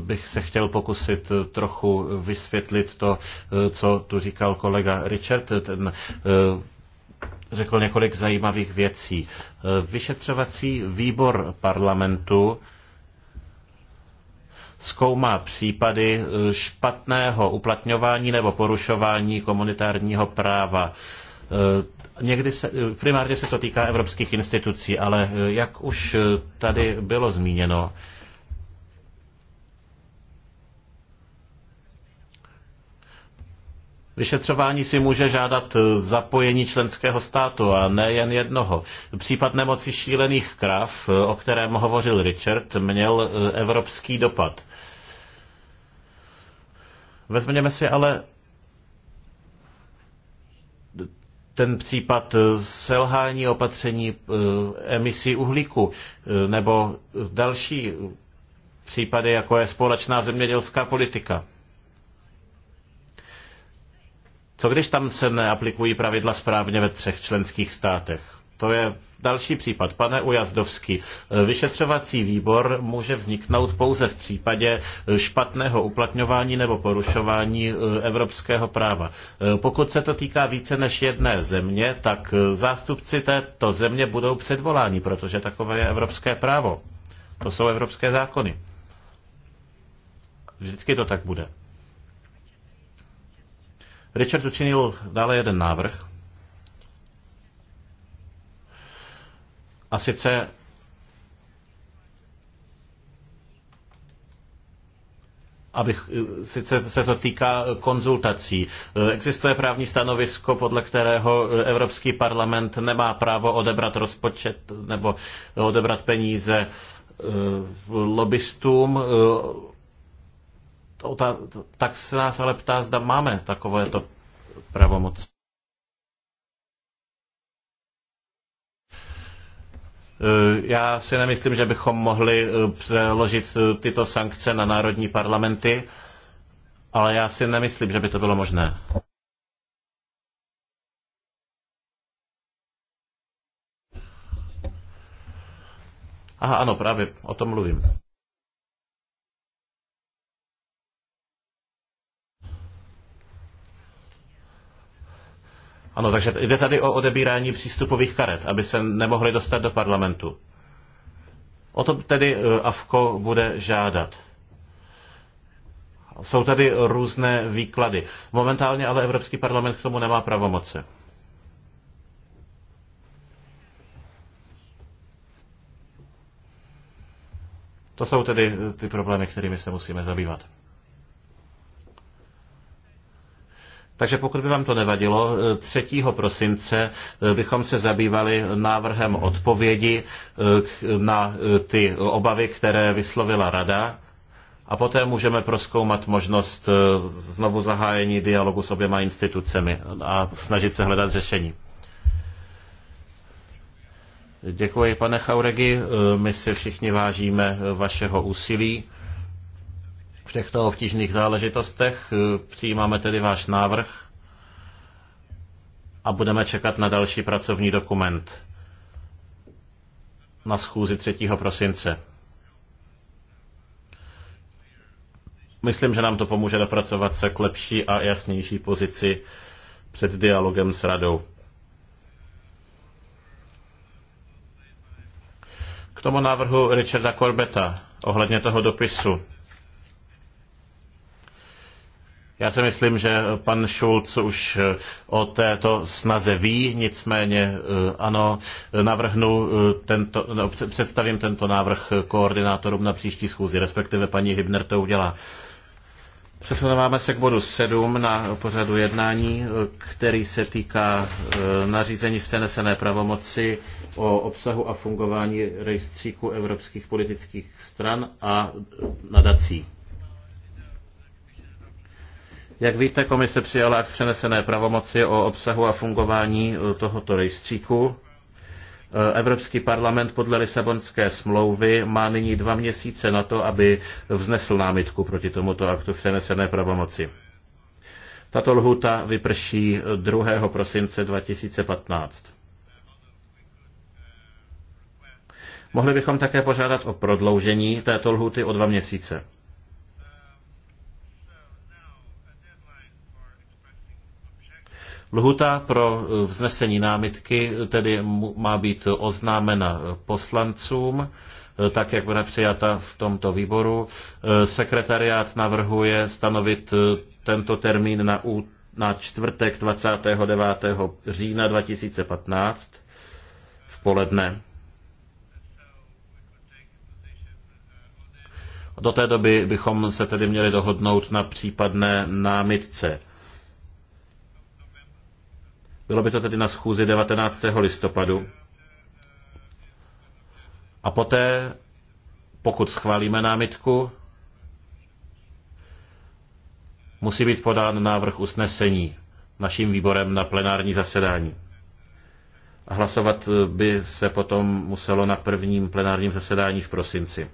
bych se chtěl pokusit trochu vysvětlit to, eh, co tu říkal kolega Richard. Ten eh, řekl několik zajímavých věcí. Eh, vyšetřovací výbor parlamentu zkoumá případy špatného uplatňování nebo porušování komunitárního práva. Někdy se, primárně se to týká evropských institucí, ale jak už tady bylo zmíněno, Vyšetřování si může žádat eh, zapojení členského státu a nejen jednoho. Případ nemoci šílených krav, eh, o kterém hovořil Richard, měl eh, evropský dopad. Vezměme si ale ten případ selhání opatření emisí uhlíku nebo další případy, jako je společná zemědělská politika. Co když tam se neaplikují pravidla správně ve třech členských státech? To je další případ. Pane Ujazdovský, vyšetřovací výbor může vzniknout pouze v případě špatného uplatňování nebo porušování e, evropského práva. E, pokud se to týká více než jedné země, tak e, zástupci této země budou předvoláni, protože takové je evropské právo. To jsou evropské zákony. Vždycky to tak bude. Richard učinil dále jeden návrh. A sice abych, sice se to týká konzultací. Existuje právní stanovisko, podle kterého Evropský parlament nemá právo odebrat rozpočet nebo odebrat peníze lobbystům tak se nás ale ptá, zda máme takovéto pravomoc. Eh, já si nemyslím, že bychom mohli eh, přeložit eh, tyto sankce na národní parlamenty, ale já si nemyslím, že by to bylo možné. Aha, ano, právě o tom mluvím. Ano, takže jde tady o odebírání přístupových karet, aby se nemohli dostat do parlamentu. O to tedy eh, AFKO bude žádat. Jsou tady různé výklady. Momentálně ale Evropský parlament k tomu nemá pravomoce. To jsou tedy eh, ty problémy, kterými se musíme zabývat. Takže pokud by vám to nevadilo, 3. Eh, prosince eh, bychom se zabývali návrhem odpovědi eh, na ty obavy, které vyslovila Rada. A poté můžeme proskoumat možnost znovu zahájení dialogu s oběma institucemi a snažit se hledat řešení. Děkuji, pane Chauregi. My si všichni vážíme vašeho úsilí v těchto obtížných záležitostech. Eh, přijímáme tedy váš návrh a budeme čekat na další pracovní dokument na schůzi 3. prosince. Myslím, že nám to pomůže dopracovat se k lepší a jasnější pozici před dialogem s radou. K tomu návrhu Richarda Corbeta ohledně toho dopisu. Já si myslím, že pan Schulz už eh, o této snaze ví, nicméně eh, ano, navrhnu eh, tento, no, představím tento návrh koordinátorům na příští schůzi, respektive paní Hybner to udělá. Přesunáváme se k bodu 7 na pořadu jednání, který se týká nařízení v přenesené pravomoci o obsahu a fungování rejstříku evropských politických stran a nadací. Jak víte, komise přijala akt přenesené pravomoci o obsahu a fungování eh, tohoto rejstříku. Eh, Evropský parlament podle Lisabonské smlouvy má nyní dva měsíce na to, aby vznesl námitku proti tomuto aktu přenesené pravomoci. Tato lhuta vyprší 2. Eh, prosince 2015. Mohli bychom také požádat o prodloužení této lhuty o dva měsíce. Lhuta pro eh, vznesení námitky tedy má být oznámena poslancům, eh, tak jak bude přijata v tomto výboru. Eh, sekretariát navrhuje stanovit tento termín na, na čtvrtek 29. října 2015 v poledne. Do té doby bychom se tedy měli dohodnout na případné námitce. Bylo by to tedy na schůzi 19. listopadu. A poté, pokud schválíme námitku, musí být podán návrh usnesení naším výborem na plenární zasedání. A hlasovat by se potom muselo na prvním plenárním zasedání v prosinci.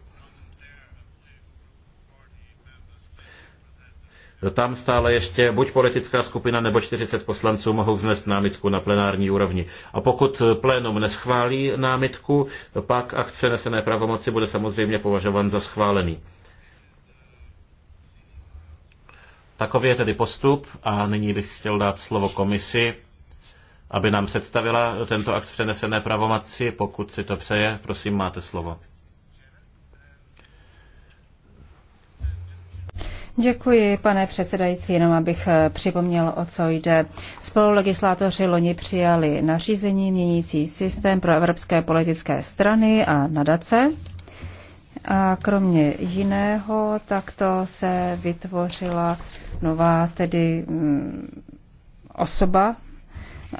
Tam stále ještě buď politická skupina nebo 40 poslanců mohou vznést námitku na plenární úrovni. A pokud plénum neschválí námitku, pak akt přenesené pravomoci bude samozřejmě považován za schválený. Takový je tedy postup a nyní bych chtěl dát slovo komisi, aby nám představila tento akt přenesené pravomoci. Pokud si to přeje, prosím, máte slovo. Děkuji, pane předsedající, jenom abych eh, připomněl, o co jde. Spolulegislátoři loni přijali nařízení měnící systém pro evropské politické strany a nadace. A kromě jiného, takto se vytvořila nová tedy mm, osoba.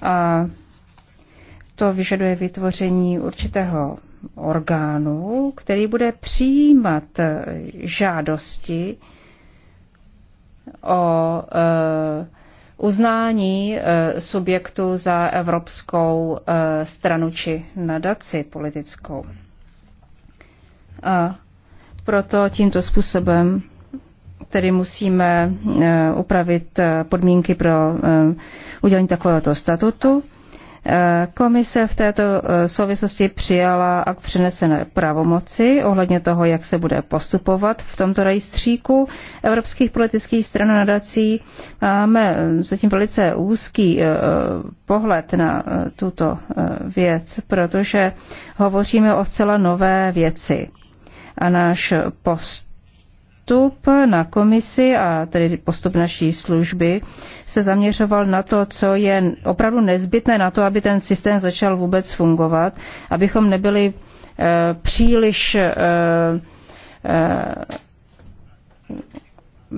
A to vyžaduje vytvoření určitého orgánu, který bude přijímat eh, žádosti o eh, uznání eh, subjektu za Evropskou eh, stranu či nadaci politickou. A proto tímto způsobem tedy musíme upravit podmínky pro udělení takovéhoto statutu. Komise v této eh, souvislosti přijala a přinesené pravomoci ohledně toho, jak se bude postupovat v tomto rejstříku evropských politických stran a nadací. Máme zatím velice úzký eh, pohled na eh, tuto věc, protože hovoříme o zcela nové věci. A náš post postup na komisi a tedy postup naší služby se zaměřoval na to, co je opravdu nezbytné na to, aby ten systém začal vůbec fungovat, abychom nebyli eh, příliš eh, eh,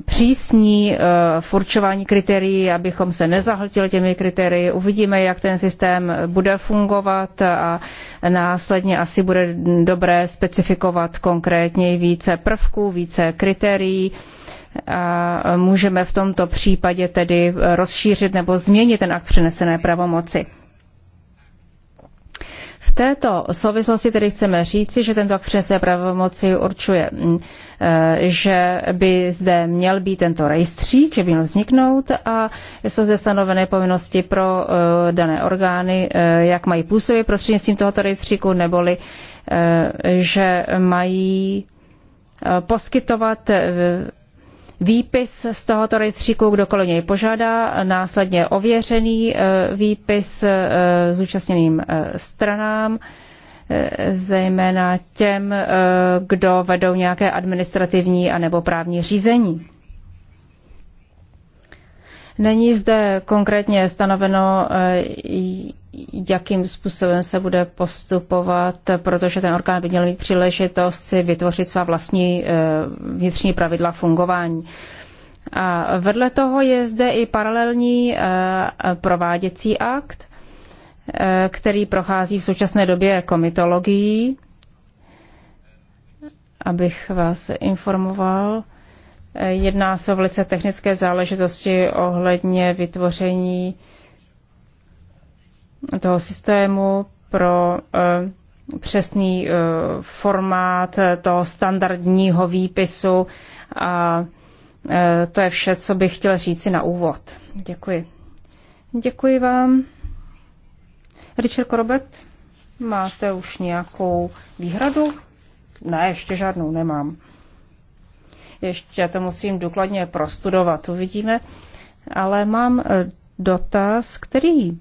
přísní v eh, určování kritérií, abychom se nezahltili těmi kritérii. Uvidíme, jak ten systém bude fungovat a následně asi bude dobré specifikovat konkrétně více prvků, více kritérií. A můžeme v tomto případě tedy rozšířit nebo změnit ten akt přenesené pravomoci. V této souvislosti tedy chceme říci, že tento akt přenesené pravomoci určuje Eh, že by zde měl být tento rejstřík, že by měl vzniknout a jsou zde stanovené povinnosti pro eh, dané orgány, eh, jak mají působit prostřednictvím tohoto rejstříku, neboli že mají poskytovat výpis z tohoto rejstříku, kdokoliv něj požádá, následně ověřený výpis zúčastněným stranám zejména těm, eh, kdo vedou nějaké administrativní anebo právní řízení. Není zde konkrétně stanoveno, eh, jakým způsobem se bude postupovat, protože ten orgán by měl mít příležitost si vytvořit svá vlastní eh, vnitřní pravidla fungování. A vedle toho je zde i paralelní prováděcí akt, Eh, který prochází v současné době komitologií, abych vás informoval. Eh, jedná se o velice technické záležitosti ohledně vytvoření toho systému pro eh, přesný formát toho standardního výpisu a to je vše, co bych chtěl říci na úvod. Děkuji. Děkuji vám. Richard Corbett, máte už nějakou výhradu? Ne, ještě žádnou nemám. Ještě to musím důkladně prostudovat, uvidíme. Ale mám e, dotaz, který e,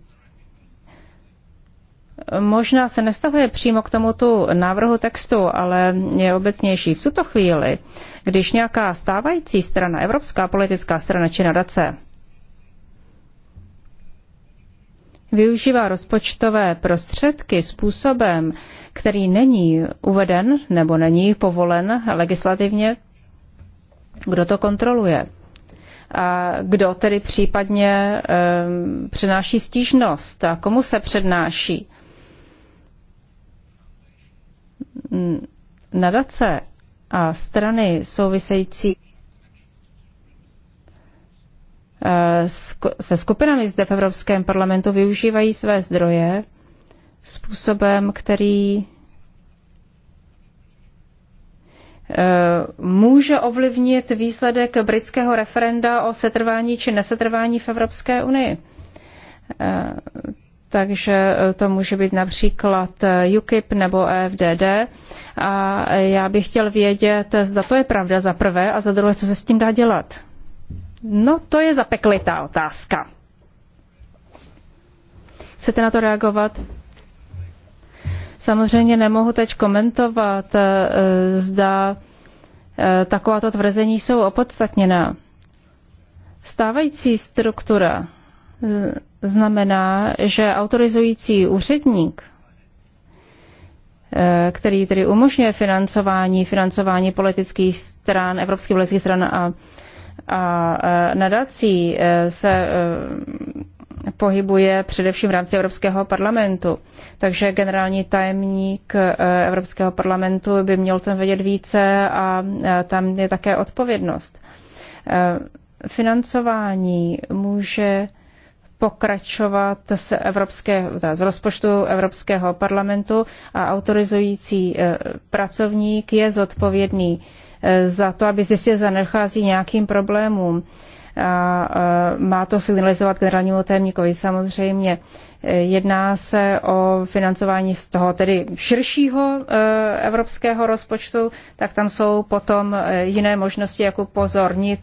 možná se nestavuje přímo k tomuto návrhu textu, ale je obecnější. V tuto chvíli, když nějaká stávající strana, evropská politická strana či nadace, využívá rozpočtové prostředky způsobem, který není uveden nebo není povolen legislativně, kdo to kontroluje? A kdo tedy případně um, přináší stížnost a komu se přednáší? Nadace a strany související Eh, se skupinami zde v Evropském parlamentu využívají své zdroje způsobem, který eh, může ovlivnit výsledek britského referenda o setrvání či nesetrvání v Evropské unii. Eh, takže to může být například UKIP nebo EFDD. A já bych chtěl vědět, zda to je pravda za prvé a za druhé, co se s tím dá dělat. No, to je zapeklitá otázka. Chcete na to reagovat? Samozřejmě nemohu teď komentovat, eh, zda eh, takováto tvrzení jsou opodstatněná. Stávající struktura znamená, že autorizující úředník, eh, který tedy umožňuje financování, financování politických stran, evropských politických stran a a e, nadací e, se e, pohybuje především v rámci Evropského parlamentu. Takže generální tajemník Evropského parlamentu by měl tam vědět více a tam je také odpovědnost. Financování může pokračovat z, evropské, z rozpočtu Evropského parlamentu a autorizující pracovník je zodpovědný Eh, za to, aby zjistil, zda nechází nějakým problémům. A eh, má to signalizovat generálnímu témníkovi. Samozřejmě eh, jedná se o financování z toho tedy širšího evropského rozpočtu, tak tam jsou potom jiné možnosti, jak upozornit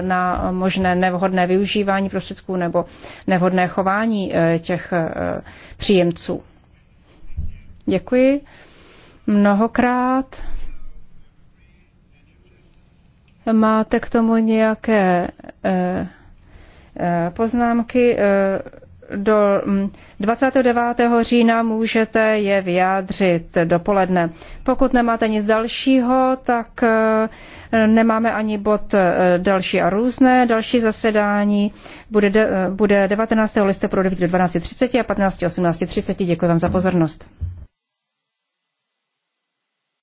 na možné nevhodné využívání prostředků nebo nevhodné chování těch příjemců. Děkuji mnohokrát. Máte k tomu nějaké eh, eh, poznámky? Eh, do 29. Hm, října můžete je vyjádřit dopoledne. Pokud nemáte nic dalšího, tak nemáme ani bod další a různé. Další zasedání bude, bude 19. listopadu do 12.30 a 15. Děkuji vám za pozornost.